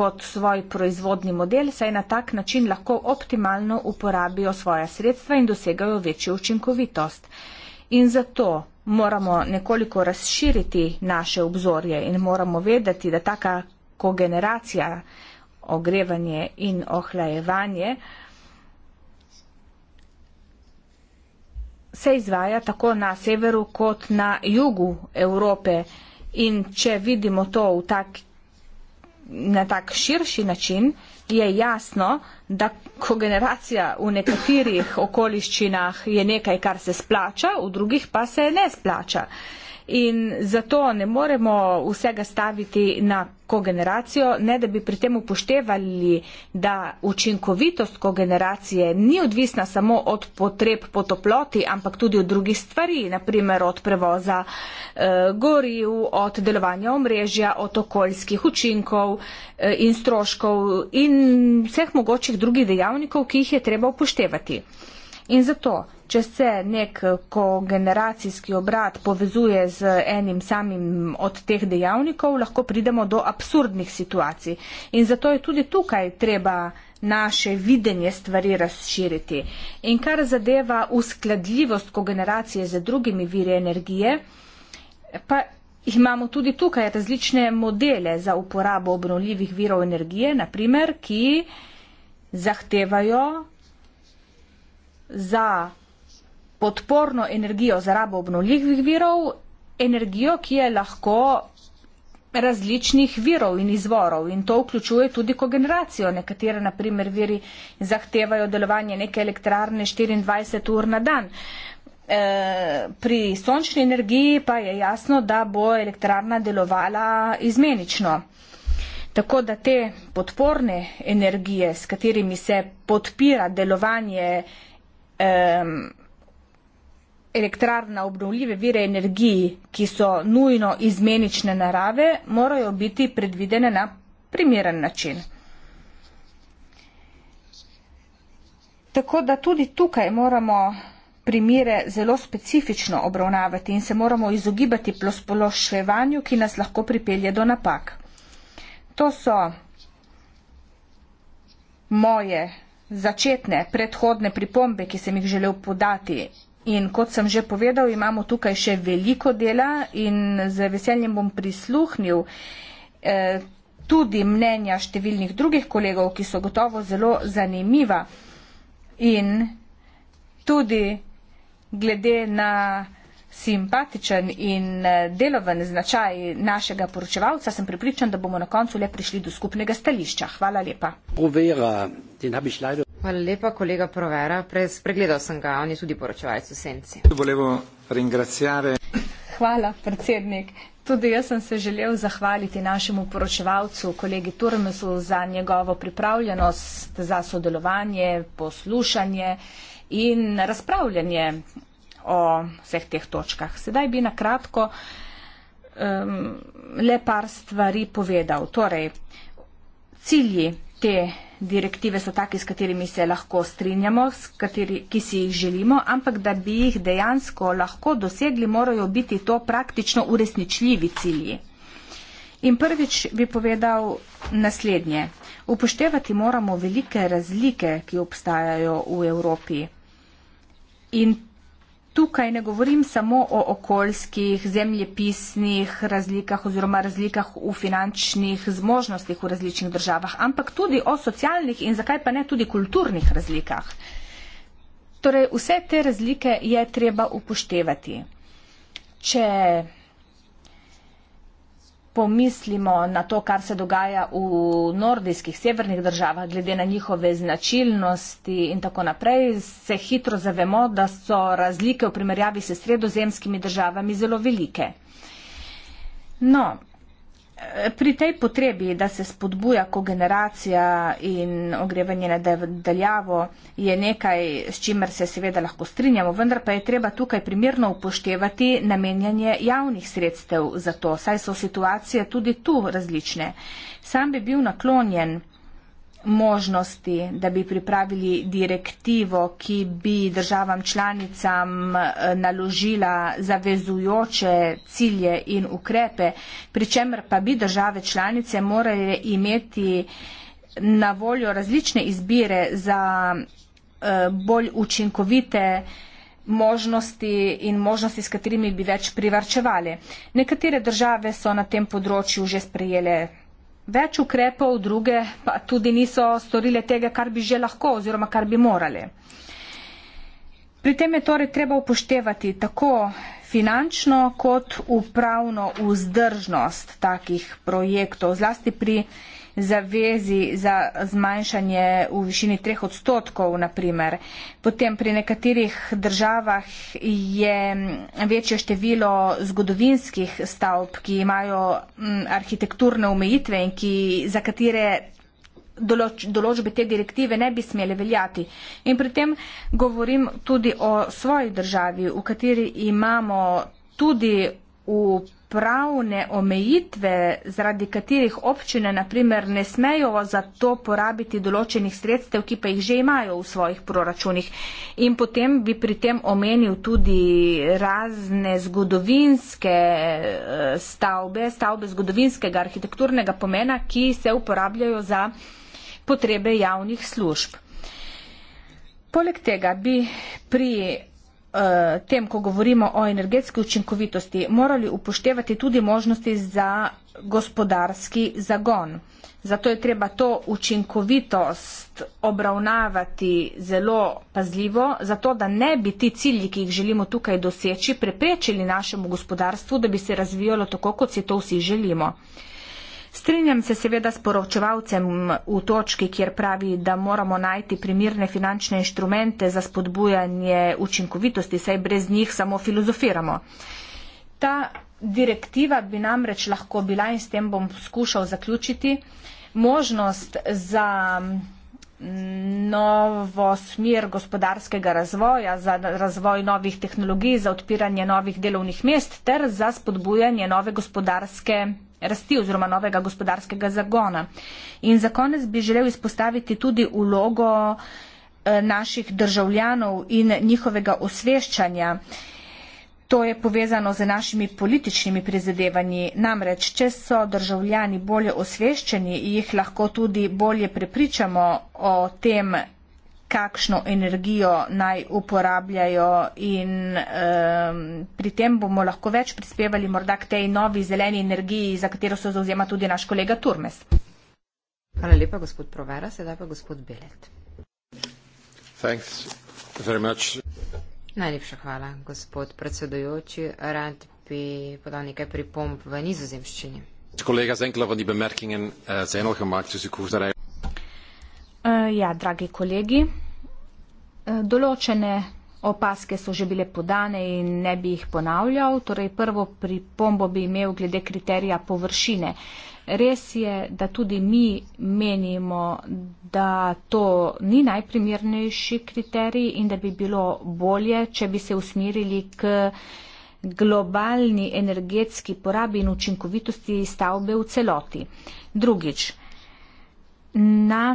kot svoj proizvodni model, saj na tak način lahko optimalno uporabijo svoja sredstva in dosegajo večjo učinkovitost. In zato moramo nekoliko razširiti naše obzorje in moramo vedeti, da taka kogeneracija, ogrevanje in ohlajevanje se izvaja tako na severu kot na jugu Evrope in če vidimo to tak, na tak širši način, je jasno, da kogeneracija v nekaterih okoliščinah je nekaj, kar se splača, v drugih pa se ne splača. Uh, in zato ne moremo vsega staviti na kogeneracijo, ne da bi pri tem upoštevali, da učinkovitost kogeneracije ni odvisna samo od potreb po toploti, ampak tudi od drugih stvari, naprimer od prevoza e, goriv, od delovanja omrežja, od okoljskih učinkov e, in stroškov in vseh mogočih drugih dejavnikov, ki jih je treba upoštevati. In zato če se nek eh, kogeneracijski obrat povezuje z enim samim od teh dejavnikov, lahko pridemo do absurdnih situacij. In zato je tudi tukaj treba naše videnje stvari razširiti. In kar zadeva uskladljivost kogeneracije z drugimi viri energije, pa imamo tudi tukaj različne modele za uporabo obnovljivih virov energije, naprimer, ki zahtevajo za podporno energijo za rabo obnovljivih virov, energijo, ki je lahko različnih virov in izvorov in to vključuje tudi kogeneracijo. Nekatere, na primer, viri zahtevajo delovanje neke elektrarne 24 ur na dan. E, pri sončni energiji pa je jasno, da bo elektrarna delovala izmenično. Tako da te podporne energije, s katerimi se podpira delovanje. E, elektrarn na obnovljive vire energiji, ki so nujno izmenične narave, morajo biti predvidene na primeren način. Tako da tudi tukaj moramo primere zelo specifično obravnavati in se moramo izogibati plospološevanju, ki nas lahko pripelje do napak. To so moje začetne predhodne pripombe, ki sem jih želel podati In kot sem že povedal, imamo tukaj še veliko dela in z veseljem bom prisluhnil eh, tudi mnenja številnih drugih kolegov, ki so gotovo zelo zanimiva in tudi glede na simpatičen in eh, deloven značaj našega poročevalca, sem pripričan, da bomo na koncu le prišli do skupnega stališča. Hvala lepa. Hvala lepa, kolega Provera. Pregledal sem ga, on je tudi poročevalec v senci. Hvala, predsednik. Tudi jaz sem se želel zahvaliti našemu poročevalcu, kolegi Turmesu, za njegovo pripravljenost, za sodelovanje, poslušanje in razpravljanje o vseh teh točkah. Sedaj bi na kratko um, le par stvari povedal. Torej, cilji te direktive so take, s katerimi se lahko strinjamo, kateri, ki si jih želimo, ampak da bi jih dejansko lahko dosegli, morajo biti to praktično uresničljivi cilji. In prvič bi povedal naslednje. Upoštevati moramo velike razlike, ki obstajajo v Evropi. In Tukaj ne govorim samo o okoljskih, zemljepisnih razlikah oziroma razlikah v finančnih zmožnostih v različnih državah, ampak tudi o socialnih in zakaj pa ne tudi kulturnih razlikah. Torej, vse te razlike je treba upoštevati. Če pomislimo na to, kar se dogaja v nordijskih, severnih državah, glede na njihove značilnosti in tako naprej, se hitro zavemo, da so razlike v primerjavi s sredozemskimi državami zelo velike. No, Pri tej potrebi, da se spodbuja kogeneracija in ogrevanje na daljavo, je nekaj, s čimer se seveda lahko strinjamo, vendar pa je treba tukaj primerno upoštevati namenjanje javnih sredstev za to, saj so situacije tudi tu različne. Sam bi bil naklonjen možnosti, da bi pripravili direktivo, ki bi državam članicam eh, naložila zavezujoče cilje in ukrepe, pri čemer pa bi države članice morale imeti na voljo različne izbire za eh, bolj učinkovite možnosti in možnosti, s katerimi bi več privrčevali. Nekatere države so na tem področju že sprejele več ukrepov, druge pa tudi niso storile tega, kar bi že lahko oziroma kar bi morale. Pri tem je torej treba upoštevati tako finančno kot upravno vzdržnost takih projektov, zlasti pri zavezi za zmanjšanje v višini 3 odstotkov, naprimer. Potem pri nekaterih državah je večje število zgodovinskih stavb, ki imajo mm, arhitekturne omejitve in ki, za katere določ, določbe te direktive ne bi smele veljati. In pri tem govorim tudi o svoji državi, v kateri imamo tudi v pravne omejitve, zaradi katerih občine naprimer ne smejo za to porabiti določenih sredstev, ki pa jih že imajo v svojih proračunih. In potem bi pri tem omenil tudi razne zgodovinske eh, stavbe, stavbe zgodovinskega arhitekturnega pomena, ki se uporabljajo za potrebe javnih služb. Poleg tega bi pri Eh, tem, ko govorimo o energetski učinkovitosti, morali upoštevati tudi možnosti za gospodarski zagon. Zato je treba to učinkovitost obravnavati zelo pazljivo, zato da ne bi ti cilji, ki jih želimo tukaj doseči, preprečili našemu gospodarstvu, da bi se razvijalo tako, kot si to vsi želimo. Strinjam se seveda s poročevalcem v točki, kjer pravi, da moramo najti primirne finančne inštrumente za spodbujanje učinkovitosti, saj brez njih samo filozofiramo. Ta direktiva bi namreč lahko bila, in s tem bom skušal zaključiti, možnost za novo smer gospodarskega razvoja, za razvoj novih tehnologij, za odpiranje novih delovnih mest ter za spodbujanje nove gospodarske rasti oziroma novega gospodarskega zagona. In za konec bi želel izpostaviti tudi ulogo eh, naših državljanov in njihovega osveščanja. To je povezano z našimi političnimi prizadevanji. Namreč, če so državljani bolje osveščeni, jih lahko tudi bolje prepričamo o tem, kakšno energijo naj uporabljajo in um, pri tem bomo lahko več prispevali morda k tej novi zeleni energiji, za katero se zauzema tudi naš kolega Turmes. Hvala lepa, gospod Provera, sedaj pa gospod Belet. Najlepša hvala, gospod predsedujoči. Rad bi podal nekaj pripomb v nizozemščini. Kolega Zenkla, vani bemerkingen, zeno, eh, hamak, če si kuhzare. Eh, ja, dragi kolegi, eh, določene opaske so že bile podane in ne bi jih ponavljal. Torej, prvo pripombo bi imel glede kriterija površine. Res je, da tudi mi menimo, da to ni najprimernejši kriterij in da bi bilo bolje, če bi se usmerili k globalni energetski porabi in učinkovitosti stavbe v celoti. Drugič, na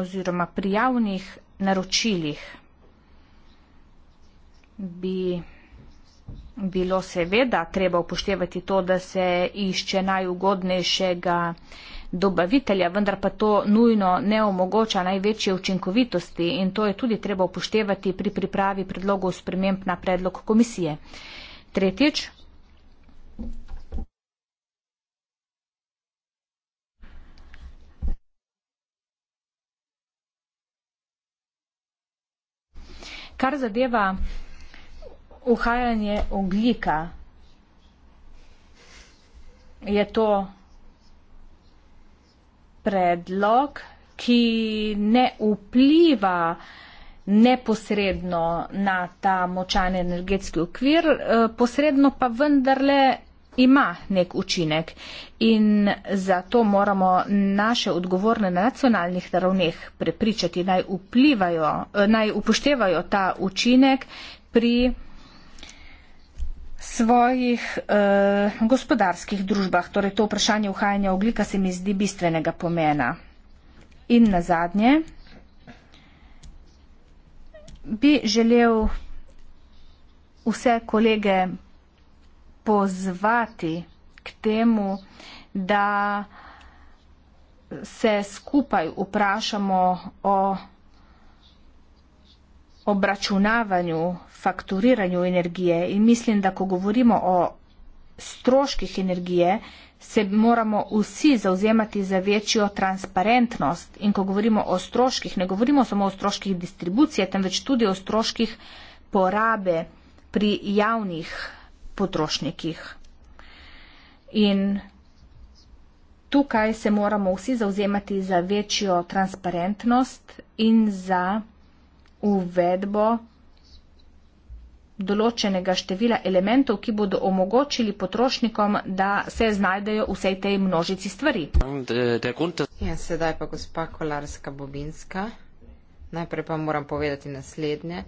oziroma pri javnih naročilih bi bilo seveda treba upoštevati to, da se išče najugodnejšega dobavitelja, vendar pa to nujno ne omogoča največje učinkovitosti in to je tudi treba upoštevati pri pripravi predlogov sprememb na predlog komisije. Tretjič. Kar zadeva uhajanje oglika je to predlog, ki ne vpliva neposredno na ta močan energetski okvir, eh, posredno pa vendarle ima nek učinek in zato moramo naše odgovorne na nacionalnih ravneh prepričati, naj, eh, naj upoštevajo ta učinek pri svojih eh, gospodarskih družbah. Torej to vprašanje uhajanja oglika se mi zdi bistvenega pomena. In na zadnje bi želel vse kolege pozvati k temu, da se skupaj vprašamo o obračunavanju, fakturiranju energije in mislim, da ko govorimo o stroških energije, se moramo vsi zauzemati za večjo transparentnost. In ko govorimo o stroških, ne govorimo samo o stroških distribucije, temveč tudi o stroških porabe pri javnih potrošnikih. In tukaj se moramo vsi zauzemati za večjo transparentnost in za uvedbo določenega števila elementov, ki bodo omogočili potrošnikom, da se znajdejo v vsej tej množici stvari. Ja, sedaj pa gospa Kolarska Bobinska. Najprej pa moram povedati naslednje.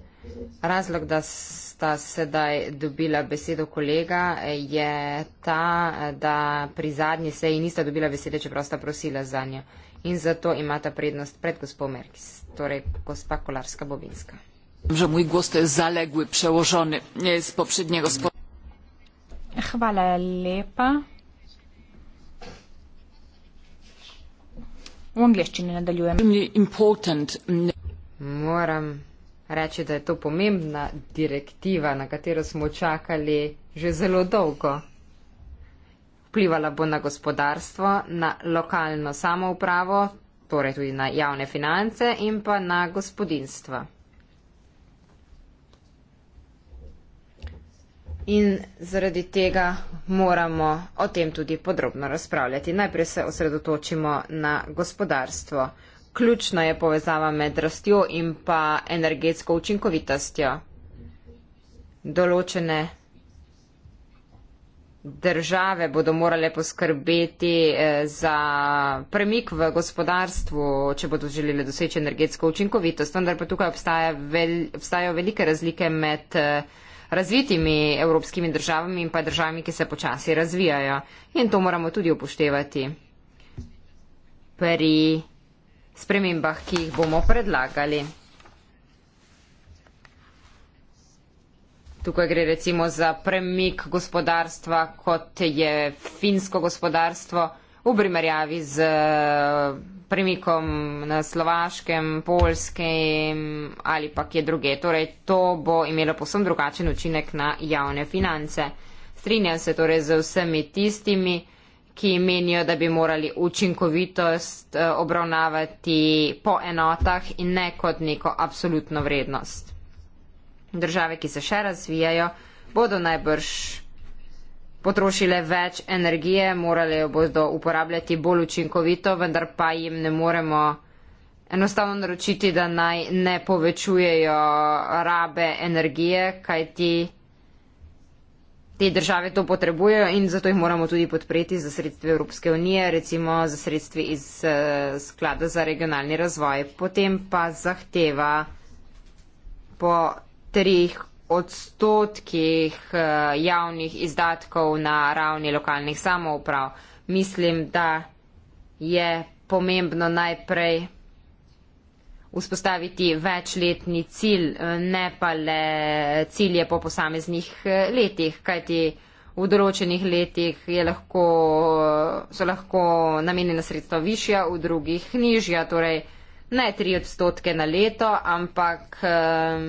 Razlog, da sta sedaj dobila besedo kolega, je ta, da pri zadnji seji nista dobila besede, čeprav sta prosila za njo. In zato imata prednost pred gospod Merkis torej gospa Kolarska Bobinska. Že moj gost je zalegli, preloženi iz poprednjega spora. Hvala lepa. V angleščini nadaljujem. Moram reči, da je to pomembna direktiva, na katero smo čakali že zelo dolgo. Vplivala bo na gospodarstvo, na lokalno samoupravo, torej tudi na javne finance in pa na gospodinstva. In zaradi tega moramo o tem tudi podrobno razpravljati. Najprej se osredotočimo na gospodarstvo. Ključna je povezava med rastjo in pa energetsko učinkovitostjo. Določene države bodo morale poskrbeti eh, za premik v gospodarstvu, če bodo želeli doseči energetsko učinkovitost. Vendar pa tukaj obstaja vel, obstajajo velike razlike med eh, razvitimi evropskimi državami in pa državami, ki se počasi razvijajo. In to moramo tudi upoštevati pri spremembah, ki jih bomo predlagali. Tukaj gre recimo za premik gospodarstva, kot je finsko gospodarstvo v primerjavi z eh, premikom na slovaškem, polskem ali pa kje druge. Torej, to bo imelo posebno drugačen učinek na javne finance. Strinjam se torej z vsemi tistimi, ki menijo, da bi morali učinkovitost eh, obravnavati po enotah in ne kot neko absolutno vrednost. Države, ki se še razvijajo, bodo najbrž potrošile več energije, morale jo bodo uporabljati bolj učinkovito, vendar pa jim ne moremo enostavno naročiti, da naj ne povečujejo rabe energije, kaj ti te države to potrebujejo in zato jih moramo tudi podpreti za sredstve Evropske unije, recimo za sredstve iz eh, sklada za regionalni razvoj. Potem pa zahteva po treh odstotkih eh, javnih izdatkov na ravni lokalnih samouprav. Mislim, da je pomembno najprej vzpostaviti večletni cilj, eh, ne pa le cilje po posameznih eh, letih, kajti v določenih letih lahko, so lahko namenjena sredstva višja, v drugih nižja, torej ne tri odstotke na leto, ampak um,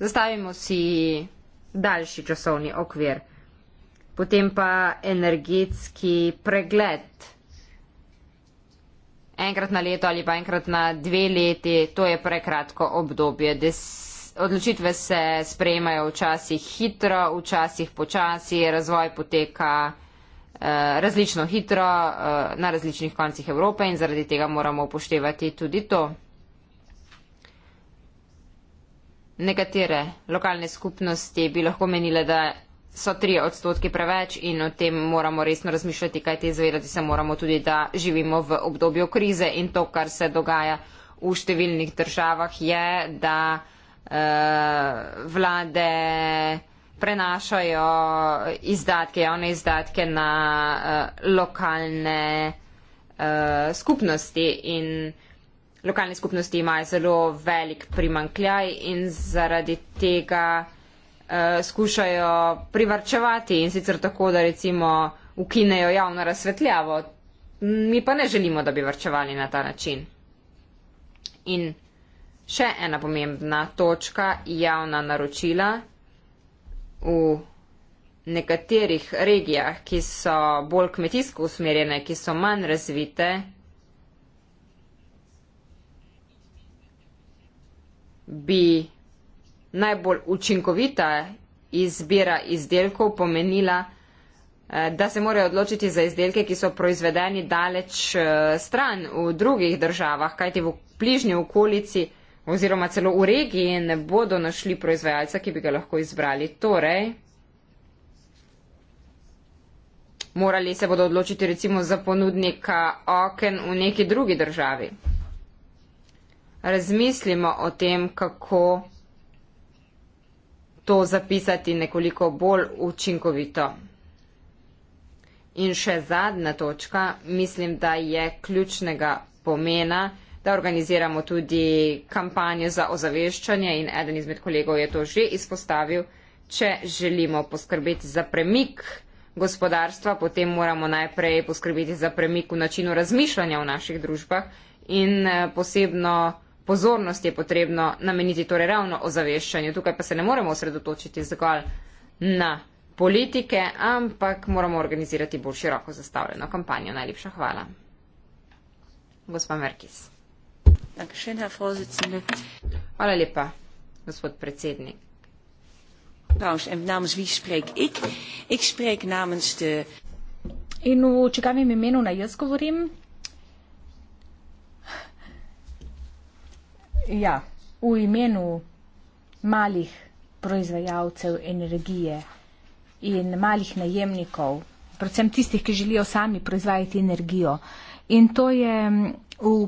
zastavimo si daljši časovni okvir, potem pa energetski pregled. Enkrat na leto ali pa enkrat na dve leti, to je prekratko obdobje. Odločitve se sprejemajo včasih hitro, včasih počasi, razvoj poteka eh, različno hitro eh, na različnih koncih Evrope in zaradi tega moramo upoštevati tudi to. Nekatere lokalne skupnosti bi lahko menile, da so tri odstotke preveč in o tem moramo resno razmišljati, kaj te zavedati se moramo tudi, da živimo v obdobju krize in to, kar se dogaja v številnih državah, je, da eh, vlade prenašajo izdatke, javne izdatke na eh, lokalne eh, skupnosti in eh, lokalne skupnosti imajo zelo velik primankljaj in zaradi tega uh, skušajo privrčevati in sicer tako, da recimo ukinejo javno razsvetljavo. Mi pa ne želimo, da bi vrčevali na ta način. In še ena pomembna točka, javna naročila v nekaterih regijah, ki so bolj kmetijsko usmerjene, ki so manj razvite, bi najbolj učinkovita izbira izdelkov pomenila, eh, da se morajo odločiti za izdelke, ki so proizvedeni daleč eh, stran v drugih državah, kajti v bližnji okolici oziroma celo v regiji ne bodo našli proizvajalca, ki bi ga lahko izbrali. Torej, morali se bodo odločiti recimo za ponudnika oken v neki drugi državi razmislimo o tem, kako to zapisati nekoliko bolj učinkovito. In še zadnja točka, mislim, da je ključnega pomena, da organiziramo tudi kampanjo za ozaveščanje in eden izmed kolegov je to že izpostavil, če želimo poskrbeti za premik gospodarstva, potem moramo najprej poskrbeti za premik v načinu razmišljanja v naših družbah in eh, posebno pozornost je potrebno nameniti torej ravno ozaveščanju. Tukaj pa se ne moremo osredotočiti zgolj na politike, ampak moramo organizirati bolj široko zastavljeno kampanjo. Najlepša hvala. Gospa Merkis. Hvala lepa, gospod predsednik. In v čigavem imenu naj jaz govorim? ja, v imenu malih proizvajalcev energije in malih najemnikov, predvsem tistih, ki želijo sami proizvajati energijo. In to je mm,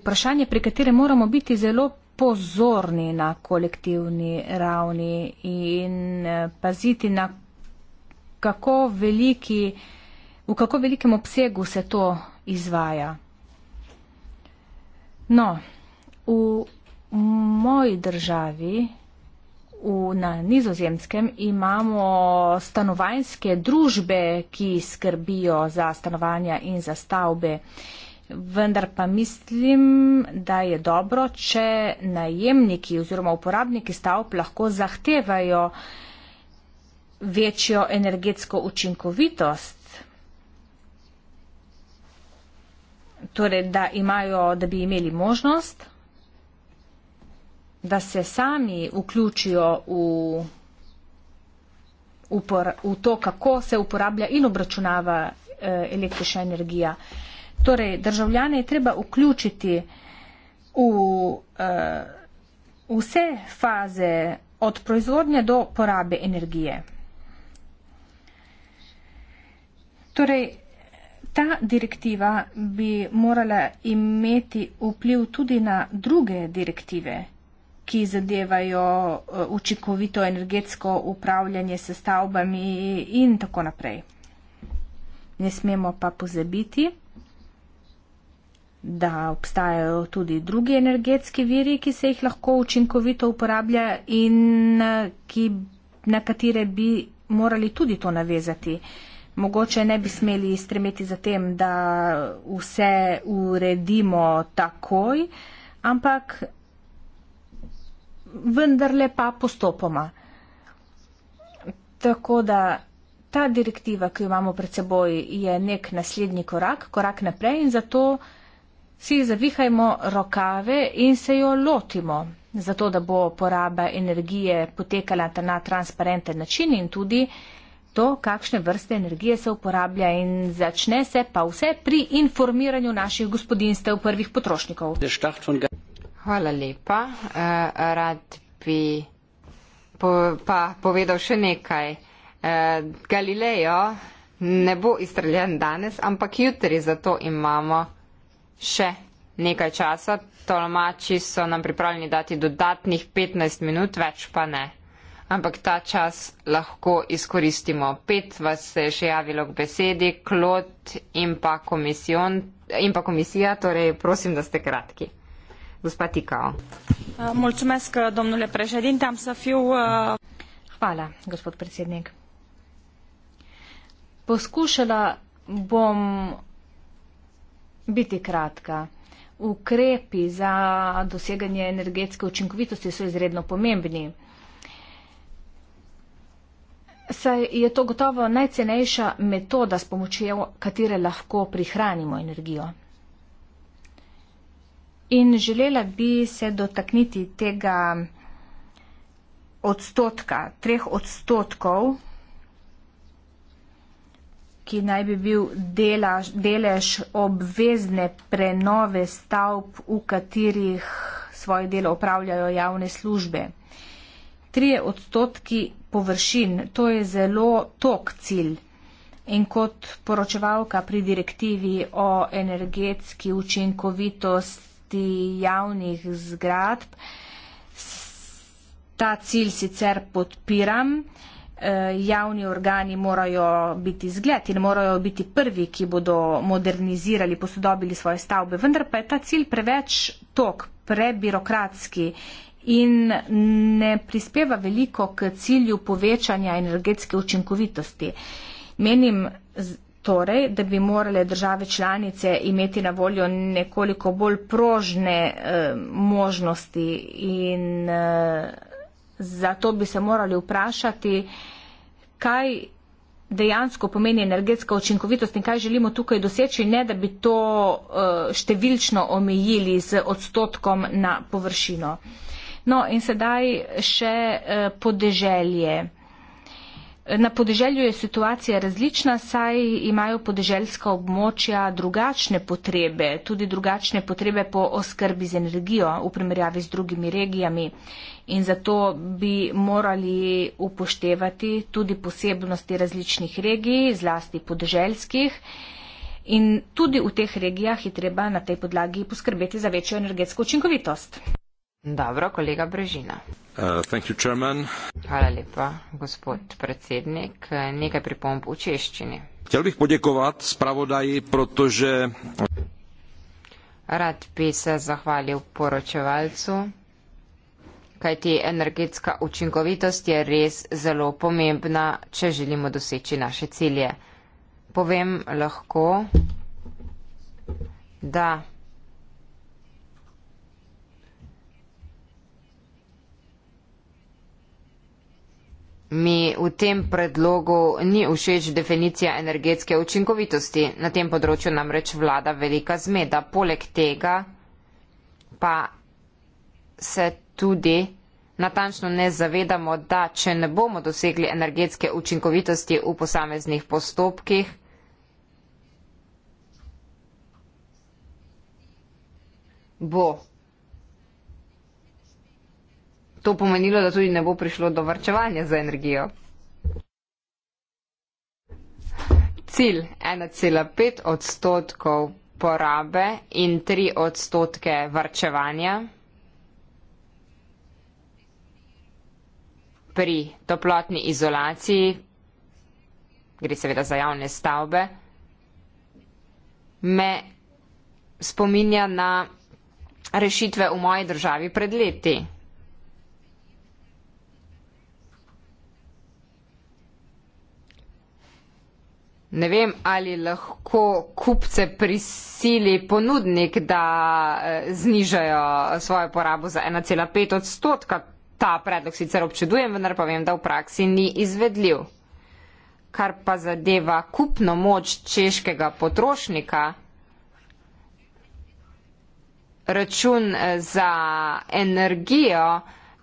vprašanje, pri katerem moramo biti zelo pozorni na kolektivni ravni in eh, paziti na kako veliki, v kako velikem obsegu se to izvaja. No, v moji državi, v, na nizozemskem, imamo stanovanske družbe, ki skrbijo za stanovanja in za stavbe. Vendar pa mislim, da je dobro, če najemniki oziroma uporabniki stavb lahko zahtevajo večjo energetsko učinkovitost. Torej, da, imajo, da bi imeli možnost da se sami vključijo v, upor, v to, kako se uporablja in obračunava eh, električna energija. Torej, državljane je treba vključiti v uh, vse faze od proizvodnje do porabe energije. Torej, ta direktiva bi morala imeti vpliv tudi na druge direktive, ki zadevajo eh, učinkovito energetsko upravljanje s stavbami in tako naprej. Ne smemo pa pozabiti, da obstajajo tudi drugi energetski viri, ki se jih lahko učinkovito uporablja in eh, ki, na katere bi morali tudi to navezati. Mogoče ne bi smeli stremeti za tem, da vse uredimo takoj, ampak vendarle pa postopoma. Tako da ta direktiva, ki jo imamo pred seboj, je nek naslednji korak, korak naprej in zato si zavihajmo rokave in se jo lotimo, zato da bo poraba energije potekala na transparenten način in tudi to, kakšne vrste energije se uporablja in začne se pa vse pri informiranju naših gospodinstev prvih potrošnikov. Hvala lepa. Eh, rad bi pa povedal še nekaj. Eh, Galilejo ne bo izstreljen danes, ampak jutri zato imamo še nekaj časa. Tolmači so nam pripravljeni dati dodatnih 15 minut, več pa ne. Ampak ta čas lahko izkoristimo. Pet vas se je še javilo k besedi, klot in pa, komision, in pa komisija, torej prosim, da ste kratki. Gospa Tikao. Mulțumesc, domnule președinte, am să fiu... Hvala, gospod predsednik. Poskušala bom biti kratka. Ukrepi za doseganje energetske učinkovitosti so izredno pomembni. Saj je to gotovo najcenejša metoda, s pomočjo katere lahko prihranimo energijo. In želela bi se dotakniti tega odstotka, treh odstotkov, ki naj bi bil dela, delež obvezne prenove stavb, v katerih svoje delo opravljajo javne službe. Trije odstotki površin, to je zelo tok cilj. In kot poročevalka pri direktivi o energetski učinkovitosti, varnosti javnih zgradb. Ta cilj sicer podpiram. E, javni organi morajo biti zgled in morajo biti prvi, ki bodo modernizirali, posodobili svoje stavbe. Vendar pa je ta cilj preveč tok, prebirokratski in ne prispeva veliko k cilju povečanja energetske učinkovitosti. Menim, Torej, da bi morale države članice imeti na voljo nekoliko bolj prožne eh, možnosti in eh, zato bi se morali vprašati, kaj dejansko pomeni energetska učinkovitost in kaj želimo tukaj doseči, ne da bi to eh, številčno omejili z odstotkom na površino. No in sedaj še eh, podeželje. Na podeželju je situacija različna, saj imajo podeželska območja drugačne potrebe, tudi drugačne potrebe po oskrbi z energijo v primerjavi z drugimi regijami in zato bi morali upoštevati tudi posebnosti različnih regij, zlasti podeželskih. In tudi v teh regijah je treba na tej podlagi poskrbeti za večjo energetsko učinkovitost. Dobro, kolega Brežina. Uh, Hvala lepa, gospod predsednik. Nekaj pripomb v češčini. Htjel bih podjekovat spravodaji, protože... Rad bi se zahvalil poročevalcu, kajti energetska učinkovitost je res zelo pomembna, če želimo doseči naše cilje. Povem lahko, da mi v tem predlogu ni všeč definicija energetske učinkovitosti. Na tem področju namreč vlada velika zmeda. Poleg tega pa se tudi natančno ne zavedamo, da če ne bomo dosegli energetske učinkovitosti v posameznih postopkih, bo to pomenilo, da tudi ne bo prišlo do vrčevanja za energijo. Cilj 1,5 odstotkov porabe in 3 odstotke vrčevanja pri toplotni izolaciji, gre seveda za javne stavbe, me spominja na rešitve v moji državi pred leti. Ne vem, ali lahko kupce prisili ponudnik, da eh, znižajo svojo porabo za 1,5 odstotka. Ta predlog sicer občudujem, vendar pa vem, da v praksi ni izvedljiv. Kar pa zadeva kupno moč češkega potrošnika, račun eh, za energijo,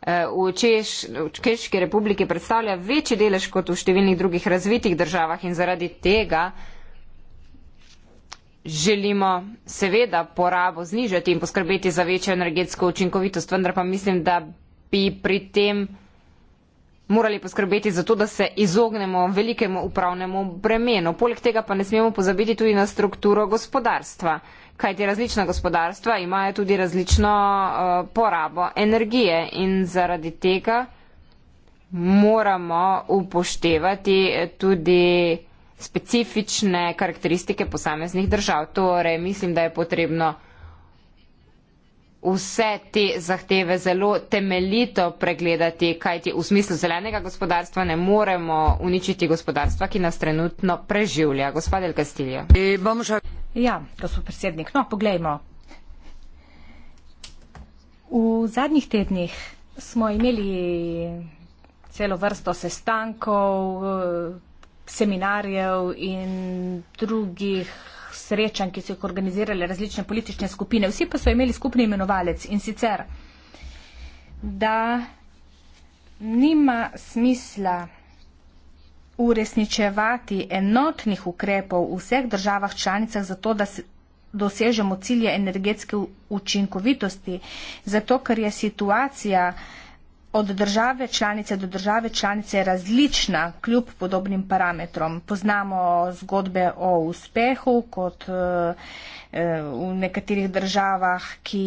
v, Češ, v Češki republiki predstavlja večji delež kot v številnih drugih razvitih državah in zaradi tega želimo seveda porabo znižati in poskrbeti za večjo energetsko učinkovitost, vendar pa mislim, da bi pri tem morali poskrbeti za to, da se izognemo velikemu upravnemu bremenu. Poleg tega pa ne smemo pozabiti tudi na strukturo gospodarstva kajti različna gospodarstva imajo tudi različno eh, porabo energije in zaradi tega moramo upoštevati tudi specifične karakteristike posameznih držav. Torej, mislim, da je potrebno vse te zahteve zelo temeljito pregledati, kajti v smislu zelenega gospodarstva ne moremo uničiti gospodarstva, ki nas trenutno preživlja. Gospod Del Castillo. E, Ja, gospod predsednik, no, poglejmo. V zadnjih tednih smo imeli celo vrsto sestankov, eh, seminarjev in drugih srečanj, ki so jih organizirale različne politične skupine. Vsi pa so imeli skupni imenovalec in sicer, da nima smisla uresničevati enotnih ukrepov v vseh državah članicah za to, da se dosežemo cilje energetske učinkovitosti, zato ker je situacija od države članice do države članice različna kljub podobnim parametrom. Poznamo zgodbe o uspehu, kot eh, eh, v nekaterih državah, ki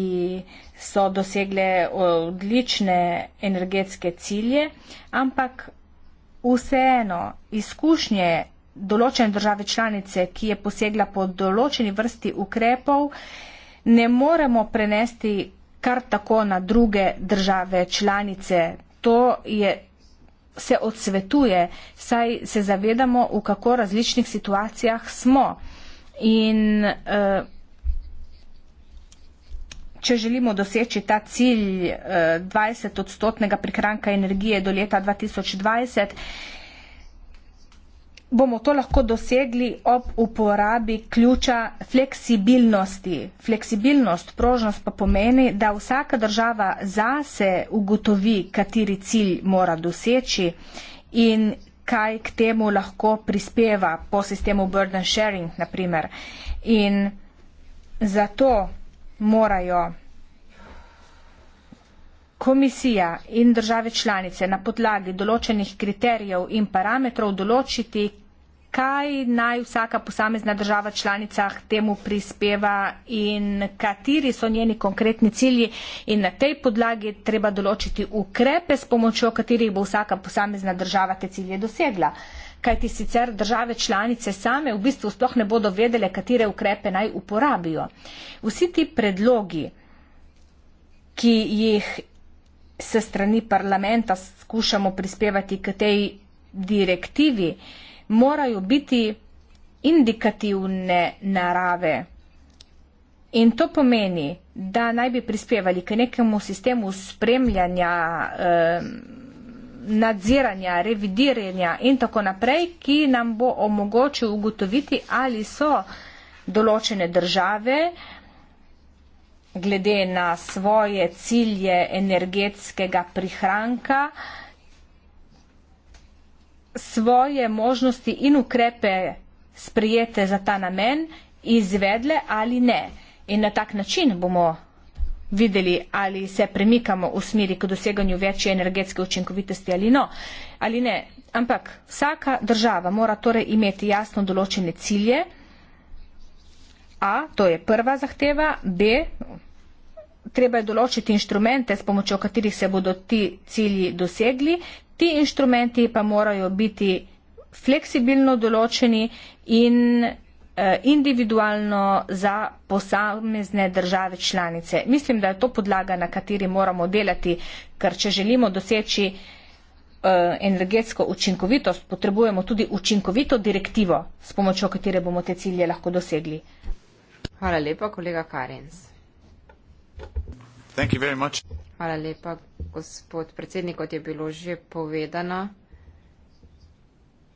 so dosegle eh, odlične energetske cilje, ampak vseeno izkušnje določene države članice, ki je posegla po določeni vrsti ukrepov, ne moremo prenesti kar tako na druge države članice. To je, se odsvetuje, saj se zavedamo, v kako različnih situacijah smo. In, uh, če želimo doseči ta cilj 20 eh, odstotnega prihranka energije do leta 2020, bomo to lahko dosegli ob uporabi ključa fleksibilnosti. Fleksibilnost, prožnost pa pomeni, da vsaka država zase ugotovi, kateri cilj mora doseči in kaj k temu lahko prispeva po sistemu burden sharing, naprimer. In zato morajo komisija in države članice na podlagi določenih kriterijev in parametrov določiti, kaj naj vsaka posamezna država članica k temu prispeva in kateri so njeni konkretni cilji in na tej podlagi treba določiti ukrepe, s pomočjo katerih bo vsaka posamezna država te cilje dosegla. Uh, kajti sicer države članice same v bistvu sploh ne bodo vedele, katere ukrepe naj uporabijo. Vsi ti predlogi, ki jih se strani parlamenta skušamo prispevati k tej direktivi, morajo biti indikativne narave. In to pomeni, da naj bi prispevali k nekemu sistemu spremljanja. Eh, nadziranja, revidiranja in tako naprej, ki nam bo omogočil ugotoviti, ali so določene države glede na svoje cilje energetskega prihranka, svoje možnosti in ukrepe sprijete za ta namen izvedle ali ne. In na tak način bomo videli, ali se premikamo v smeri k doseganju večje energetske učinkovitosti ali, no, ali ne. Ampak vsaka država mora torej imeti jasno določene cilje. A, to je prva zahteva. B, treba je določiti inštrumente, s pomočjo katerih se bodo ti cilji dosegli. Ti inštrumenti pa morajo biti fleksibilno določeni in Eh, individualno za posamezne države članice. Mislim, da je to podlaga, na kateri moramo delati, ker če želimo doseči eh, energetsko učinkovitost, potrebujemo tudi učinkovito direktivo, s pomočjo katere bomo te cilje lahko dosegli. Hvala lepa, kolega Karens. Hvala lepa, gospod predsednik, kot je bilo že povedano.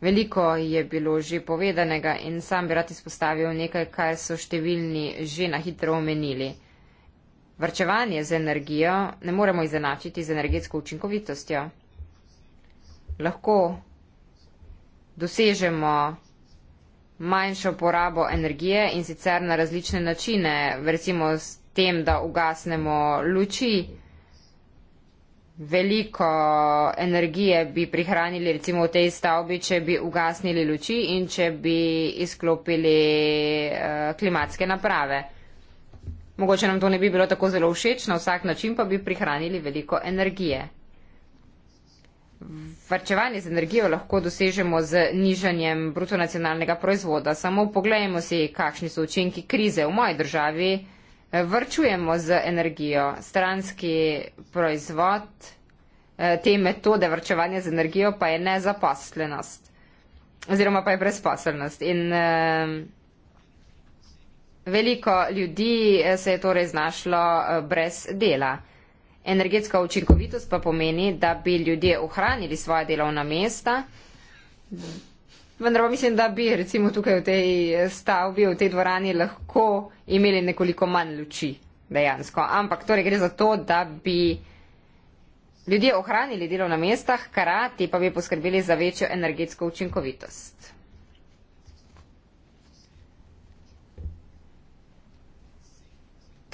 Veliko je bilo že povedanega in sam bi rad izpostavil nekaj, kar so številni že na hitro omenili. Vrčevanje z energijo ne moremo izenačiti z energetsko učinkovitostjo. Lahko dosežemo manjšo porabo energije in sicer na različne načine, recimo s tem, da ugasnemo luči, veliko energije bi prihranili recimo v tej stavbi, če bi ugasnili luči in če bi izklopili eh, klimatske naprave. Mogoče nam to ne bi bilo tako zelo všeč, na vsak način pa bi prihranili veliko energije. Varčevanje z energijo lahko dosežemo z nižanjem brutonacionalnega proizvoda. Samo pogledajmo si, kakšni so učinki krize v moji državi vrčujemo z energijo, stranski proizvod eh, te metode vrčevanja z energijo pa je nezaposlenost oziroma pa je brezposelnost. In eh, veliko ljudi eh, se je torej znašlo brez dela. Energetska učinkovitost pa pomeni, da bi ljudje ohranili svoje delovna mesta, Vendar pa mislim, da bi recimo tukaj v tej stavbi, v tej dvorani lahko imeli nekoliko manj luči dejansko. Ampak torej gre za to, da bi ljudje ohranili delovna mesta, hkrati pa bi poskrbeli za večjo energetsko učinkovitost.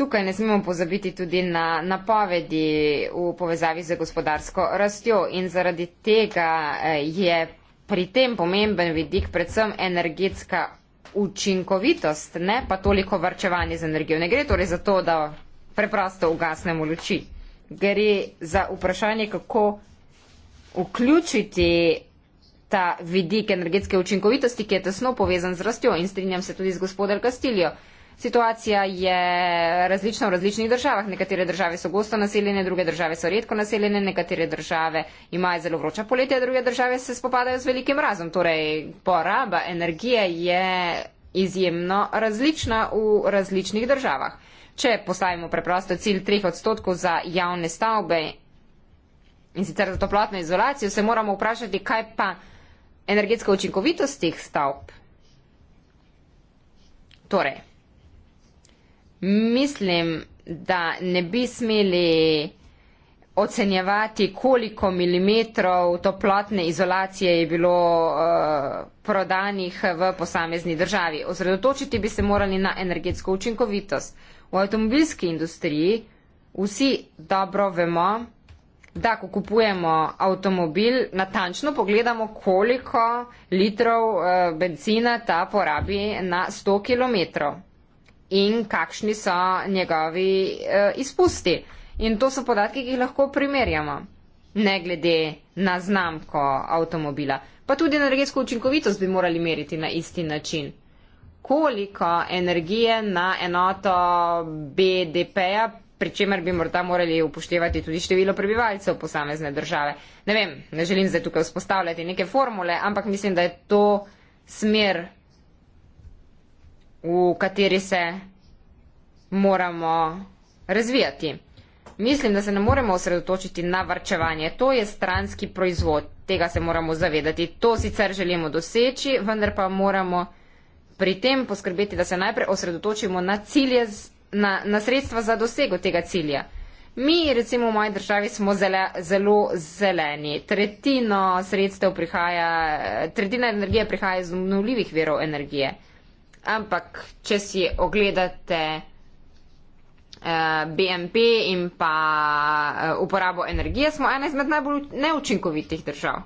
Tukaj ne smemo pozabiti tudi na napovedi v povezavi z gospodarsko rastjo in zaradi tega eh, je pri tem pomemben vidik predvsem energetska učinkovitost, ne pa toliko vrčevanje z energijo. Ne gre torej za to, da preprosto ugasnemo luči. Gre za vprašanje, kako vključiti ta vidik energetske učinkovitosti, ki je tesno povezan z rastjo in strinjam se tudi z gospodar Kastiljo. Situacija je različna v različnih državah. Nekatere države so gosto naseljene, druge države so redko naseljene, nekatere države imajo zelo vroča poletja, druge države se spopadajo z velikim razom. Torej, poraba energije je izjemno različna v različnih državah. Če postavimo preprosto cilj 3 odstotkov za javne stavbe in sicer za toplotno izolacijo, se moramo vprašati, kaj pa energetska učinkovitost teh stavb. Torej, mislim, da ne bi smeli ocenjevati, koliko milimetrov toplotne izolacije je bilo uh, prodanih v posamezni državi. Osredotočiti bi se morali na energetsko učinkovitost. V avtomobilski industriji vsi dobro vemo, da ko kupujemo avtomobil, natančno pogledamo, koliko litrov uh, benzina ta porabi na 100 kilometrov in kakšni so njegovi eh, izpusti. In to so podatki, ki jih lahko primerjamo, ne glede na znamko avtomobila. Pa tudi energetsko učinkovitost bi morali meriti na isti način. Koliko energije na enoto BDP-ja, pri čemer bi morda morali upoštevati tudi število prebivalcev posamezne države. Ne vem, ne želim zdaj tukaj vzpostavljati neke formule, ampak mislim, da je to smer v kateri se moramo razvijati. Mislim, da se ne moremo osredotočiti na varčevanje. To je stranski proizvod, tega se moramo zavedati. To sicer želimo doseči, vendar pa moramo pri tem poskrbeti, da se najprej osredotočimo na, cilje, na, na sredstva za dosego tega cilja. Mi, recimo v moji državi, smo zele, zelo zeleni. Tretjina sredstev prihaja, tretjina energije prihaja iz obnovljivih verov energije ampak če si ogledate eh, BNP in pa eh, uporabo energije, smo ena izmed najbolj neučinkovitih držav.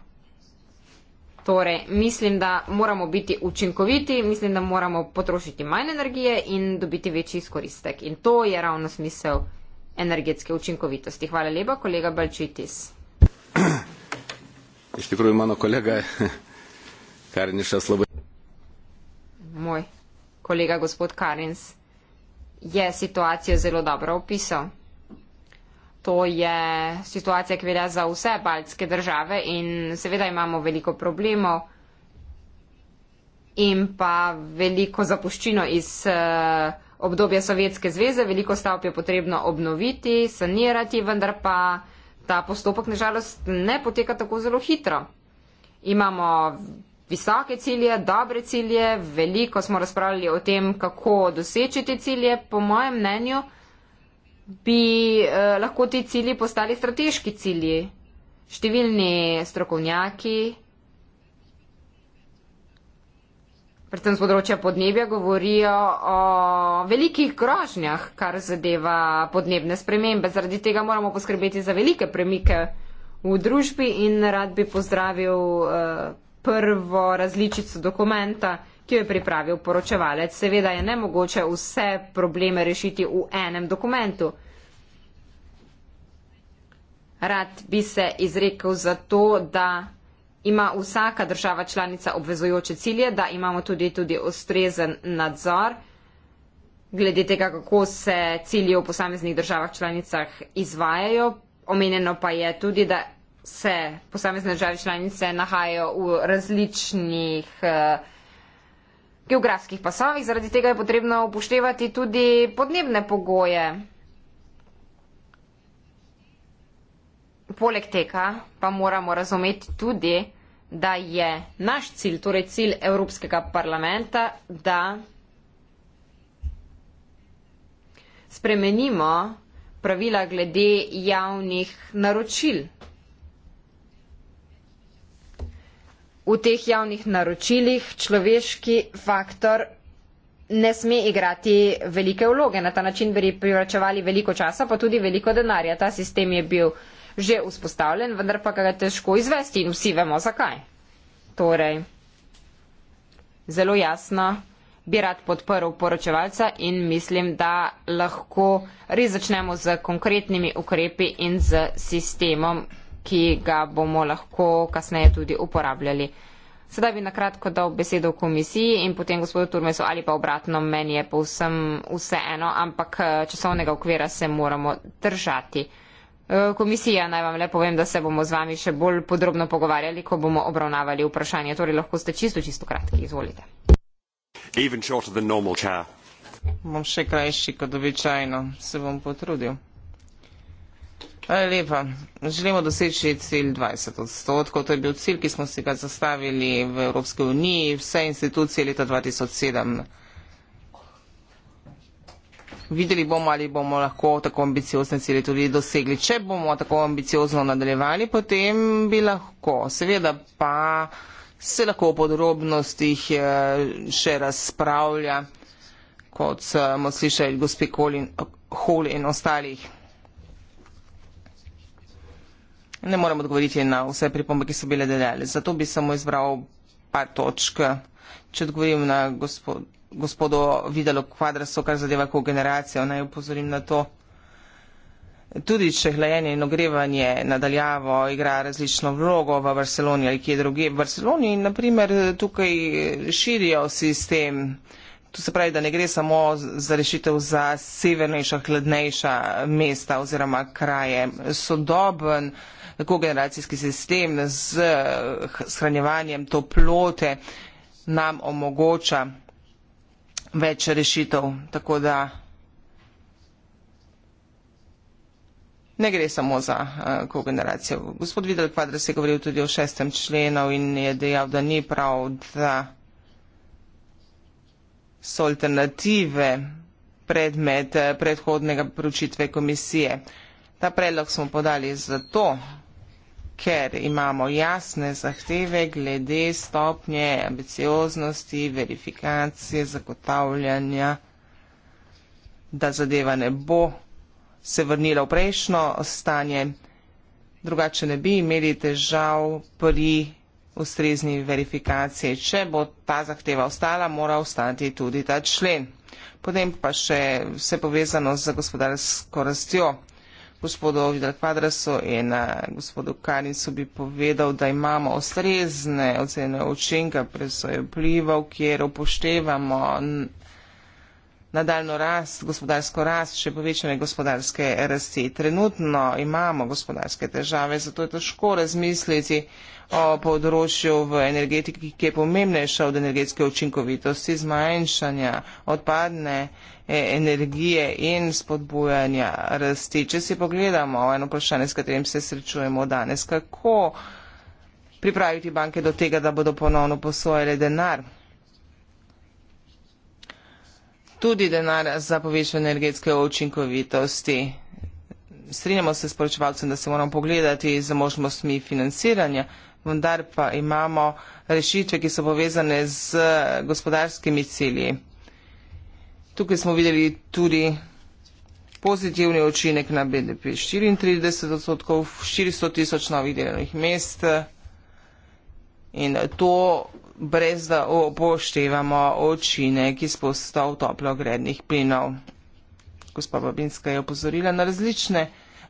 Torej, mislim, da moramo biti učinkoviti, mislim, da moramo potrošiti manj energije in dobiti večji izkoristek. In to je ravno smisel energetske učinkovitosti. Hvala lepa, kolega Balčitis. Ještě prvý mano kolega, kar slobo. Moj kolega gospod Karins je situacijo zelo dobro opisal. To je situacija, ki velja za vse baltske države in seveda imamo veliko problemov in pa veliko zapuščino iz eh, obdobja Sovjetske zveze, veliko stavb je potrebno obnoviti, sanirati, vendar pa ta postopek nažalost ne poteka tako zelo hitro. Imamo visoke cilje, dobre cilje, veliko smo razpravljali o tem, kako doseči te cilje. Po mojem mnenju bi eh, lahko ti cilji postali strateški cilji. Številni strokovnjaki, predvsem z področja podnebja, govorijo o velikih grožnjah, kar zadeva podnebne spremembe. Zaradi tega moramo poskrbeti za velike premike v družbi in rad bi pozdravil. Eh, prvo različico dokumenta, ki jo je pripravil poročevalec. Seveda je nemogoče vse probleme rešiti v enem dokumentu. Rad bi se izrekel za to, da ima vsaka država članica obvezujoče cilje, da imamo tudi, tudi ustrezen nadzor glede tega, kako se cilji v posameznih državah članicah izvajajo. Omenjeno pa je tudi, da se posamezne države članice nahajajo v različnih eh, geografskih pasovih, zaradi tega je potrebno upoštevati tudi podnebne pogoje. Poleg tega pa moramo razumeti tudi, da je naš cilj, torej cilj Evropskega parlamenta, da spremenimo pravila glede javnih naročil. v teh javnih naročilih človeški faktor ne sme igrati velike vloge. Na ta način bi privračevali veliko časa, pa tudi veliko denarja. Ta sistem je bil že vzpostavljen, vendar pa ga je težko izvesti in vsi vemo zakaj. Torej, zelo jasno bi rad podprl poročevalca in mislim, da lahko res začnemo z konkretnimi ukrepi in z sistemom ki ga bomo lahko kasneje tudi uporabljali. Sedaj bi nakratko dal besedo komisiji in potem gospodu Turmesu ali pa obratno, meni je povsem vseeno, ampak eh, časovnega okvira se moramo držati. Eh, komisija, naj vam le povem, da se bomo z vami še bolj podrobno pogovarjali, ko bomo obravnavali vprašanje. Torej lahko ste čisto, čisto kratki. Izvolite. Bom še krajši kot običajno. Se bom potrudil. Hvala lepa. Želimo doseči cilj 20 odstotkov. To je bil cilj, ki smo si ga zastavili v Evropske uniji, vse institucije leta 2007. Videli bomo, ali bomo lahko tako ambiciozne cilje tudi dosegli. Če bomo tako ambiciozno nadaljevali, potem bi lahko. Seveda pa se lahko v podrobnostih eh, še razpravlja, kot eh, smo slišali gospe Kolin, Hol in ostalih ne morem odgovoriti na vse pripombe, ki so bile deljale. Zato bi samo izbral par točk. Če odgovorim na gospo, gospodo Videlo Kvadraso, kar zadeva ko generacijo, naj upozorim na to. Tudi če hlajenje in ogrevanje nadaljavo igra različno vlogo v Barceloni ali kje druge. V Barceloni, naprimer, tukaj širijo sistem. To se pravi, da ne gre samo za rešitev za severnejša, hladnejša mesta oziroma kraje. Sodoben, kogeneracijski sistem z shranjevanjem toplote nam omogoča več rešitev. Tako da ne gre samo za eh, kogeneracijo. Gospod Videl Kvadras je govoril tudi o šestem členu in je dejal, da ni prav, da so alternative predmet eh, predhodnega poročitve komisije. Ta predlog smo podali zato, ker imamo jasne zahteve glede stopnje ambicioznosti, verifikacije, zagotavljanja, da zadeva ne bo se vrnila v prejšnjo stanje, drugače ne bi imeli težav pri ustrezni verifikaciji. Če bo ta zahteva ostala, mora ostati tudi ta člen. Potem pa še vse povezano z gospodarsko rastjo gospodu Ovidal Kvadrasu in eh, gospodu Karincu bi povedal, da imamo ustrezne ocene učinka presoje vplivov, kjer upoštevamo nadaljno rast, gospodarsko rast, še povečanje gospodarske rasti. Trenutno imamo gospodarske težave, zato je težko razmisliti o področju v energetiki, ki je pomembnejša od energetske učinkovitosti, zmanjšanja odpadne energije E, energije in spodbujanja rasti. Če si pogledamo eno vprašanje, s katerim se srečujemo danes, kako pripraviti banke do tega, da bodo ponovno posojali denar. Tudi denar za povečanje energetske učinkovitosti. Strinjamo se s poročevalcem, da se moramo pogledati z možnostmi financiranja, vendar pa imamo rešitve, ki so povezane z gospodarskimi cilji. Tukaj smo videli tudi pozitivni očinek na BDP 34 odstotkov, 400 tisoč novih delovnih mest in to brez da upoštevamo očinek izpostav toplogrednih plinov. Gospa Babinska je opozorila na različne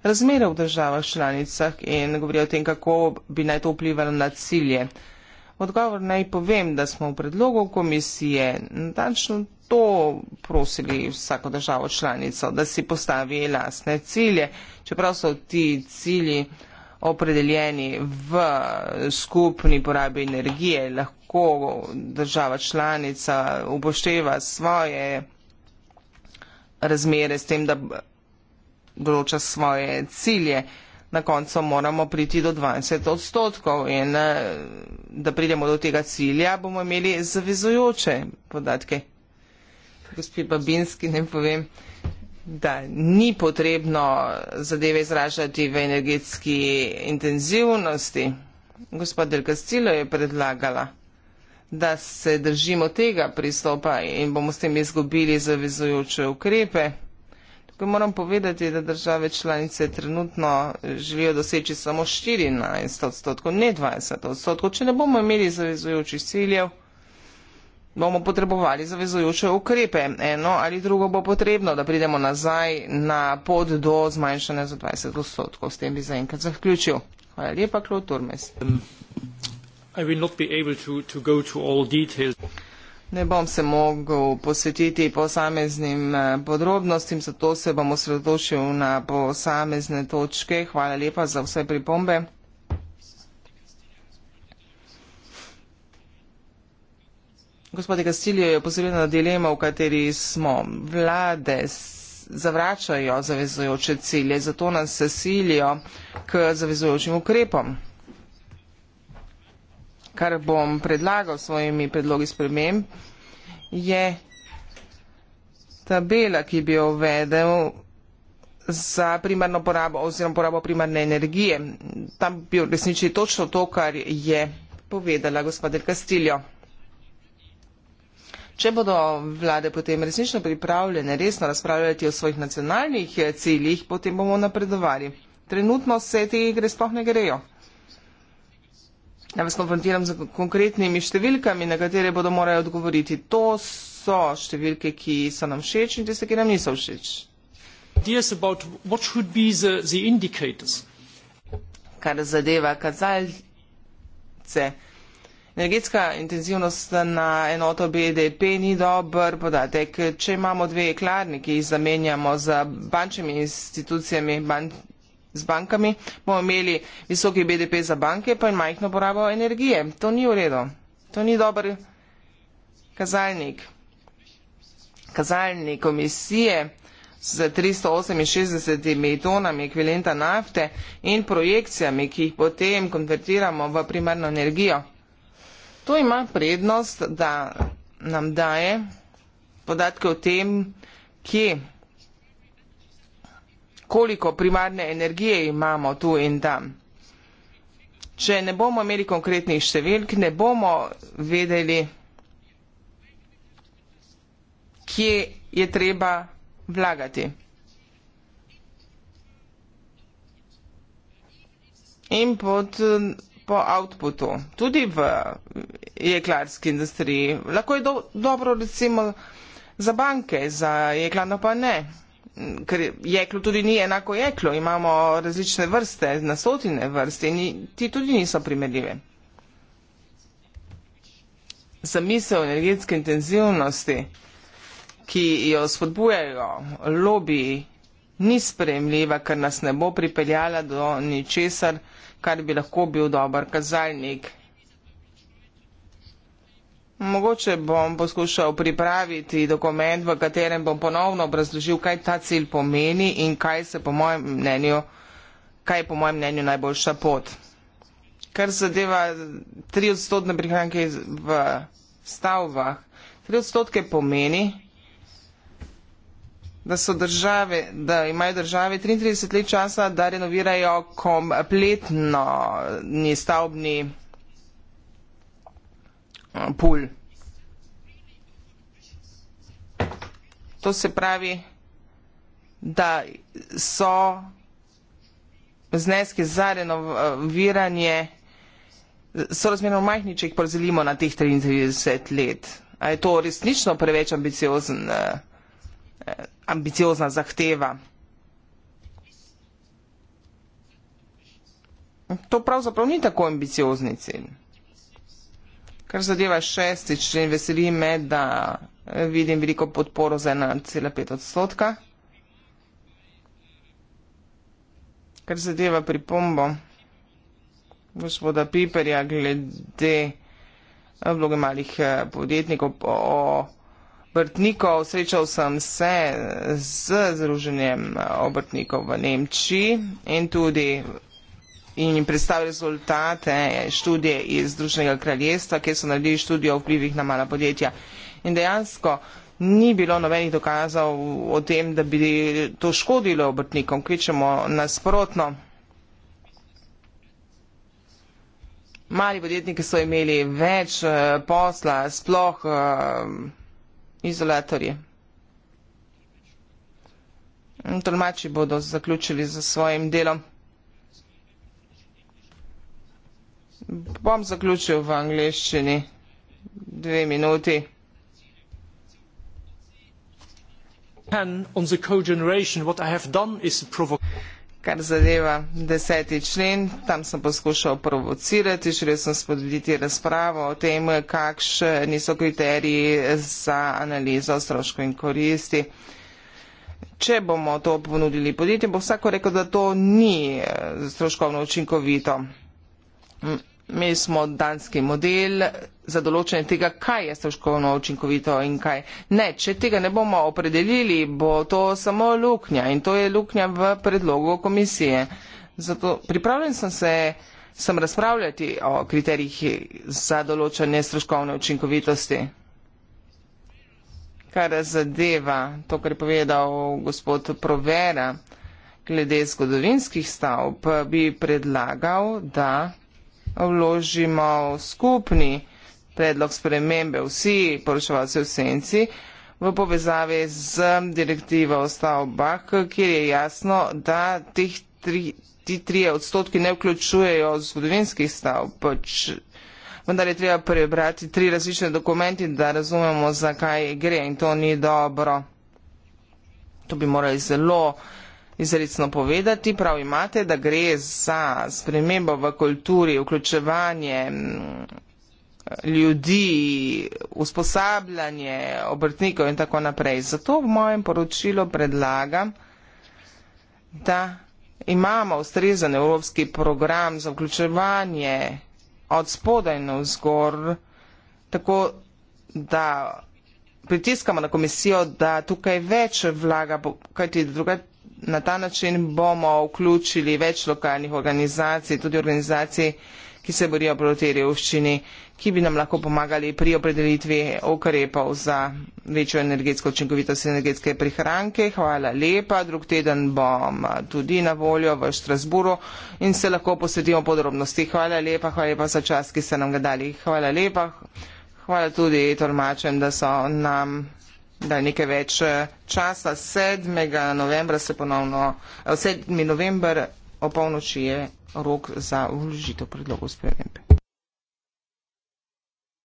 razmere v državah članicah in govori o tem, kako bi naj to vplivalo na cilje. Odgovor naj povem, da smo v predlogu komisije natančno to prosili vsako državo članico, da si postavi lastne cilje, čeprav so ti cilji opredeljeni v skupni porabi energije, lahko država članica upošteva svoje razmere s tem, da določa svoje cilje na koncu moramo priti do 20 odstotkov in eh, da pridemo do tega cilja, bomo imeli zavezujoče podatke. Gospi Babinski, ne povem, da ni potrebno zadeve izražati v energetski intenzivnosti. Gospod Delgastilo je predlagala, da se držimo tega pristopa in bomo s tem izgubili zavezujoče ukrepe. Ko moram povedati, da države članice trenutno želijo doseči samo 14 odstotkov, ne 20 odstotkov, če ne bomo imeli zavezujočih ciljev, bomo potrebovali zavezujoče ukrepe. Eno ali drugo bo potrebno, da pridemo nazaj na pot do zmanjšanja za 20 odstotkov. S tem bi zaenkrat zaključil. Hvala lepa, Klo Turmes. Um, Ne bom se mogel posvetiti posameznim eh, podrobnostim, zato se bom osredotočil na posamezne točke. Hvala lepa za vse pripombe. Gospod Kastiljo je posebej na dilemo, v kateri smo. Vlade zavračajo zavezujoče cilje, zato nas se silijo k zavezujočim ukrepom kar bom predlagal svojimi predlogi spremem, je tabela, ki bi jo uvedel za primarno porabo oziroma porabo primarne energije. Tam bi resničili točno to, kar je povedala gospodar Kastiljo. Če bodo vlade potem resnično pripravljene resno razpravljati o svojih nacionalnih ciljih, potem bomo napredovali. Trenutno se ti gre sploh ne grejo. Ja, vas konfrontiram z konkretnimi številkami, na katere bodo morali odgovoriti. To so številke, ki so nam všeč in tiste, ki nam niso všeč. Kar zadeva kazalce. Energetska intenzivnost na enoto BDP ni dober podatek. Če imamo dve klarni, ki jih zamenjamo z bančnimi institucijami, banč, z bankami, bomo imeli visoki BDP za banke pa in majhno porabo energije. To ni v redu. To ni dober kazalnik. Kazalnik komisije z 368 tonami ekvivalenta nafte in projekcijami, ki jih potem konvertiramo v primarno energijo. To ima prednost, da nam daje podatke o tem, kje koliko primarne energije imamo tu in tam. Če ne bomo imeli konkretnih številk, ne bomo vedeli, kje je treba vlagati. In pod, po outputu, tudi v jeklarski industriji, lahko je do, dobro recimo za banke, za jeklano pa ne ker jeklo tudi ni enako jeklo, imamo različne vrste, nasotine vrste in ti tudi niso primerljive. Zamisel energetske intenzivnosti, ki jo spodbujajo lobi, ni spremljiva, ker nas ne bo pripeljala do ničesar, kar bi lahko bil dober kazalnik Mogoče bom poskušal pripraviti dokument, v katerem bom ponovno obrazložil, kaj ta cilj pomeni in kaj, po mnenju, kaj je po mojem mnenju najboljša pot. Kar zadeva tri odstotne prihranke v stavbah, tri odstotke pomeni, da, države, da imajo države 33 let časa, da renovirajo kompletno stavbni prihranke. Eh, pool. To se pravi, da so zneski za renoviranje so razmerno majhni, če jih porazdelimo na teh 33 let. A je to resnično preveč ambiciozen, eh, ambiciozna zahteva? To pravzaprav ni tako ambiciozni cilj. Kar zadeva šesti člen, veseli me, da eh, vidim veliko podporo za 1,5 odstotka. Kar zadeva pripombo gospoda Piperja glede eh, vloge malih eh, podjetnikov o obrtnikov. Srečal sem se z Združenjem obrtnikov v Nemčiji in tudi in jim predstavil rezultate študije iz Združenega kraljestva, kjer so naredili študijo o vplivih na mala podjetja. In dejansko ni bilo nobenih dokazov o tem, da bi to škodilo obrtnikom, kvičemo nasprotno. Mali podjetniki so imeli več uh, posla, sploh uh, izolatorji. Tolmači bodo zaključili za svojim delom. bom zaključil v angliščini dve minuti. Kar zadeva deseti člen, tam sem poskušal provocirati, želel sem spodbuditi razpravo o tem, kakšni so kriteriji za analizo stroškov in koristi. Če bomo to ponudili podjetjem, bo vsako rekel, da to ni eh, stroškovno učinkovito. Imeli smo danski model za določenje tega, kaj je stroškovno učinkovito in kaj ne. Če tega ne bomo opredelili, bo to samo luknja in to je luknja v predlogu komisije. Zato pripravljen sem se sem razpravljati o kriterijih za določenje stroškovne učinkovitosti. Kar zadeva to, kar je povedal gospod Provera glede zgodovinskih stavb, bi predlagal, da vložimo skupni predlog spremembe, vsi poročevalci v senci, v povezavi z direktivo o stavbah, kjer je jasno, da teh tri, ti trije odstotki ne vključujejo zgodovinskih stavb. Pač Vendar je treba prebrati tri različne dokumenti, da razumemo, zakaj gre in to ni dobro. To bi morali zelo izredno povedati. Prav imate, da gre za spremembo v kulturi, vključevanje mm, ljudi, usposabljanje obrtnikov in tako naprej. Zato v mojem poročilu predlagam, da imamo ustrezen evropski program za vključevanje od spodaj na vzgor, tako da pritiskamo na komisijo, da tukaj več vlaga, kajti drugače na ta način bomo vključili več lokalnih organizacij, tudi organizacij, ki se borijo proti revščini, ki bi nam lahko pomagali pri opredelitvi ukrepov za večjo energetsko učinkovitost in energetske prihranke. Hvala lepa, drug teden bom eh, tudi na voljo v Štrasburu in se lahko posvetimo podrobnosti. Hvala lepa, hvala lepa za čas, ki ste nam ga dali. Hvala lepa, hvala tudi tolmačem, da so nam da nekaj več eh, časa. 7. novembra se ponovno, 7. Eh, november o polnoči je rok za vložitev predlogov spremembe.